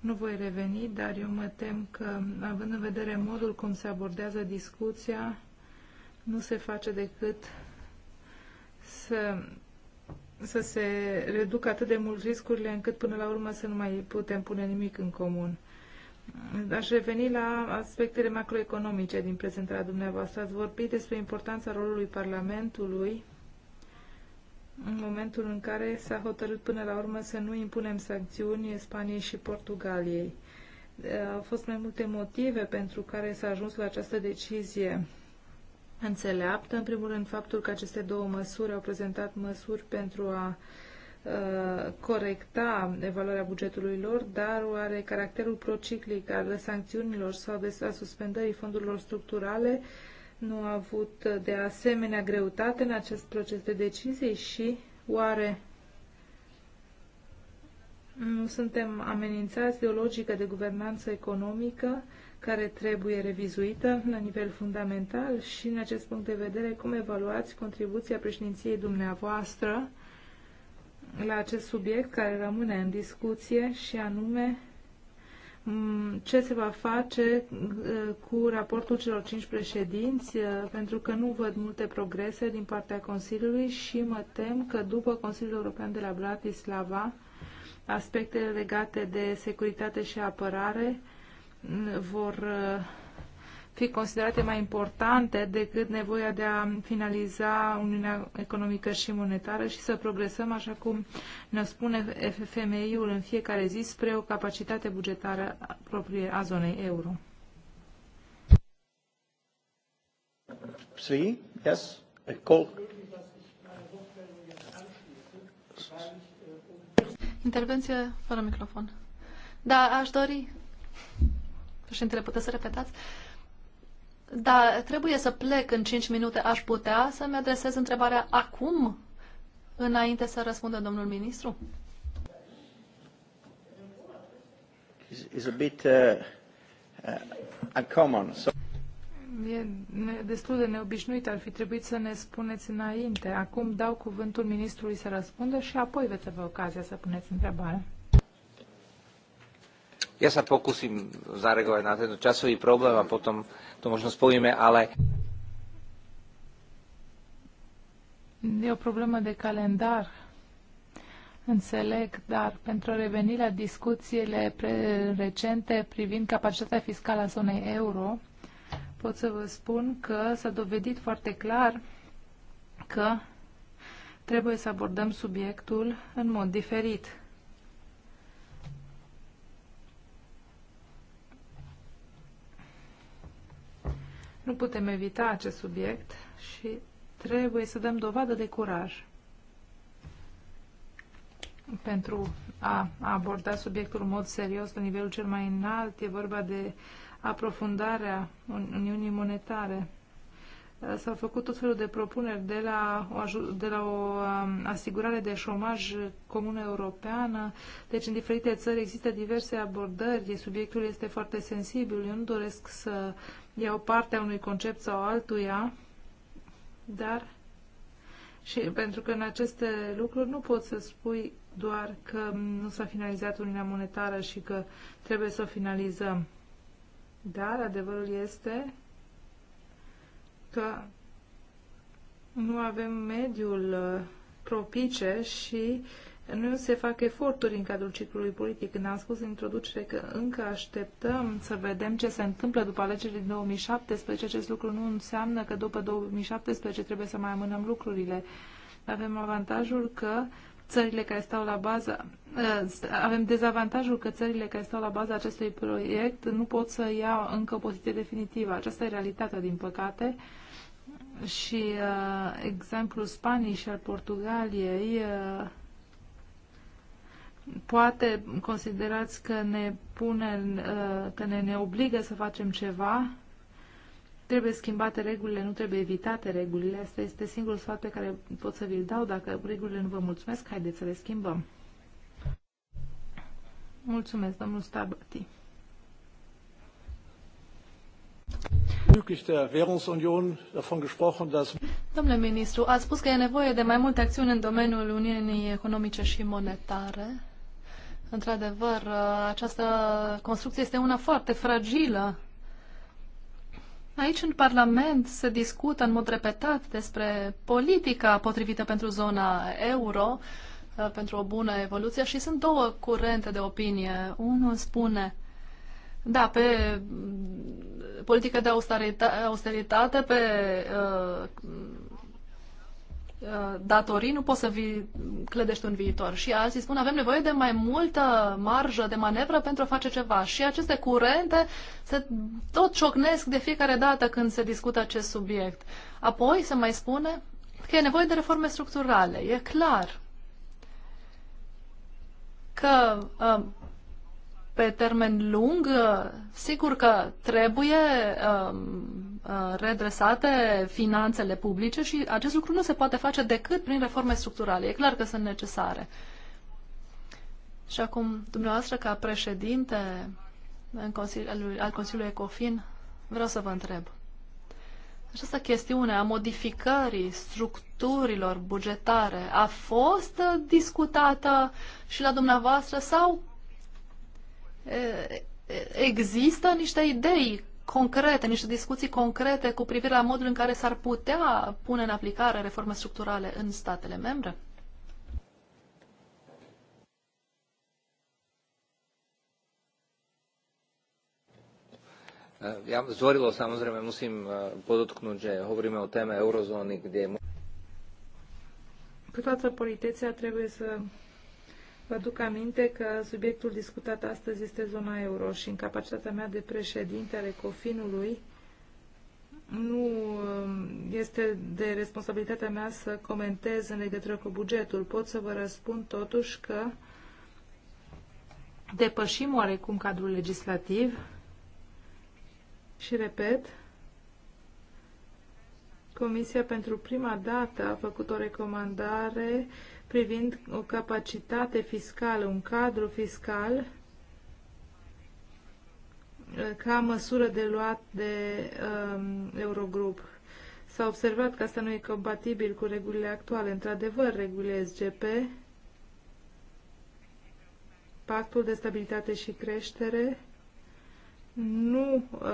nu voi reveni, dar eu mă tem că, având în vedere modul cum se abordează discuția, nu se face decât să, să se reducă atât de mult riscurile încât până la urmă să nu mai putem pune nimic în comun. Aș reveni la aspectele macroeconomice din prezentarea dumneavoastră. Ați vorbit despre importanța rolului Parlamentului în momentul în care s-a hotărât până la urmă să nu impunem sancțiuni Spaniei și Portugaliei. Au fost mai multe motive pentru care s-a ajuns la această decizie înțeleaptă. În primul rând, faptul că aceste două măsuri au prezentat măsuri pentru a uh, Uh, corecta evaluarea bugetului lor, dar oare caracterul prociclic al sancțiunilor sau a suspendării fondurilor structurale nu a avut de asemenea greutate în acest proces de decizie și oare nu suntem amenințați de o logică de guvernanță economică care trebuie revizuită la nivel fundamental și, în acest punct de vedere, cum evaluați contribuția președinției dumneavoastră la acest subiect care rămâne în discuție și anume mm, ce se va face uh, cu raportul celor cinci președinți, uh, pentru că nu văd multe progrese din partea Consiliului și mă tem că după Consiliul European de la Bratislava, aspectele legate de securitate și apărare mm, vor uh, fi considerate mai importante decât nevoia de a finaliza Uniunea Economică și Monetară și să progresăm, așa cum ne spune FFMI-ul în fiecare zi, spre o capacitate bugetară proprie a zonei euro. Three, yes, Intervenție fără microfon. Da, aș dori. Președintele, puteți să repetați? Uh, da, trebuie să plec în 5 minute. Aș putea să-mi adresez întrebarea acum, înainte să răspundă domnul ministru? Is, a bit uh, uh, uncommon. E destul de neobișnuit, ar fi trebuit să ne spuneți înainte. Acum dau cuvântul ministrului să răspundă și apoi veți avea ocazia să puneți întrebarea. Ja sa pokúsim zareagovať na tento časový problém a potom to možno spojíme, ale... E o problemă de calendar, înțeleg, dar pentru a reveni la discuțiile recente privind capacitatea fiscală a zonei euro, pot să vă spun că s-a dovedit foarte clar că trebuie să abordăm subiectul în mod diferit Nu putem evita acest subiect și trebuie să dăm dovadă de curaj pentru a aborda subiectul în mod serios la nivelul cel mai înalt. E vorba de aprofundarea Uniunii Monetare. S-au făcut tot felul de propuneri de la o, de la o um, asigurare de șomaj comună europeană. Deci în diferite țări există diverse abordări. Subiectul este foarte sensibil. Eu nu doresc să uh, e o parte a unui concept sau altuia, dar și pentru că în aceste lucruri nu poți să spui doar că nu s-a finalizat Uniunea Monetară și că trebuie să o finalizăm. Dar adevărul este că nu avem mediul uh, propice și nu se fac eforturi în cadrul ciclului politic. Când am spus în introducere că încă așteptăm să vedem ce se întâmplă după alegerile din 2017, acest lucru nu înseamnă că după 2017 trebuie să mai amânăm lucrurile. Avem avantajul că țările care stau la bază, ă, avem dezavantajul că țările care stau la baza acestui proiect nu pot să ia încă o poziție definitivă. Aceasta e realitatea, din păcate. Și uh, exemplul Spaniei și al Portugaliei uh, poate considerați că ne pune, uh, că ne, ne obligă să facem ceva, trebuie schimbate regulile, nu trebuie evitate regulile. Asta este singurul sfat pe care pot să vi-l dau. Dacă regulile nu vă mulțumesc, haideți să le schimbăm. Mulțumesc, domnul Stabati. Domnule ministru, a spus că e nevoie de mai multe acțiuni în domeniul Uniunii Economice și Monetare Într-adevăr, uh, această construcție este una foarte fragilă. Aici, în Parlament, se discută în mod repetat despre politica potrivită pentru zona euro, uh, pentru o bună evoluție și sunt două curente de opinie. Unul spune, da, pe mm, politică de austeritate, pe uh, Uh, datorii, nu poți să vii, clădești un viitor. Și alții spun, avem nevoie de mai multă marjă de manevră pentru a face ceva. Și aceste curente se tot ciocnesc de fiecare dată când se discută acest subiect. Apoi se mai spune că e nevoie de reforme structurale. E clar că uh, pe termen lung, uh, sigur că trebuie Uh, redresate finanțele publice și acest lucru nu se poate face decât prin reforme structurale. E clar că sunt necesare. Și acum, dumneavoastră, ca președinte în Consiliul, al Consiliului Ecofin, vreau să vă întreb. Această chestiune a modificării structurilor bugetare a fost discutată și la dumneavoastră sau există niște idei concrete, niște discuții concrete cu privire la modul în care s-ar putea pune în aplicare reforme structurale în statele membre? Eh, ja zvorilo samozrejme musím eh, podotknúť, že hovoríme o téme eurozóny, kde... Cu toată politețea trebuie să Vă duc aminte că subiectul discutat astăzi este zona euro și în capacitatea mea de președinte ale Cofinului nu um, este de responsabilitatea mea să comentez în legătură cu bugetul. Pot să vă răspund totuși că depășim oarecum cadrul legislativ și, repet, Comisia pentru prima dată a făcut o recomandare uh, privind o capacitate fiscală, un cadru fiscal uh, ca măsură de luat de um, Eurogrup. S-a observat că asta nu e compatibil cu regulile actuale. Într-adevăr, regulile SGP, Pactul de Stabilitate și Creștere, nu uh,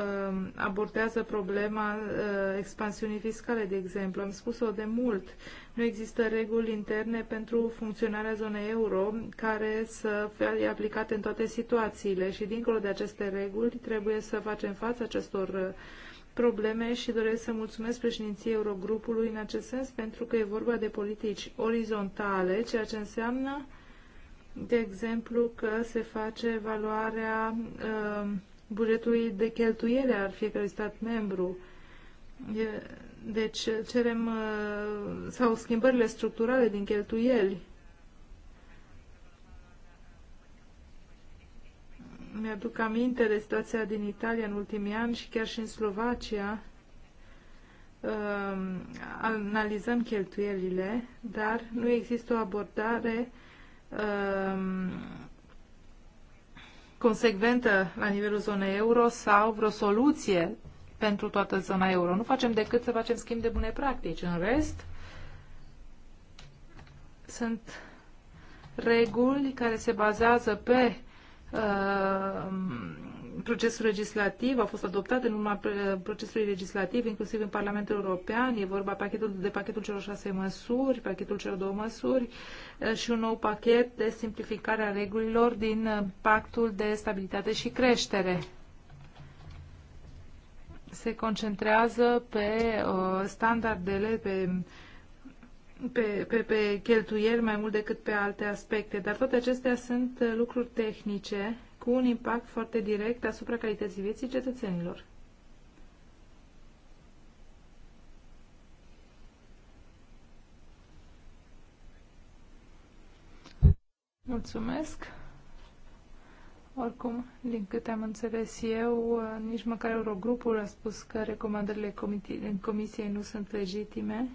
abordează problema uh, expansiunii fiscale, de exemplu. Am spus-o de mult. Nu există reguli interne pentru funcționarea zonei euro care să fie aplicate în toate situațiile și dincolo de aceste reguli trebuie să facem față acestor uh, probleme și doresc să mulțumesc președinției Eurogrupului în acest sens pentru că e vorba de politici orizontale, ceea ce înseamnă, de exemplu, că se face evaluarea uh, bugetului de cheltuiere al fiecărui stat membru. Deci cerem uh, sau schimbările structurale din cheltuieli. Mi-aduc aminte de situația din Italia în ultimii ani și chiar și în Slovacia. Um, analizăm cheltuielile, dar nu există o abordare um, consecventă la nivelul zonei euro sau vreo soluție pentru toată zona euro. Nu facem decât să facem schimb de bune practici. În rest, sunt reguli care se bazează pe uh, procesul legislativ, a fost adoptat în urma procesului legislativ, inclusiv în Parlamentul European. E vorba pachetul, de pachetul celor șase măsuri, pachetul celor două măsuri și un nou pachet de simplificare a regulilor din Pactul de Stabilitate și Creștere. Se concentrează pe uh, standardele, pe pe, pe, pe cheltuieli mai mult decât pe alte aspecte, dar toate acestea sunt lucruri tehnice cu un impact foarte direct asupra calității vieții cetățenilor. Mulțumesc. Oricum, din câte am înțeles eu, nici măcar Eurogrupul a spus că recomandările comisiei nu sunt legitime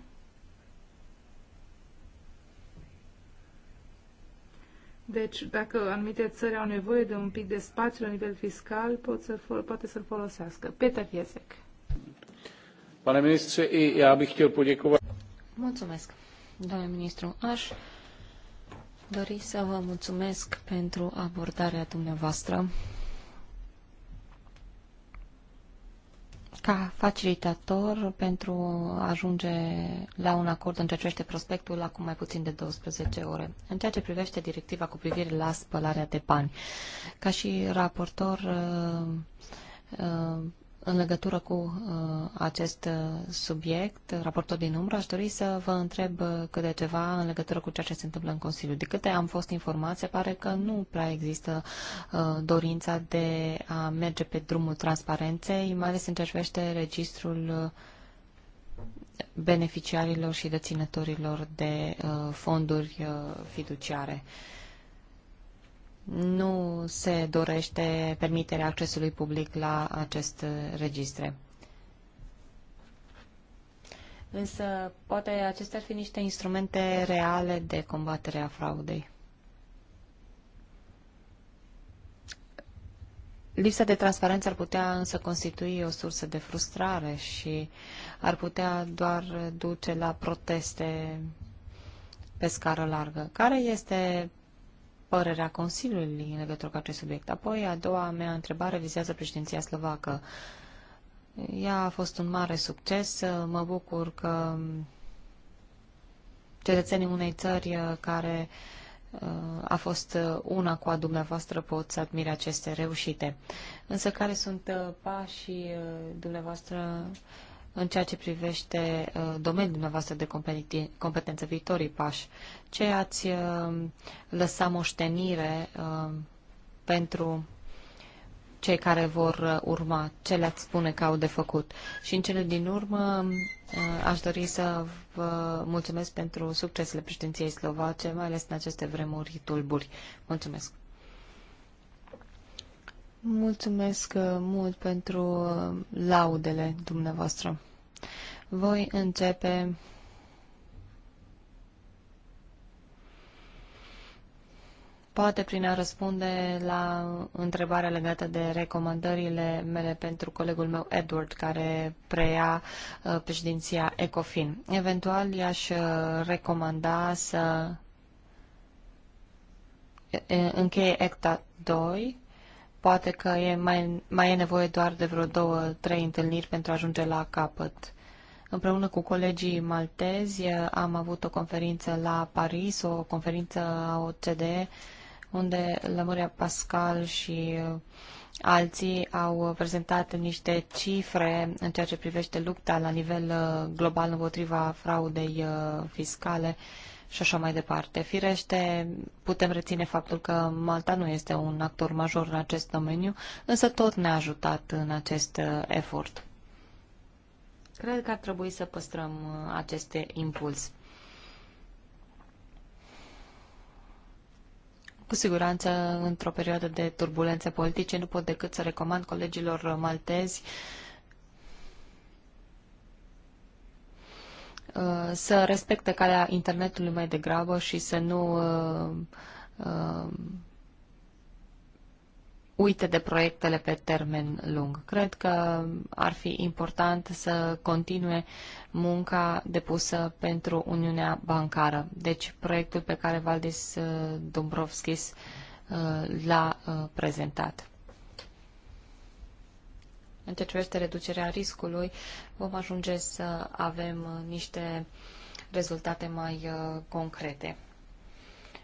Deci, dacă anumite țări au nevoie de un pic de spațiu la nivel fiscal, pot să, poate să-l folosească. Peter Piesek. Pane ministre, i já bych chtěl poděkovat. Mulțumesc, domnule ministru. Aș dori să vă mulțumesc pentru abordarea dumneavoastră ca facilitator pentru a ajunge la un acord în ceea ce privește prospectul acum mai puțin de 12 ore. În ceea ce privește directiva cu privire la spălarea de bani, ca și raportor uh, uh, în legătură cu uh, acest uh, subiect, raportor din umbră, aș dori să vă întreb uh, câte ceva în legătură cu ceea ce se întâmplă în Consiliu. De câte am fost informați, se pare că nu prea există uh, dorința de a merge pe drumul transparenței, mai ales în ce privește registrul uh, beneficiarilor și deținătorilor de uh, fonduri uh, fiduciare. Uh, nu se dorește permiterea accesului public la acest registre. Însă, poate acestea ar fi niște instrumente reale de combatere a fraudei. Lipsa de transparență ar putea însă constitui o sursă de frustrare și ar putea doar duce la proteste pe scară largă. Care este părerea Consiliului în legătură cu acest subiect. Apoi, a doua mea întrebare vizează președinția slovacă. Ea a fost un mare succes. Mă bucur că cetățenii unei țări uh, care uh, a fost uh, una cu a dumneavoastră pot să admire aceste reușite. Însă care sunt pașii dumneavoastră în ceea ce privește uh, domeniul dumneavoastră de competență, viitorii pași? Ce ați uh, lăsa moștenire uh, pentru cei care vor urma, ce le-ați spune că au de făcut. Și în cele din urmă aș dori să vă mulțumesc pentru succesele președinției slovace, mai ales în aceste vremuri tulburi. Mulțumesc! Mulțumesc uh, mult pentru uh, laudele dumneavoastră. Voi începe poate prin a răspunde la întrebarea legată de recomandările mele pentru colegul meu Edward, care preia uh, președinția ECOFIN. Eventual i-aș recomanda să încheie ECTA 2 poate că e mai, mai e nevoie doar de vreo două, trei întâlniri pentru a ajunge la capăt. Împreună cu colegii maltezi eh, am avut o conferință la Paris, o conferință a OCDE, unde Lămâria Pascal și eh, alții au prezentat niște cifre în ceea ce privește lupta la nivel eh, global împotriva fraudei fiscale și așa mai departe. Firește, putem reține faptul că Malta nu este un actor major în acest domeniu, însă tot ne-a ajutat în acest uh, efort. Cred că ar trebui să păstrăm uh, acest impuls. Cu siguranță, într-o perioadă de turbulențe politice, nu pot decât să recomand colegilor maltezi uh, Uh, să respecte calea internetului mai degrabă și să nu uh, uh, uite de proiectele pe termen lung. Cred că ar fi important să continue munca depusă pentru Uniunea Bancară. Deci proiectul pe care Valdis Dombrovskis l-a prezentat. În ceea ce privește reducerea riscului, vom ajunge să avem niște rezultate mai uh, concrete.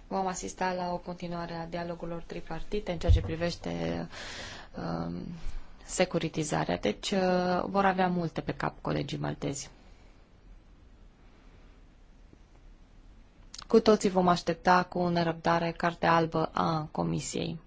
Vom asista la o continuare a dialogurilor tripartite în ceea ce privește um, securitizarea. Deci uh, vor avea multe pe cap colegii maltezi. Cu toții vom aștepta cu nerăbdare cartea albă a Comisiei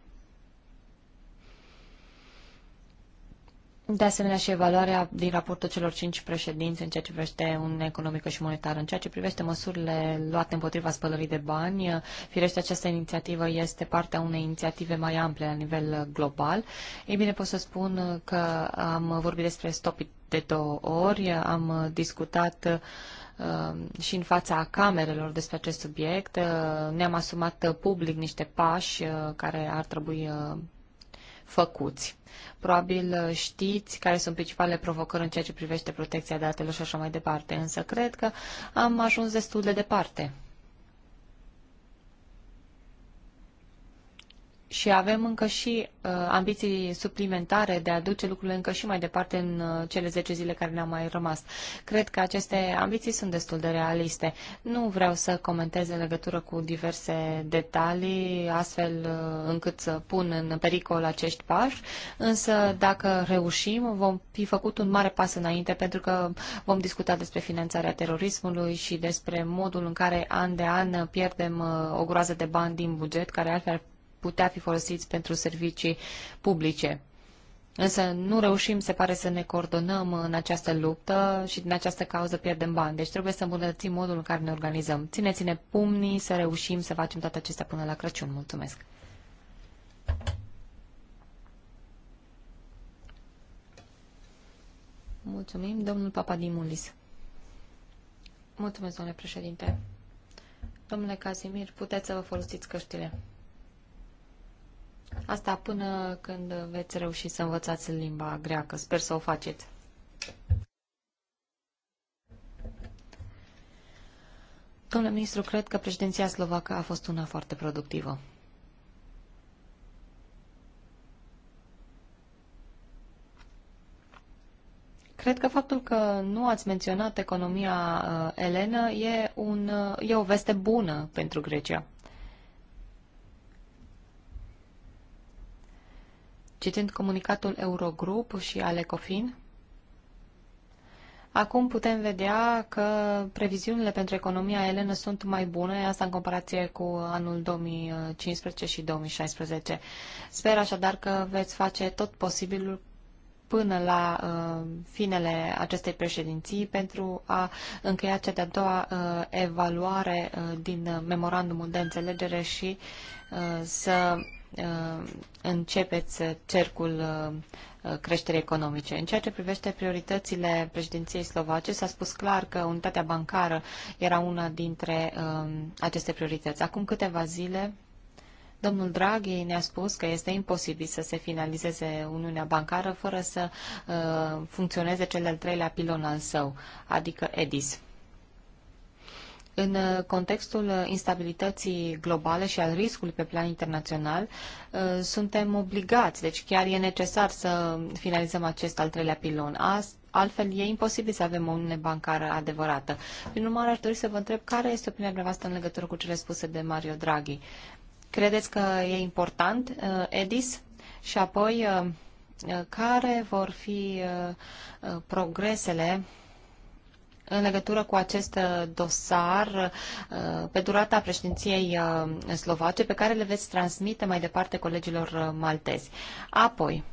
De asemenea și evaluarea din raportul celor cinci președinți în ceea ce privește un Economică și Monetară, în ceea ce privește măsurile luate împotriva spălării de bani. Firește, această inițiativă este partea unei inițiative mai ample la nivel global. Ei bine, pot să spun că am vorbit despre Stop de două ori, am discutat uh, și în fața camerelor despre acest subiect. Uh, ne-am asumat public niște pași uh, care ar trebui făcuți. Probabil uh, știți care sunt principalele provocări în ceea ce privește protecția datelor și așa mai departe, însă cred că am ajuns destul de departe. și avem încă și uh, ambiții suplimentare de a duce lucrurile încă și mai departe în uh, cele 10 zile care ne-au mai rămas. Cred că aceste ambiții sunt destul de realiste. Nu vreau să comentez în legătură cu diverse detalii, astfel uh, încât să pun în pericol acești pași, însă dacă reușim, vom fi făcut un mare pas înainte, pentru că vom discuta despre finanțarea terorismului și despre modul în care an de an pierdem uh, o groază de bani din buget, care altfel ar putea fi folosiți pentru servicii publice. Însă nu reușim, se pare, să ne coordonăm în această luptă și din această cauză pierdem bani. Deci trebuie să îmbunătățim modul în care ne organizăm. Țineți-ne pumnii să reușim să facem toate acestea până la Crăciun. Mulțumesc! Mulțumim, domnul Papa Dimulis. Mulțumesc, domnule președinte. Domnule Casimir, puteți să vă folosiți căștile. Asta până când veți reuși să învățați limba greacă. Sper să o faceți. Domnule ministru, cred că președinția slovacă a fost una foarte productivă. Cred că faptul că nu ați menționat economia uh, elenă e, un, uh, e o veste bună pentru Grecia. citind comunicatul Eurogrup și ale COFIN, acum putem vedea că previziunile pentru economia elenă sunt mai bune, asta în comparație cu anul 2015 și 2016. Sper așadar că veți face tot posibilul până la uh, finele acestei președinții pentru a încheia cea de-a doua uh, evaluare uh, din memorandumul de înțelegere și uh, să Uh, începeți cercul uh, creșterii economice. În ceea ce privește prioritățile președinției slovace, s-a spus clar că unitatea bancară era una dintre um, aceste priorități. Acum câteva zile, Domnul Draghi ne-a spus că este imposibil să se finalizeze Uniunea Bancară fără să uh, funcționeze cel de-al treilea pilon al său, adică EDIS. În uh, contextul uh, instabilității globale și al riscului pe plan internațional, uh, suntem obligați, deci chiar e necesar să finalizăm acest al treilea pilon. Altfel, e imposibil să avem o uniune bancară adevărată. Prin urmare, aș dori să vă întreb care este opinia dumneavoastră în legătură cu cele spuse de Mario Draghi. Credeți că e important, Edis? Și apoi, care vor fi progresele în legătură cu acest uh, dosar uh, pe durata președinției uh, slovace, pe care le veți transmite mai departe colegilor maltezi. Apoi,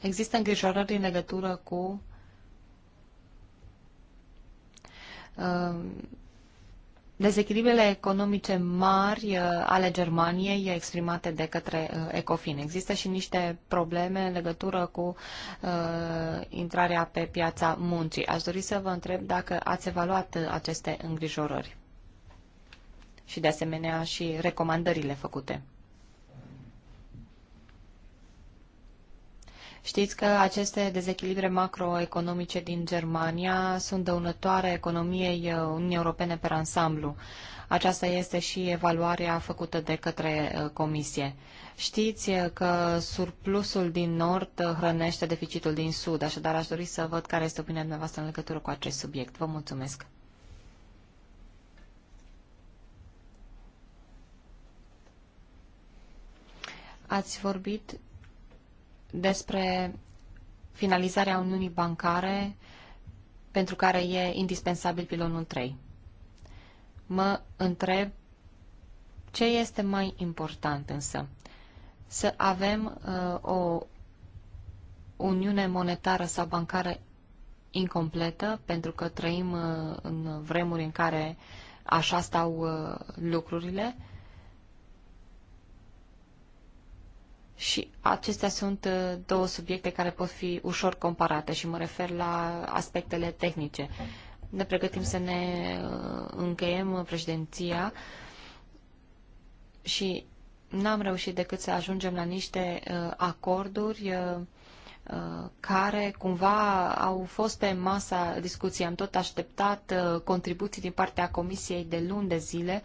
există îngrijorări în legătură cu dezechilibrele economice mari uh, ale Germaniei exprimate de către uh, Ecofin. Există și niște probleme în legătură cu uh, intrarea pe piața muncii. Aș dori să vă întreb dacă ați evaluat uh, aceste îngrijorări și de asemenea și recomandările făcute. Știți că aceste dezechilibre macroeconomice din Germania sunt dăunătoare economiei uh, Uniunii Europene pe ansamblu. Aceasta este și evaluarea făcută de către uh, Comisie. Știți uh, că surplusul din nord hrănește deficitul din sud, așadar aș dori să văd care este opinia dumneavoastră în legătură cu acest subiect. Vă mulțumesc! Ați vorbit despre finalizarea Uniunii Bancare pentru care e indispensabil pilonul 3. Mă întreb ce este mai important însă? Să avem uh, o uniune monetară sau bancară incompletă, pentru că trăim uh, în vremuri în care așa stau uh, lucrurile, Și acestea sunt uh, două subiecte care pot fi ușor comparate și mă refer la aspectele tehnice. Ne pregătim să ne uh, încheiem uh, președinția și n-am reușit decât să ajungem la niște acorduri care cumva au fost pe masa discuției. Am tot așteptat contribuții din partea Comisiei de luni de zile.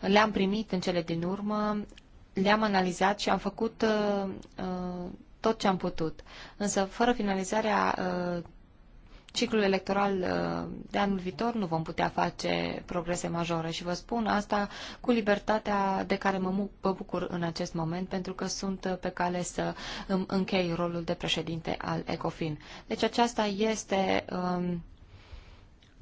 Le-am primit în cele din urmă, le-am analizat și am făcut uh, uh, tot ce am putut. Însă, fără finalizarea uh, ciclului electoral uh, de anul viitor nu vom putea face progrese majore și vă spun asta cu libertatea de care mă, mă bucur în acest moment pentru că sunt uh, pe cale să îmi închei rolul de președinte al ECOFIN. Deci aceasta este Uh,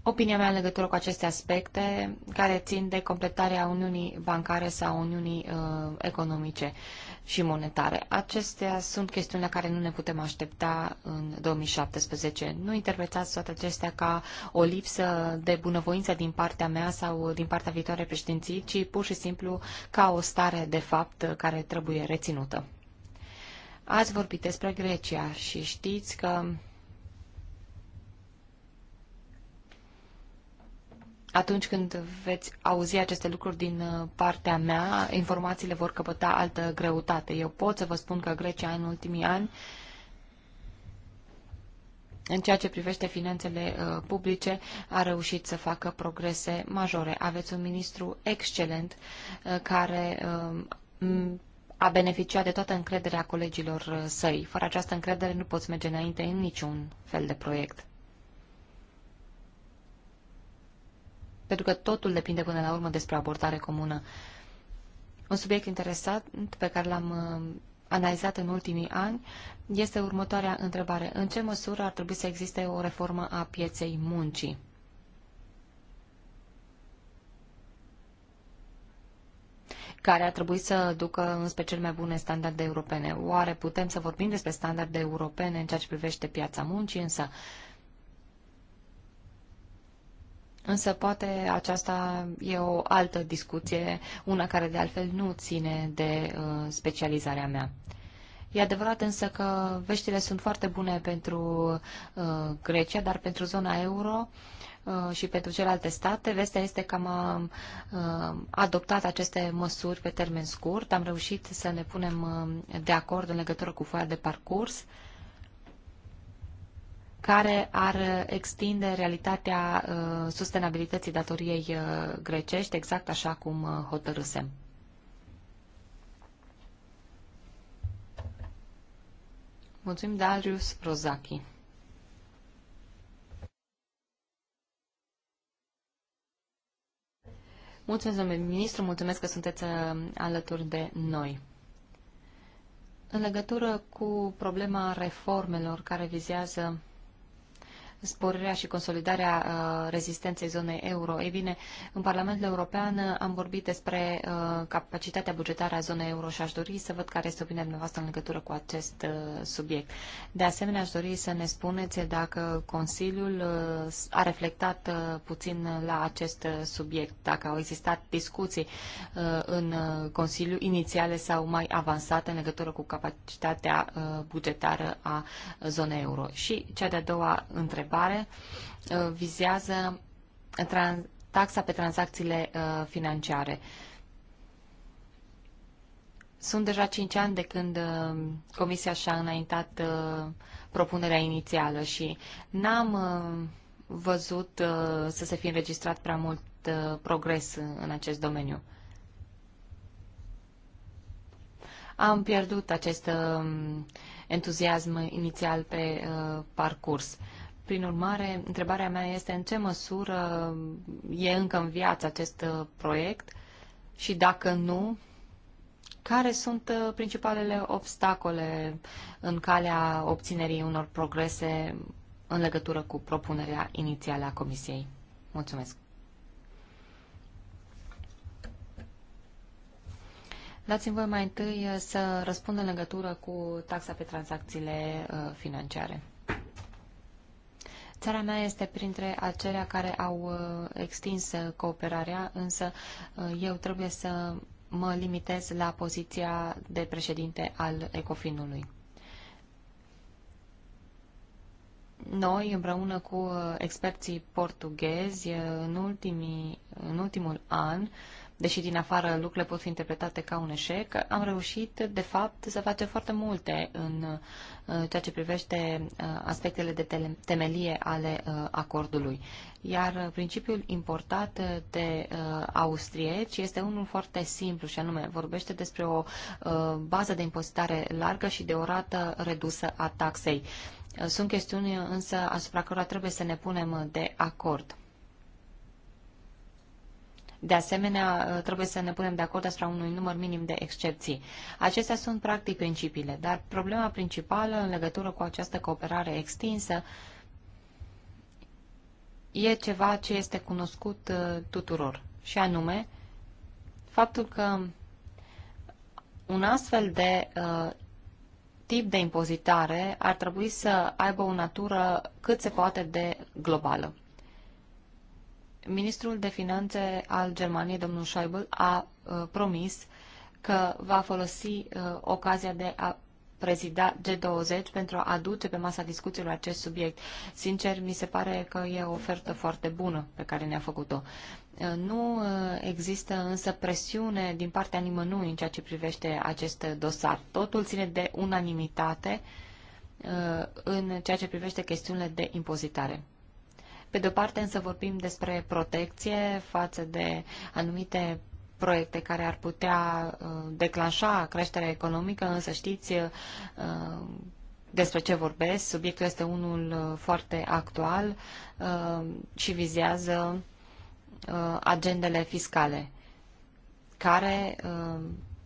opinia mea în legătură cu aceste aspecte care țin de completarea Uniunii Bancare sau Uniunii uh, Economice și Monetare. Acestea sunt chestiuni la care nu ne putem aștepta în 2017. Nu interpretați toate acestea ca o lipsă de bunăvoință din partea mea sau din partea viitoarei președinții, ci pur și simplu ca o stare de fapt care trebuie reținută. Ați vorbit despre Grecia și știți că atunci când veți auzi aceste lucruri din uh, partea mea, informațiile vor căpăta altă greutate. Eu pot să vă spun că Grecia în ultimii ani, în ceea ce privește finanțele uh, publice, a reușit să facă progrese majore. Aveți un ministru excelent uh, care a beneficiat de toată încrederea colegilor săi. Fără această încredere nu poți merge înainte în niciun fel de proiect. pentru că totul depinde până la urmă despre abordare comună. Un subiect interesant pe care l-am uh, analizat în ultimii ani este următoarea întrebare. În ce măsură ar trebui să existe o reformă a pieței muncii? care ar trebui să ducă înspre cele mai bune standarde europene. Oare putem să vorbim despre standarde europene în ceea ce privește piața muncii, însă uh, Însă poate aceasta e o altă discuție, una care de altfel nu ține de uh, specializarea mea. E adevărat însă că veștile sunt foarte bune pentru uh, Grecia, dar pentru zona euro uh, și pentru celelalte state. Vestea este că am uh, adoptat aceste măsuri pe termen scurt, am reușit să ne punem uh, de acord în legătură cu foaia de parcurs. Uh, care ar extinde realitatea uh, sustenabilității datoriei uh, grecești, exact așa cum uh, hotărâsem. Mulțumim, Darius Rozaki. Mulțumesc, domnule ministru, mulțumesc că sunteți alături de noi. În legătură cu problema reformelor care vizează sporirea și consolidarea uh, rezistenței zonei euro. Ei bine, în Parlamentul European uh, am vorbit despre uh, capacitatea bugetară a zonei euro și aș dori să văd care este opinia dumneavoastră în legătură cu acest subiect. De asemenea, aș dori să ne spuneți dacă Consiliul a reflectat puțin la acest subiect, dacă au existat discuții în Consiliu inițiale sau mai avansate în legătură cu capacitatea bugetară a zonei euro. Și cea de-a doua întrebare întrebare uh, vizează taxa pe tranzacțiile uh, financiare. Sunt deja 5 ani de când uh, Comisia și-a înaintat propunerea inițială și n-am văzut să se fi înregistrat prea mult progres în acest domeniu. Am pierdut acest entuziasm inițial pe parcurs. Prin urmare, întrebarea mea este în ce măsură e încă în viață acest uh, proiect și dacă nu, care sunt uh, principalele obstacole în calea obținerii unor progrese în legătură cu propunerea inițială a Comisiei? Mulțumesc! Dați-mi voi mai întâi uh, să răspund în legătură cu taxa pe tranzacțiile financiare. Țara mea este printre acelea care au uh, extins uh, cooperarea, însă uh, eu trebuie să mă limitez la poziția de președinte al Ecofinului. Noi, împreună cu experții portughezi, în, ultimii, în ultimul an, deși din afară lucrurile pot fi interpretate ca un eșec, am reușit, de fapt, să facem foarte multe în uh, ceea ce privește uh, aspectele de temelie ale uh, acordului. Iar principiul importat de austrieci este unul foarte simplu și anume vorbește despre o bază de impozitare largă și de o rată redusă a taxei. Sunt chestiuni însă asupra cărora trebuie să ne punem de acord. De asemenea, ă, trebuie să ne punem de acord asupra unui număr minim de excepții. Acestea sunt practic principiile, dar problema principală în legătură cu această cooperare extinsă e ceva ce este cunoscut ă, tuturor, și anume faptul că un astfel de ă, tip de impozitare ar trebui să aibă o natură cât se poate de globală. Ministrul de Finanțe al Germaniei, domnul Schäuble, a uh, promis că va folosi uh, ocazia de a prezida G20 pentru a aduce pe masa discuțiilor acest subiect. Sincer, mi se pare că e o ofertă foarte bună pe care ne-a făcut-o. Uh, nu există însă presiune din partea nimănui în ceea ce privește acest dosar. Totul ține de unanimitate în ceea ce privește chestiunile de impozitare. Pe de-o parte însă vorbim despre protecție față de anumite proiecte care ar putea uh, declanșa creșterea economică, însă știți uh, despre ce vorbesc. Subiectul este unul uh, foarte actual și vizează agendele fiscale care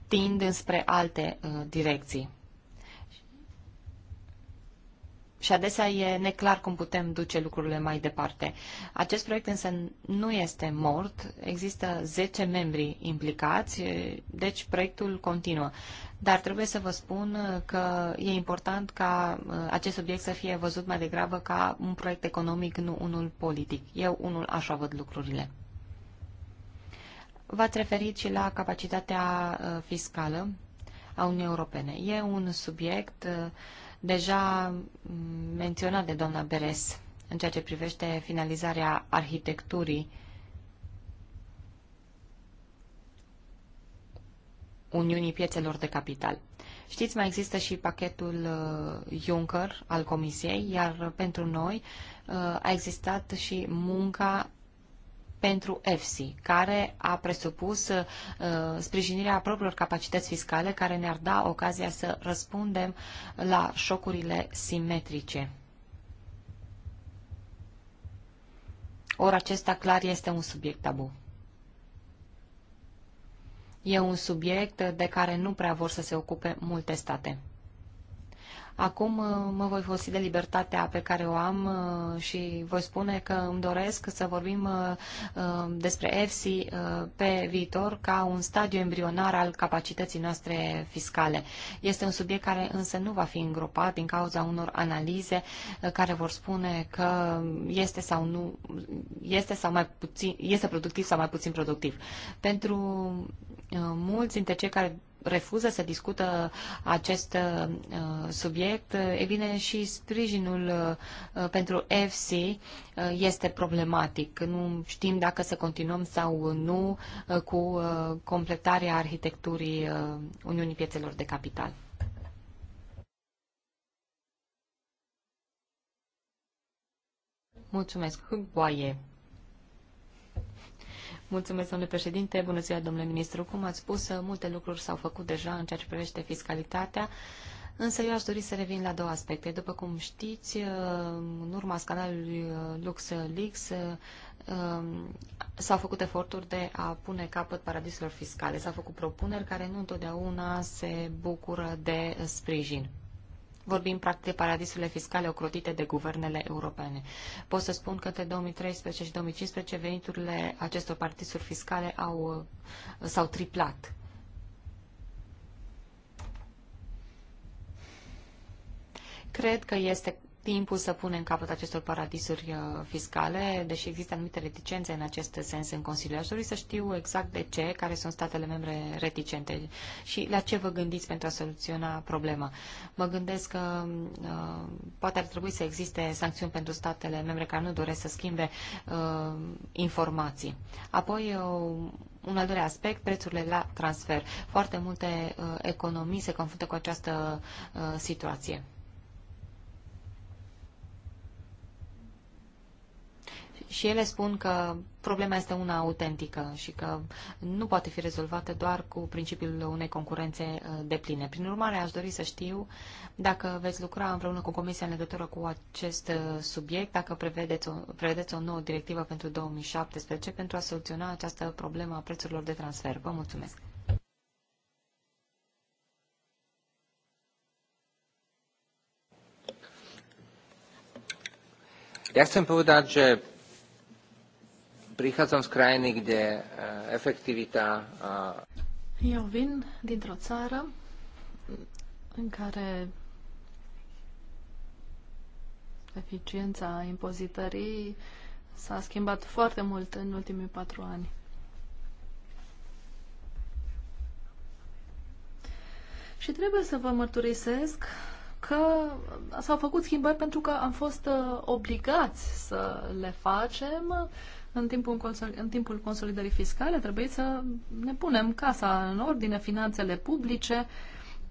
tind înspre alte direcții și adesea e neclar cum putem duce lucrurile mai departe. Acest proiect însă nu este mort, există 10 membri implicați, deci proiectul continuă. Dar trebuie să vă spun că e important ca uh, acest subiect să fie văzut mai degrabă ca un proiect economic, nu unul politic. Eu unul așa văd lucrurile. V-ați referit și la capacitatea uh, fiscală a Uniunii Europene. E un subiect uh, deja menționat de doamna Beres în ceea ce privește finalizarea arhitecturii Uniunii Piețelor de Capital. Știți, mai există și pachetul uh, Juncker al Comisiei, iar pentru noi uh, a existat și munca pentru EFSI, care a presupus uh, sprijinirea propriilor capacități fiscale care ne-ar da ocazia să răspundem la șocurile simetrice. Ori acesta clar este un subiect tabu. E un subiect de care nu prea vor să se ocupe multe state. Acum uh, mă voi folosi de libertatea pe care o am uh, și voi spune că îmi doresc să vorbim uh, despre EFSI pe viitor ca un stadiu embrionar al capacității noastre fiscale. Este un subiect care însă nu va fi îngropat din cauza unor analize care vor spune că este sau nu este sau mai puțin este productiv sau mai puțin productiv. Pentru mulți dintre cei care refuză să discută acest uh, subiect, e bine și sprijinul uh, pentru EFSI uh, este problematic. Nu știm dacă să continuăm sau nu cu completarea arhitecturii Uniunii Piețelor de Capital. Mulțumesc. Boaie. Mulțumesc, domnule președinte. Bună ziua, domnule ministru. Cum ați spus, multe lucruri s-au făcut deja în ceea ce privește fiscalitatea. Însă eu aș dori să revin la două aspecte. După cum știți, în urma scandalului LuxLeaks um, s-au făcut eforturi de a pune capăt paradisurilor fiscale. S-au făcut propuneri care nu întotdeauna se bucură de sprijin. Vorbim practic de paradisurile fiscale ocrotite de guvernele europene. Pot să spun că între 2013 și 2015 veniturile acestor paradisuri fiscale au, uh, s-au triplat. Cred că este timpul să punem capăt acestor paradisuri uh, fiscale, deși există anumite reticențe în acest sens în Consiliu. Aș dori să știu exact de ce, care sunt statele membre reticente și la ce vă gândiți pentru a soluționa problema. Mă gândesc că uh, poate ar trebui să existe sancțiuni pentru statele membre care nu doresc să schimbe uh, informații. Apoi, uh, un al doilea aspect, prețurile la transfer. Foarte multe uh, economii se confruntă cu această uh, situație. și ele spun că problema este una autentică și că nu poate fi rezolvată doar cu principiul unei concurențe uh, pline. Prin urmare, aș dori să știu dacă veți lucra împreună cu Comisia în legătură cu acest uh, subiect, dacă prevedeți o, prevedeți o nouă directivă pentru 2017 pentru a soluționa această problemă a prețurilor de transfer. Vă mulțumesc! Ja chcem povedať, že Prichádzam z krajiny, kde efectivita... Eu vin dintr-o țară în care eficiența impozitării s-a schimbat foarte mult în ultimii patru ani. Și trebuie să vă mărturisesc că s-au făcut schimbări pentru că am fost obligați să le facem în timpul, în timpul consolidării fiscale trebuie să ne punem casa în ordine, finanțele publice.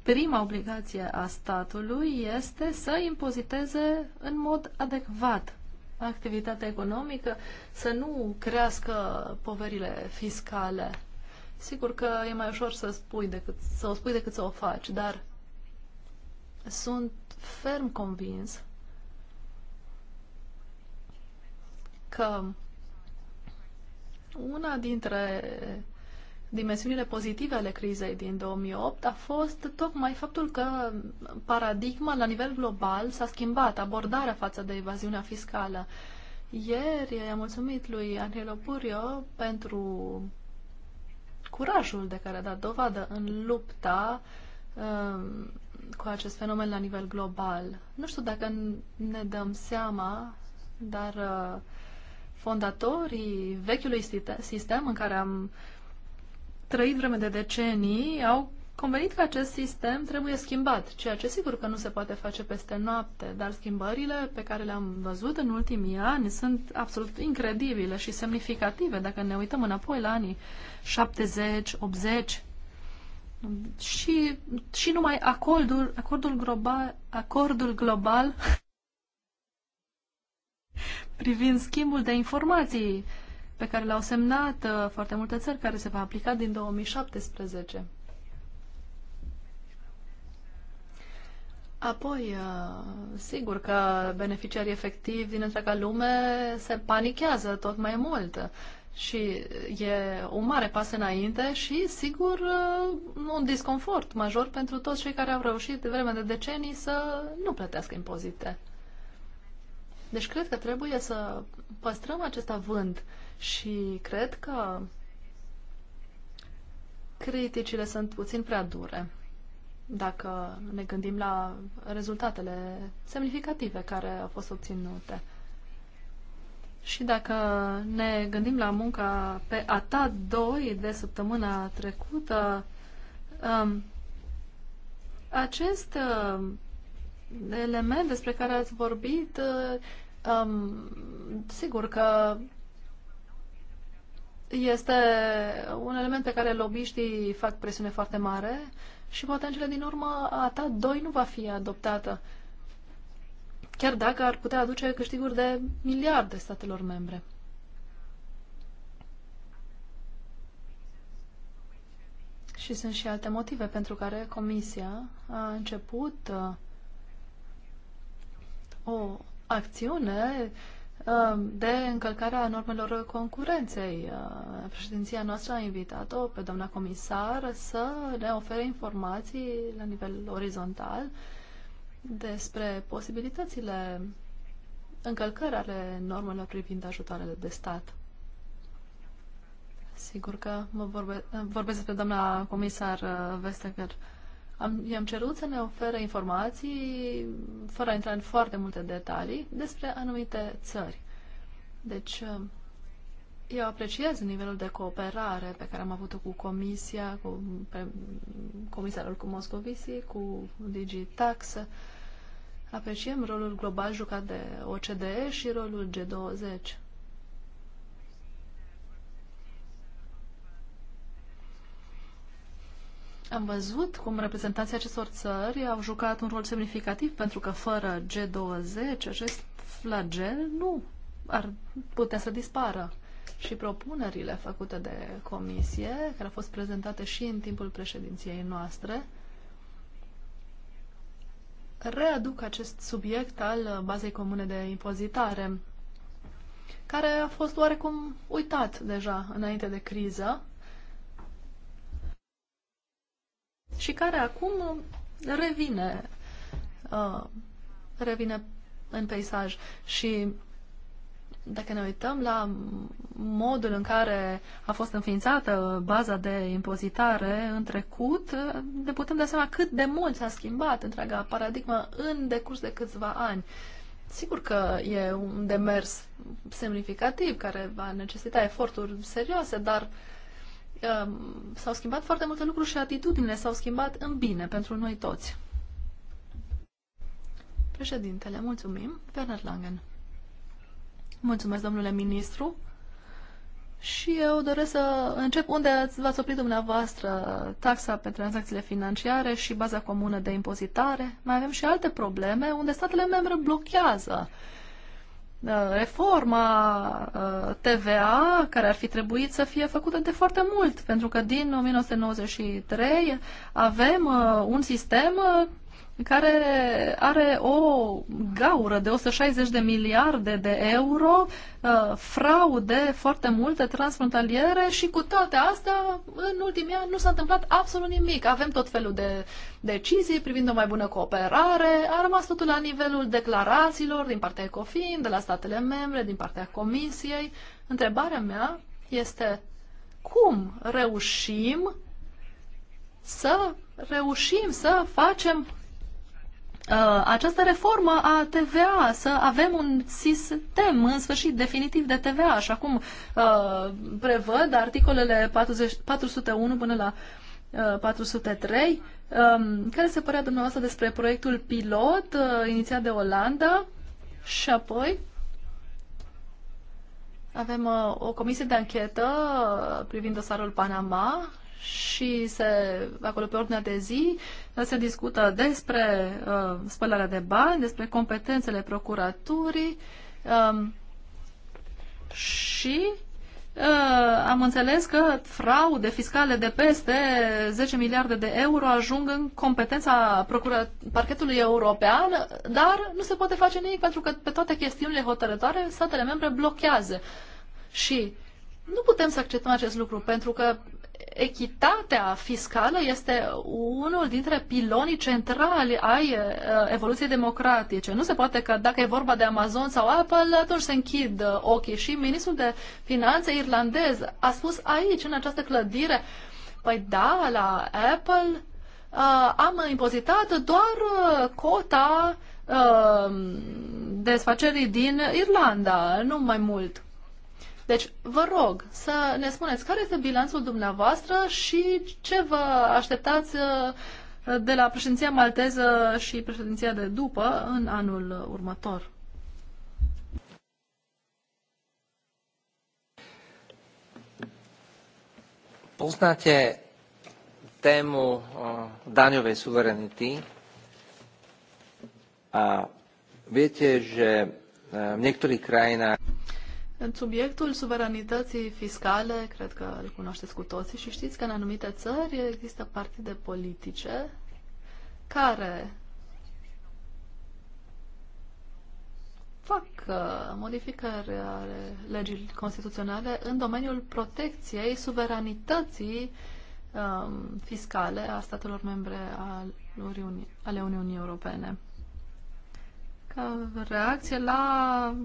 Prima obligație a statului este să impoziteze în mod adecvat activitatea economică, să nu crească poverile fiscale. Sigur că e mai ușor să, spui decât, să o spui decât să o faci, dar sunt ferm convins că una dintre dimensiunile pozitive ale crizei din 2008 a fost tocmai faptul că paradigma la nivel global s-a schimbat, abordarea față de evaziunea fiscală. Ieri i-am mulțumit lui Angelo Purio pentru curajul de care a dat dovadă în lupta um, cu acest fenomen la nivel global. Nu știu dacă ne dăm seama, dar uh, fondatorii vechiului sistem în care am trăit vreme de decenii au convenit că acest sistem trebuie schimbat, ceea ce sigur că nu se poate face peste noapte, dar schimbările pe care le-am văzut în ultimii ani sunt absolut incredibile și semnificative dacă ne uităm înapoi la anii 70, 80 și, și numai acordul, acordul global, acordul global privind schimbul de informații pe care le au semnat uh, foarte multe țări, care se va aplica din 2017. Apoi, uh, sigur că beneficiarii efectivi din întreaga lume se panichează tot mai mult și e un mare pas înainte și, sigur, uh, un disconfort major pentru toți cei care au reușit de vreme de decenii să nu plătească impozite. Deci cred că trebuie să păstrăm acest avânt și cred că criticile sunt puțin prea dure dacă ne gândim la rezultatele semnificative care au fost obținute. Și dacă ne gândim la munca pe ATA 2 de săptămâna trecută, um, acest um, element despre care ați vorbit uh, Um, sigur că este un element pe care lobbyștii fac presiune foarte mare și poate în cele din urmă a ta 2 nu va fi adoptată, chiar dacă ar putea aduce câștiguri de miliarde statelor membre. Și sunt și alte motive pentru care Comisia a început uh, o acțiune uh, de încălcarea normelor concurenței. Uh, președinția noastră a invitat-o pe doamna comisar să ne ofere informații la nivel orizontal despre posibilitățile încălcări ale normelor privind ajutoarele de stat. Sigur că mă vorbe, vorbesc despre doamna comisar uh, Vestager. Uh, am, i-am cerut să ne ofere informații, fără a intra în foarte multe detalii, despre anumite țări. Deci, uh, eu apreciez nivelul de cooperare pe care am avut-o cu Comisia, cu pe, comisarul cu Moscovici, cu Digitax. Apreciem rolul global jucat de OCDE și rolul G20. Am văzut cum reprezentanții acestor țări au jucat un rol semnificativ pentru că fără G20 acest flagel nu ar putea să dispară. Și propunerile făcute de comisie, care au fost prezentate și în timpul președinției noastre, readuc acest subiect al bazei comune de impozitare, care a fost oarecum uitat deja înainte de criză și care acum revine, uh, revine în peisaj. Și dacă ne uităm la modul în care a fost înființată baza de impozitare în trecut, ne putem da seama cât de mult s-a schimbat întreaga paradigmă în decurs de câțiva ani. Sigur că e un demers semnificativ care va necesita eforturi serioase, dar uh, Ehm, s-au schimbat foarte multe lucruri și atitudinile s-au schimbat în bine pentru noi toți. Președintele, mulțumim. Werner Langen. Mulțumesc, domnule ministru. Și eu doresc să încep unde v-ați oprit dumneavoastră taxa pe tranzacțiile financiare și baza comună de impozitare. Mai avem și alte probleme unde statele membre blochează uh, Uh, reforma uh, TVA, care ar fi trebuit să fie făcută de foarte mult, pentru că din 1993 avem uh, un sistem care are o gaură de 160 de miliarde de euro, uh, fraude foarte multe transfrontaliere și cu toate astea, în ultimii ani nu s-a întâmplat absolut nimic. Avem tot felul de decizii privind o mai bună cooperare, a rămas totul la nivelul declarațiilor din partea ECOFIN, de la statele membre, din partea Comisiei. Întrebarea mea este cum reușim să reușim să facem Uh, această reformă a TVA, să avem un sistem în sfârșit definitiv de TVA, așa cum uh, prevăd articolele 40, 401 până la 403. Uh, um, care se părea dumneavoastră despre proiectul pilot inițiat de Olanda și apoi avem o comisie de anchetă privind dosarul Panama și se, acolo pe ordinea de zi se discută despre uh, spălarea de bani, despre competențele procuraturii um, și uh, am înțeles că fraude fiscale de peste 10 miliarde de euro ajung în competența parchetului european, dar nu se poate face nimic pentru că pe toate chestiunile hotărătoare statele membre blochează. Și nu putem să acceptăm acest lucru pentru că echitatea fiscală este unul dintre pilonii centrali ai uh, evoluției democratice. Nu se poate că dacă e vorba de Amazon sau Apple, atunci se închid uh, ochii. Și ministrul de finanțe irlandez a spus aici, în această clădire, păi da, la Apple uh, am impozitat doar cota desfacerii din Irlanda, nu mai mult. Deci, vă rog să ne spuneți care este bilanțul dumneavoastră și ce vă așteptați uh, de la președinția malteză și președinția de după în anul următor. Poznate tému uh, daňovej suverenity a viete, že uh, v niektorých krajinách în subiectul suveranității fiscale, cred că îl cunoașteți cu toții și știți că în anumite țări există partide politice care fac uh, modificări ale legii constituționale în domeniul protecției suveranității um, fiscale a statelor membre ale Uniunii Europene. Ca reacție la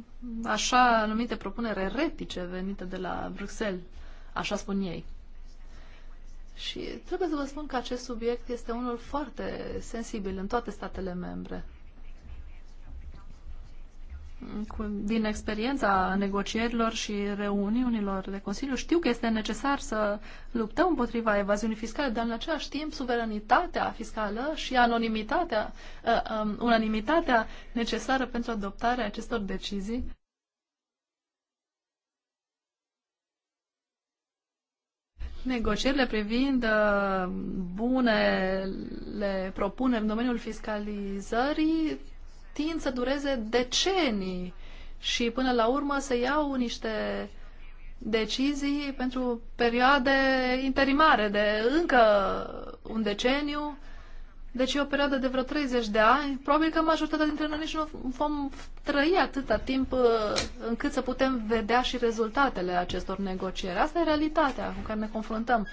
așa numite propunere eretice venite de la Bruxelles, așa spun ei. Și trebuie să vă spun că acest subiect este unul foarte sensibil în toate statele membre cu, din experiența negocierilor și reuniunilor de Consiliu, știu că este necesar să luptăm împotriva evaziunii fiscale, dar în același timp suveranitatea fiscală și anonimitatea, uh, um, unanimitatea necesară pentru adoptarea acestor decizii. Negocierile privind uh, bunele propuneri în domeniul fiscalizării tind să dureze decenii și până la urmă se iau niște decizii pentru perioade interimare de încă un deceniu, deci e o perioadă de vreo 30 de ani. Probabil că majoritatea dintre noi nici nu vom trăi atâta timp uh, încât să putem vedea și rezultatele acestor negocieri. Asta e realitatea cu care ne confruntăm.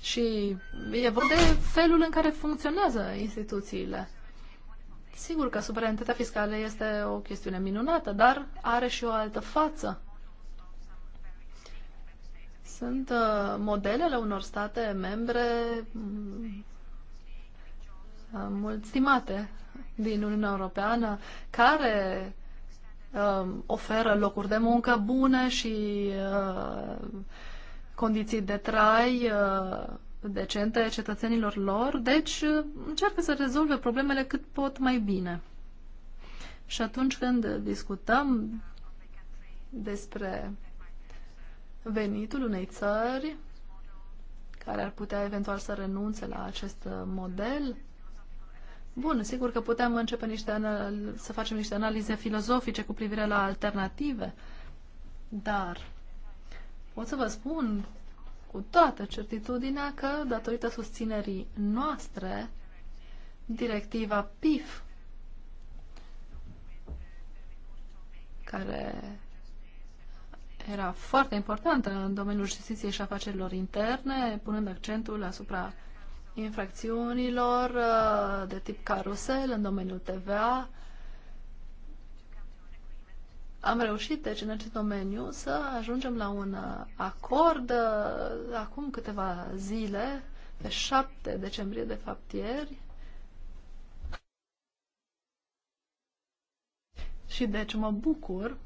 Și e vorba de felul în care funcționează instituțiile. Sigur că suverenitatea fiscală este o chestiune minunată, dar are și o altă față. Sunt uh, modelele unor state membre mm, uh, mult stimate din Uniunea Europeană care um, oferă locuri de muncă bune și uh, condiții de trai uh, decente cetățenilor lor, deci uh, încearcă să rezolve problemele cât pot mai bine. Și atunci când discutăm despre venitul unei țări care ar putea eventual să renunțe la acest model, Bun, sigur că putem începe niște anal- să facem niște analize filozofice cu privire la alternative, dar pot să vă spun cu toată certitudinea că, datorită susținerii noastre, directiva PIF, care era foarte importantă în domeniul justiției și afacerilor interne, punând accentul asupra infracțiunilor uh, de tip carusel în domeniul TVA, am reușit, deci, în acest domeniu să ajungem la un uh, acord uh, acum câteva zile, pe 7 decembrie, de fapt ieri. Și deci mă bucur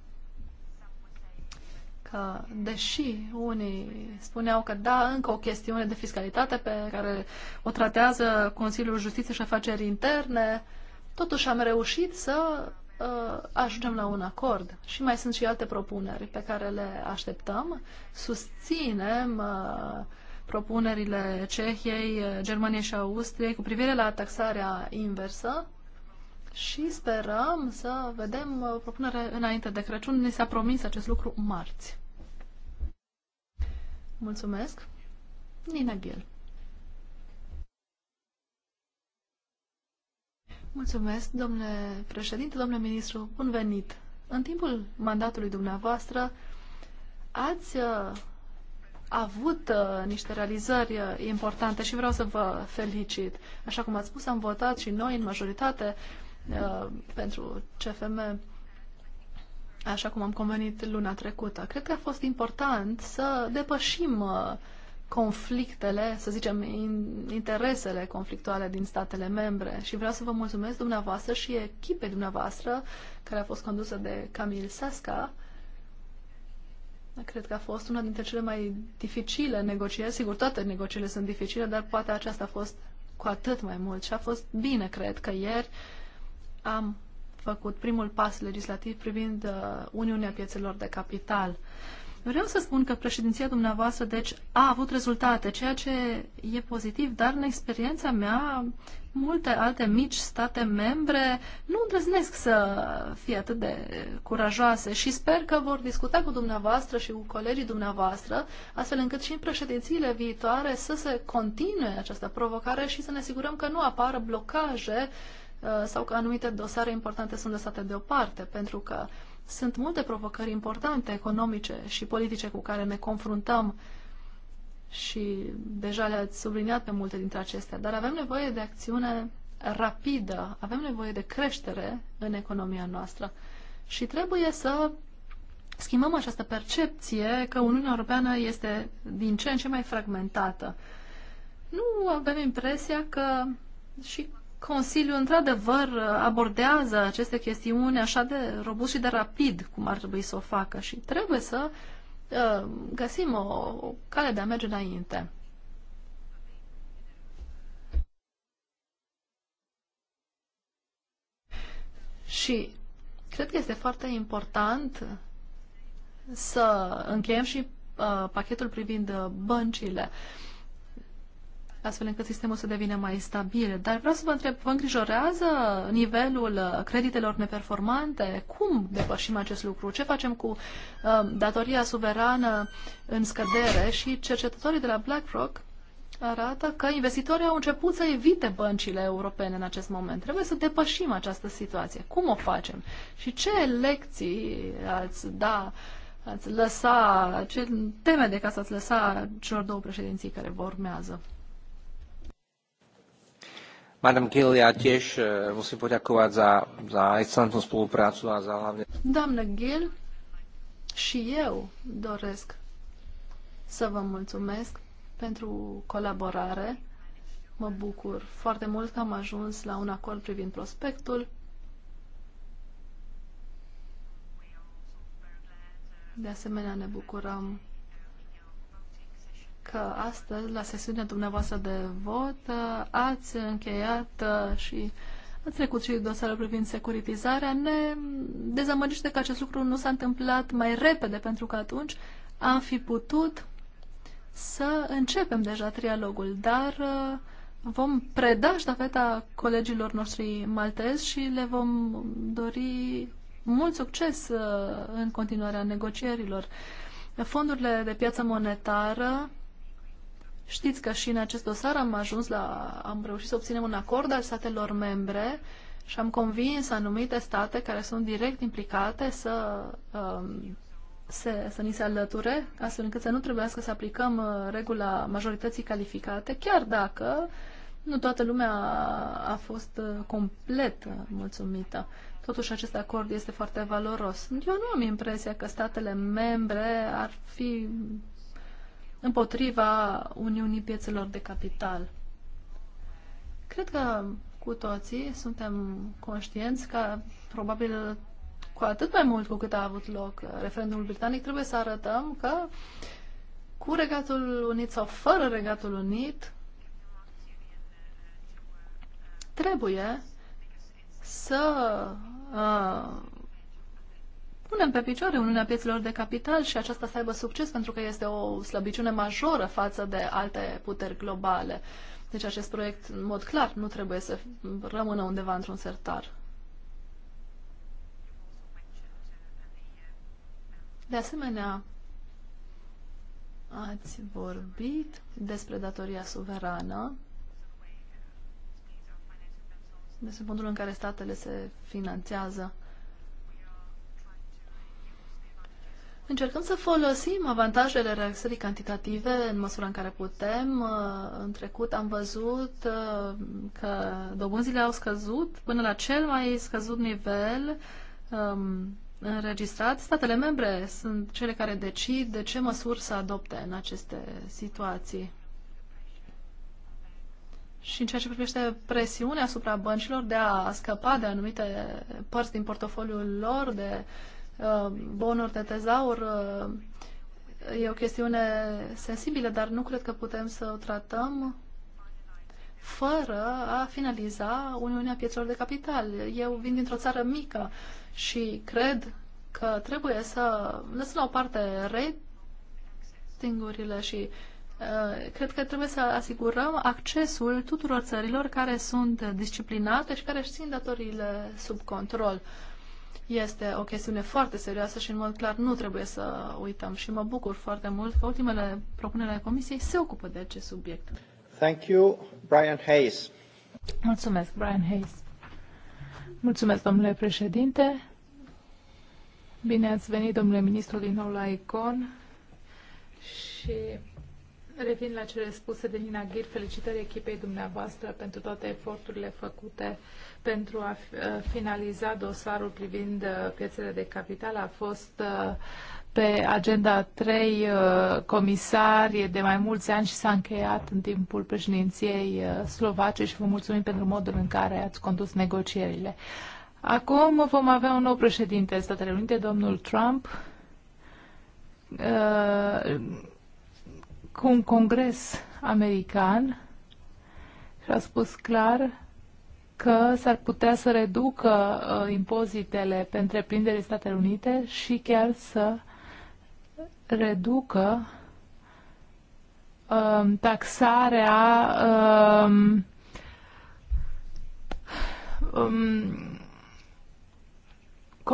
că, deși unii spuneau că da, încă o chestiune de fiscalitate pe care o tratează Consiliul Justiției și Afaceri Interne, totuși am reușit să Uh, ajungem la un acord. Și mai sunt și alte propuneri pe care le așteptăm. Susținem uh, propunerile Cehiei, Germaniei și Austriei cu privire la taxarea inversă și sperăm să vedem uh, propunere înainte de Crăciun. Ne s-a promis acest lucru marți. Mulțumesc. Nina Ghil. Mulțumesc, domnule președinte, domnule ministru, bun venit. În timpul mandatului dumneavoastră ați uh, avut uh, niște realizări uh, importante și vreau să vă felicit. Așa cum ați spus, am votat și noi în majoritate uh, pentru CFM, așa cum am convenit luna trecută. Cred că a fost important să depășim uh, conflictele, să zicem, interesele conflictuale din statele membre. Și vreau să vă mulțumesc dumneavoastră și echipei dumneavoastră, care a fost condusă de Camil Sasca. Cred că a fost una dintre cele mai dificile negocieri. Sigur, toate negocierile sunt dificile, dar poate aceasta a fost cu atât mai mult și a fost bine, cred, că ieri am făcut primul pas legislativ privind uh, Uniunea Piețelor de Capital. Uh, Vreau să spun că președinția dumneavoastră, deci, a avut rezultate, ceea ce e pozitiv, dar în experiența mea, multe alte mici state membre nu îndrăznesc să fie atât de curajoase și sper că vor discuta cu dumneavoastră și cu colegii dumneavoastră, astfel încât și în președințiile viitoare să se continue această provocare și să ne asigurăm că nu apară blocaje uh, sau că anumite dosare importante sunt lăsate deoparte, pentru că uh, sunt multe provocări importante economice și politice cu care ne confruntăm și deja le-ați subliniat pe multe dintre acestea, dar avem nevoie de acțiune rapidă, avem nevoie de creștere în economia noastră și trebuie să schimbăm această percepție că Uniunea Europeană este din ce în ce mai fragmentată. Nu avem impresia că și Consiliul, într-adevăr, abordează aceste chestiuni așa de robust și de rapid cum ar trebui să o facă și trebuie să uh, găsim o, cale de a merge înainte. Și cred că este foarte important să încheiem și uh, pachetul privind uh, băncile. Uh, astfel încât sistemul să devină mai stabil. Dar vreau să vă întreb, vă îngrijorează nivelul uh, creditelor neperformante? Cum depășim acest lucru? Ce facem cu uh, datoria suverană în scădere? Și cercetătorii de la BlackRock arată că investitorii au început să evite băncile europene în acest moment. Trebuie să depășim această situație. Cum o facem? Și ce lecții ați da, ați lăsa, ce teme de ca să ați lăsa celor două președinții care vă urmează? Madam Gill, ja tiež eh, musím poďakovať za, za excelentnú spoluprácu a za hlavne... Doamnă Gill, și eu doresc să vă mulțumesc pentru colaborare. Mă bucur foarte mult că am ajuns la un acord privind prospectul. De asemenea, ne bucurăm că astăzi, la sesiunea dumneavoastră de vot, uh, ați încheiat uh, și ați trecut și dosarul privind securitizarea. Ne dezamăgește că acest lucru nu s-a întâmplat mai repede, pentru că atunci am fi putut să începem deja trialogul, dar uh, vom preda ștafeta colegilor noștri maltezi și le vom dori mult succes în continuarea negocierilor. Fondurile de piață monetară Știți că și în acest dosar am ajuns la, am reușit să obținem un acord al statelor membre și am convins anumite state care sunt direct implicate să, um, se, să ni se alăture, astfel încât să nu trebuiască să aplicăm uh, regula majorității calificate, chiar dacă nu toată lumea a, a fost uh, complet uh, mulțumită. Totuși, acest acord este foarte valoros. Eu nu am impresia că statele membre ar fi împotriva Uniunii Piețelor de Capital. Cred că cu toții suntem conștienți că probabil cu atât mai mult cu cât a avut loc referendumul britanic, trebuie să arătăm că cu Regatul Unit sau fără Regatul Unit trebuie să uh, punem pe picioare Uniunea Pieților de Capital și aceasta să aibă succes pentru că este o slăbiciune majoră față de alte puteri globale. Deci acest proiect, în mod clar, nu trebuie să rămână undeva într-un sertar. De asemenea, ați vorbit despre datoria suverană, despre modul în care statele se finanțează. Încercăm să folosim avantajele relaxării cantitative în măsura în care putem. Uh, în trecut am văzut uh, că dobânzile au scăzut până la cel mai scăzut nivel um, înregistrat. Statele membre sunt cele care decid de ce măsuri să adopte în aceste situații. Și în ceea ce privește presiunea asupra băncilor de a scăpa de anumite părți din portofoliul lor, de uh, Uh, bonuri de tezaur uh, e o chestiune sensibilă, dar nu cred că putem să o tratăm fără a finaliza Uniunea Piețelor de Capital. Eu vin dintr-o țară mică și cred că trebuie să lăsăm la o parte ratingurile și uh, cred că trebuie să asigurăm accesul tuturor țărilor care sunt disciplinate și care își țin datoriile sub control. Este o chestiune foarte serioasă și, în mod clar, nu trebuie să uităm. Și mă bucur foarte mult că ultimele propunere ale Comisiei se ocupă de acest subiect. Thank you, Brian Hayes. Mulțumesc, Brian Hayes. Mulțumesc, domnule președinte. Bine ați venit, domnule ministru, din nou la ICON și Revin la cele spuse de Nina Ghir. Felicitări echipei dumneavoastră pentru toate eforturile făcute pentru a uh, finaliza dosarul privind uh, piețele de capital. A fost uh, pe agenda trei comisari de mai mulți ani și s-a încheiat în timpul președinției slovace și vă mulțumim pentru modul în care ați condus negocierile. Acum vom avea un nou președinte în Statele Unite, domnul Trump cu un congres american și a spus clar că s-ar putea să reducă uh, impozitele pe întreprindere Statele Unite și chiar să reducă uh, taxarea uh, um, um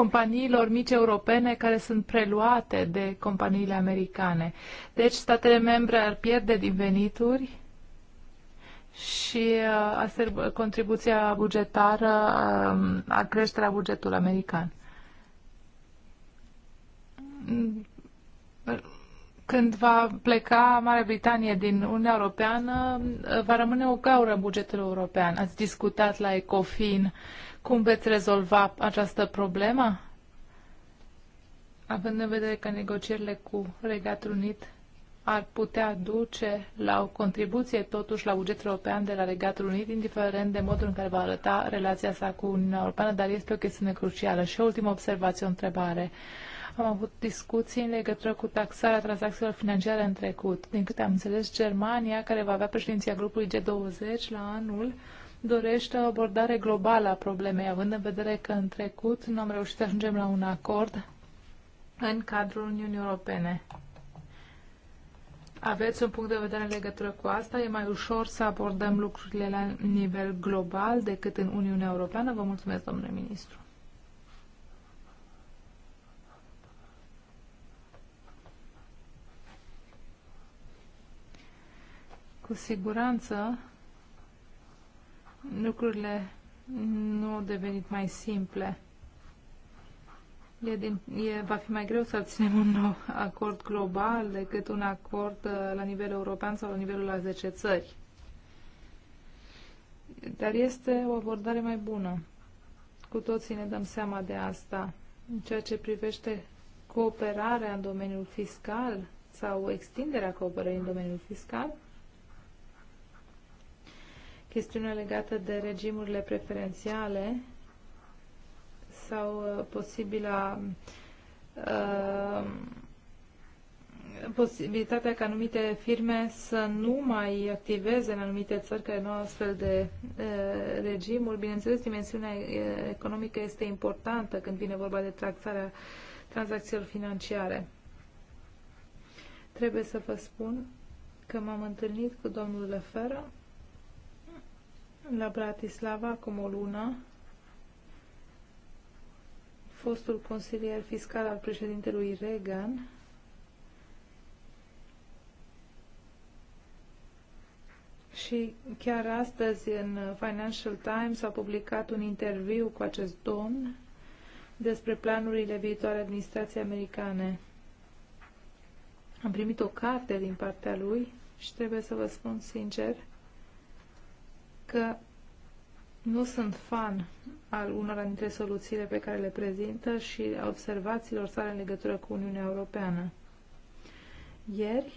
companiilor mici europene care sunt preluate de companiile americane. Deci statele membre ar pierde din venituri și uh, contribuția bugetară uh, um, ar crește la bugetul american. Când va pleca Marea Britanie din Uniunea Europeană, uh, va rămâne o gaură în bugetul european. Ați discutat la ECOFIN uh, cum veți rezolva această problemă? Având în vedere că negocierile cu Regatul Unit ar putea duce la o contribuție totuși la bugetul european de la Regatul Unit, indiferent de modul în care va arăta relația sa cu Uniunea Europeană, dar este o chestiune crucială. Și o ultimă observație, o întrebare. Am avut discuții în legătură cu taxarea tranzacțiilor financiare în trecut. Din câte am înțeles, Germania, care va avea președinția grupului G20 la anul, dorește o abordare globală a problemei, având în vedere că în trecut nu am reușit să ajungem la un acord în cadrul Uniunii Europene. Aveți un punct de vedere în legătură cu asta? E mai ușor să abordăm lucrurile la nivel global decât în Uniunea Europeană? Vă mulțumesc, domnule ministru. Cu siguranță lucrurile nu au devenit mai simple. E din, e, va fi mai greu să ținem un nou acord global decât un acord uh, la nivel european sau la nivelul a 10 țări. Dar este o abordare mai bună. Cu toții ne dăm seama de asta. În ceea ce privește cooperarea în domeniul fiscal sau extinderea cooperării în domeniul fiscal, chestiunea legată de regimurile preferențiale sau uh, posibila uh, posibilitatea ca anumite firme să nu mai activeze în anumite țări care nu au astfel de uh, regimuri. Bineînțeles, dimensiunea uh, economică este importantă când vine vorba de tractarea tranzacțiilor financiare. Trebuie să vă spun că m-am întâlnit cu domnul Leferă la Bratislava acum o lună, fostul consilier fiscal al președintelui Reagan și chiar astăzi în Financial Times a publicat un interviu cu acest domn despre planurile viitoare administrației americane. Am primit o carte din partea lui și trebuie să vă spun sincer că nu sunt fan al unor dintre soluțiile pe care le prezintă și observațiilor sale în legătură cu Uniunea Europeană. Ieri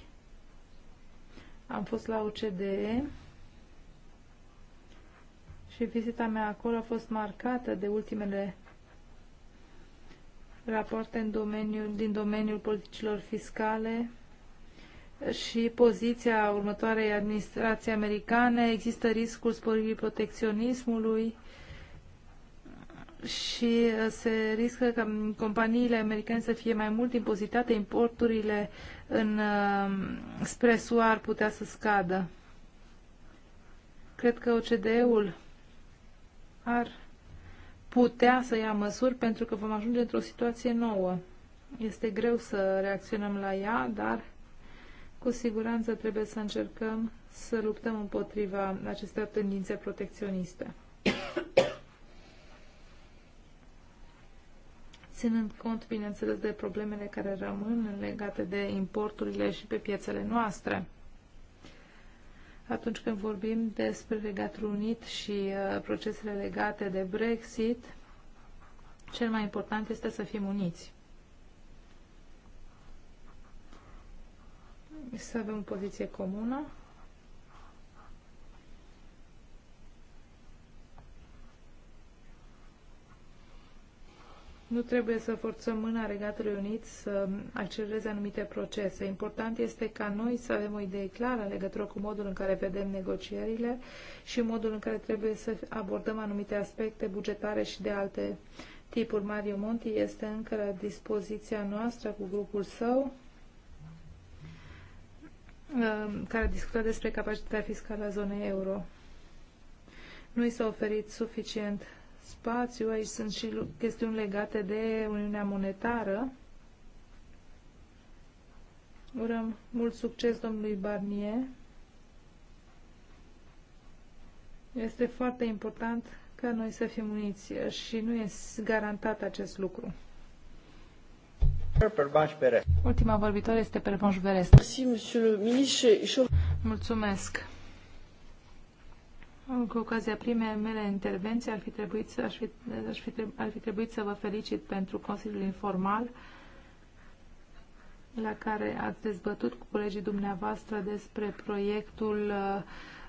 am fost la OCDE și vizita mea acolo a fost marcată de ultimele rapoarte în domeniul, din domeniul politicilor fiscale și poziția următoarei administrații americane, există riscul sporirii protecționismului și uh, se riscă ca companiile americane să fie mai mult impozitate, importurile în, uh, spre SUA ar putea să scadă. Cred că OCDE-ul ar putea să ia măsuri pentru că vom ajunge într-o situație nouă. Este greu să reacționăm la ea, dar cu siguranță trebuie să încercăm să luptăm împotriva acestor tendințe protecționiste. ținând cont, bineînțeles, de problemele care rămân legate de importurile și pe piețele noastre. Atunci când vorbim despre Regatul Unit și uh, procesele legate de Brexit, cel mai important este să fim uniți. să avem o poziție comună. Nu trebuie să forțăm mâna Regatului Unit să accelereze anumite procese. Important este ca noi să avem o idee clară în legătură cu modul în care vedem negocierile și modul în care trebuie să abordăm anumite aspecte bugetare și de alte tipuri. Mario Monti este încă la dispoziția noastră cu grupul său Um, care discută despre capacitatea fiscală a zonei euro. Nu i s-a oferit suficient spațiu, aici sunt și chestiuni legate de Uniunea Monetară. Urăm mult succes domnului Barnier. Este foarte important ca noi să fim uniți și nu e garantat acest lucru. Ultima vorbitoare este Pervanș Mulțumesc. Cu ocazia primei mele intervenții ar fi trebuit să, aș fi, aș fi, ar fi trebuit să vă felicit pentru Consiliul Informal la care ați dezbătut cu colegii dumneavoastră despre proiectul uh,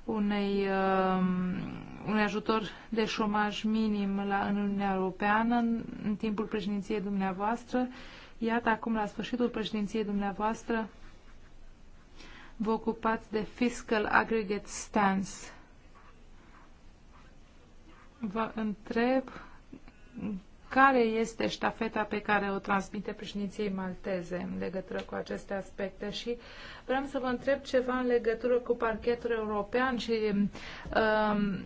unei, um, unui ajutor de șomaj minim la, în Uniunea Europeană în, în timpul președinției dumneavoastră. Uh, Iată, acum, la sfârșitul președinției dumneavoastră, vă ocupați de fiscal aggregate stance. Vă întreb care este ștafeta pe care o transmite președinției malteze în legătură cu aceste aspecte și vreau să vă întreb ceva în legătură cu parchetul european și uh,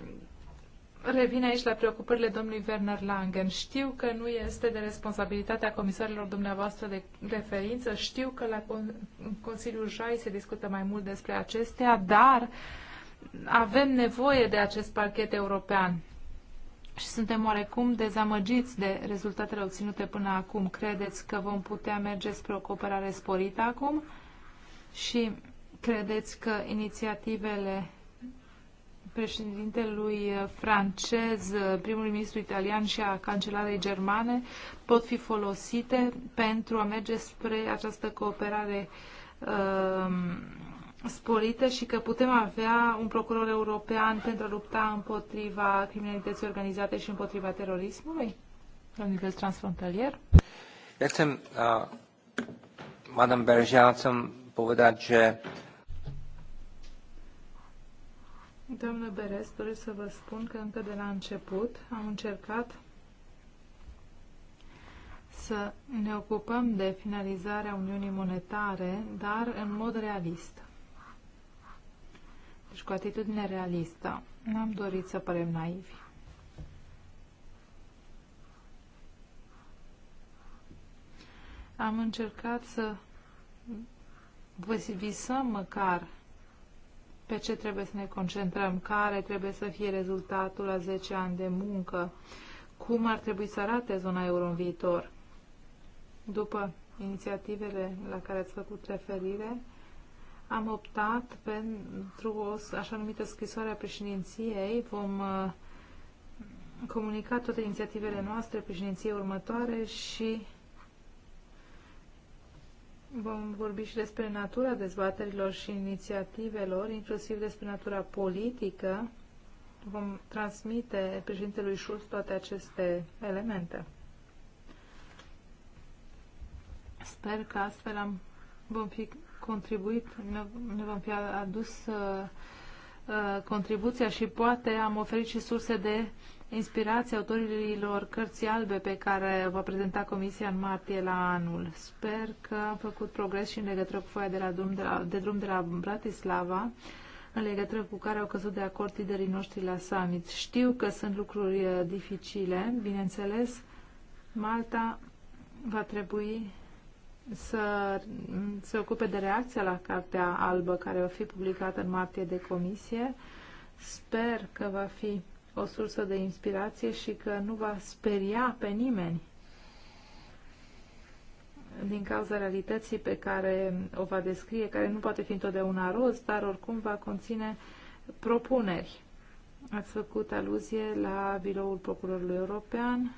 Revin aici la preocupările domnului Werner Langen. Știu că nu este de responsabilitatea comisarilor dumneavoastră de referință, știu că la Consiliul JAI se discută mai mult despre acestea, dar avem nevoie de acest parchet european și suntem oarecum dezamăgiți de rezultatele obținute până acum. Credeți că vom putea merge spre o cooperare sporită acum? Și credeți că inițiativele președintelui francez, primului ministru italian și a cancelarei germane pot fi folosite pentru a merge spre această cooperare uh, sporită și că putem avea un procuror european pentru a lupta împotriva criminalității organizate și împotriva terorismului la nivel transfrontalier? Ja chcem, uh, Madam Berger, mi povedať, că. Doamnă Beres, doresc să vă spun că încă de la început am încercat să ne ocupăm de finalizarea Uniunii Monetare, dar în mod realist. Deci cu atitudine realistă. N-am dorit să părem naivi. Am încercat să vă visăm măcar pe ce trebuie să ne concentrăm, care trebuie să fie rezultatul la 10 ani de muncă, cum ar trebui să arate zona euro în viitor. După inițiativele la care ați făcut referire, am optat pentru o așa numită scrisoare a președinției. Vom uh, comunica toate inițiativele noastre președinției următoare și Vom vorbi și despre natura dezbaterilor și inițiativelor, inclusiv despre natura politică. Vom transmite președintelui Schulz toate aceste elemente. Sper că astfel am, vom fi contribuit, ne, ne vom fi adus uh, uh contribuția și poate am oferit și surse de inspirați autorilor cărții albe pe care va prezenta Comisia în martie la anul. Sper că am făcut progres și în legătură cu foaia de, la drum, de, la, de drum de la Bratislava, în legătură cu care au căzut de acord liderii noștri la summit. Știu că sunt lucruri uh, dificile, bineînțeles, Malta va trebui să se ocupe de reacția la Cartea Albă, care va fi publicată în martie de comisie. Sper că va fi o sursă de inspirație și că nu va speria pe nimeni din cauza realității pe care o va descrie, care nu poate fi întotdeauna roz, dar oricum va conține propuneri. Ați făcut aluzie la biroul procurorului european.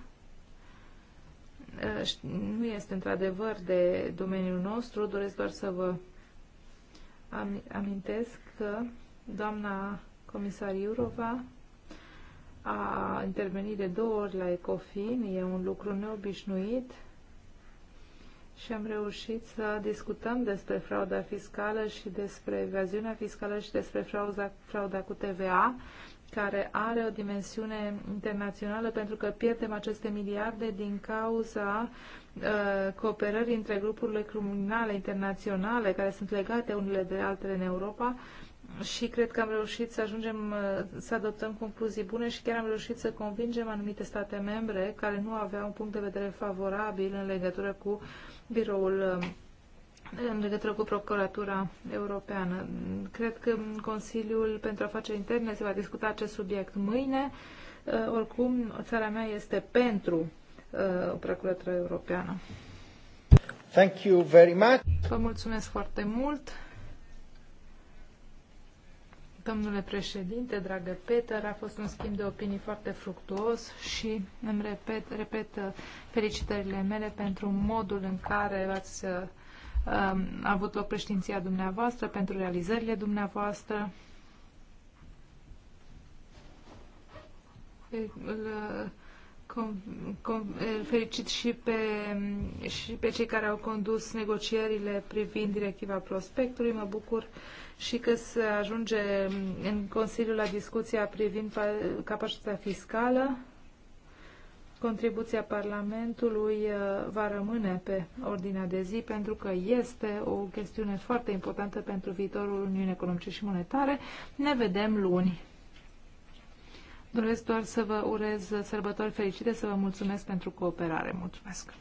Nu este într-adevăr de domeniul nostru, doresc doar să vă amintesc că doamna comisar Iurova a intervenit de două ori la Ecofin, e un lucru neobișnuit și am reușit să discutăm despre frauda fiscală și despre evaziunea fiscală și despre frauda, frauda cu TVA, care are o dimensiune internațională pentru că pierdem aceste miliarde din cauza uh, cooperării între grupurile criminale internaționale care sunt legate unele de altele în Europa și cred că am reușit să ajungem uh, să adoptăm concluzii bune și chiar am reușit să convingem anumite state membre care nu aveau un punct de vedere favorabil în legătură cu biroul uh, în legătură cu Procuratura Europeană. Cred că Consiliul pentru Afaceri Interne se va discuta acest subiect mâine. Uh, oricum, țara mea este pentru Procuratura Europeană. Thank you very much. Vă mulțumesc foarte mult. Domnule președinte, dragă Peter, a fost un schimb de opinii foarte fructuos și îmi repet, repet uh, felicitările mele pentru modul în care ați uh, um, avut loc președinția dumneavoastră, pentru realizările dumneavoastră. Îl com, com, eh, felicit și pe, și pe cei care au condus negocierile privind directiva prospectului. Mă bucur și că se ajunge în Consiliu la discuția privind capacitatea fiscală. Contribuția Parlamentului eh, va rămâne pe ordinea de zi pentru că este o chestiune foarte importantă pentru viitorul Uniunii Economice și Monetare. Ne vedem luni. Doresc doar să vă urez sărbători fericite, să vă mulțumesc pentru cooperare. Mulțumesc!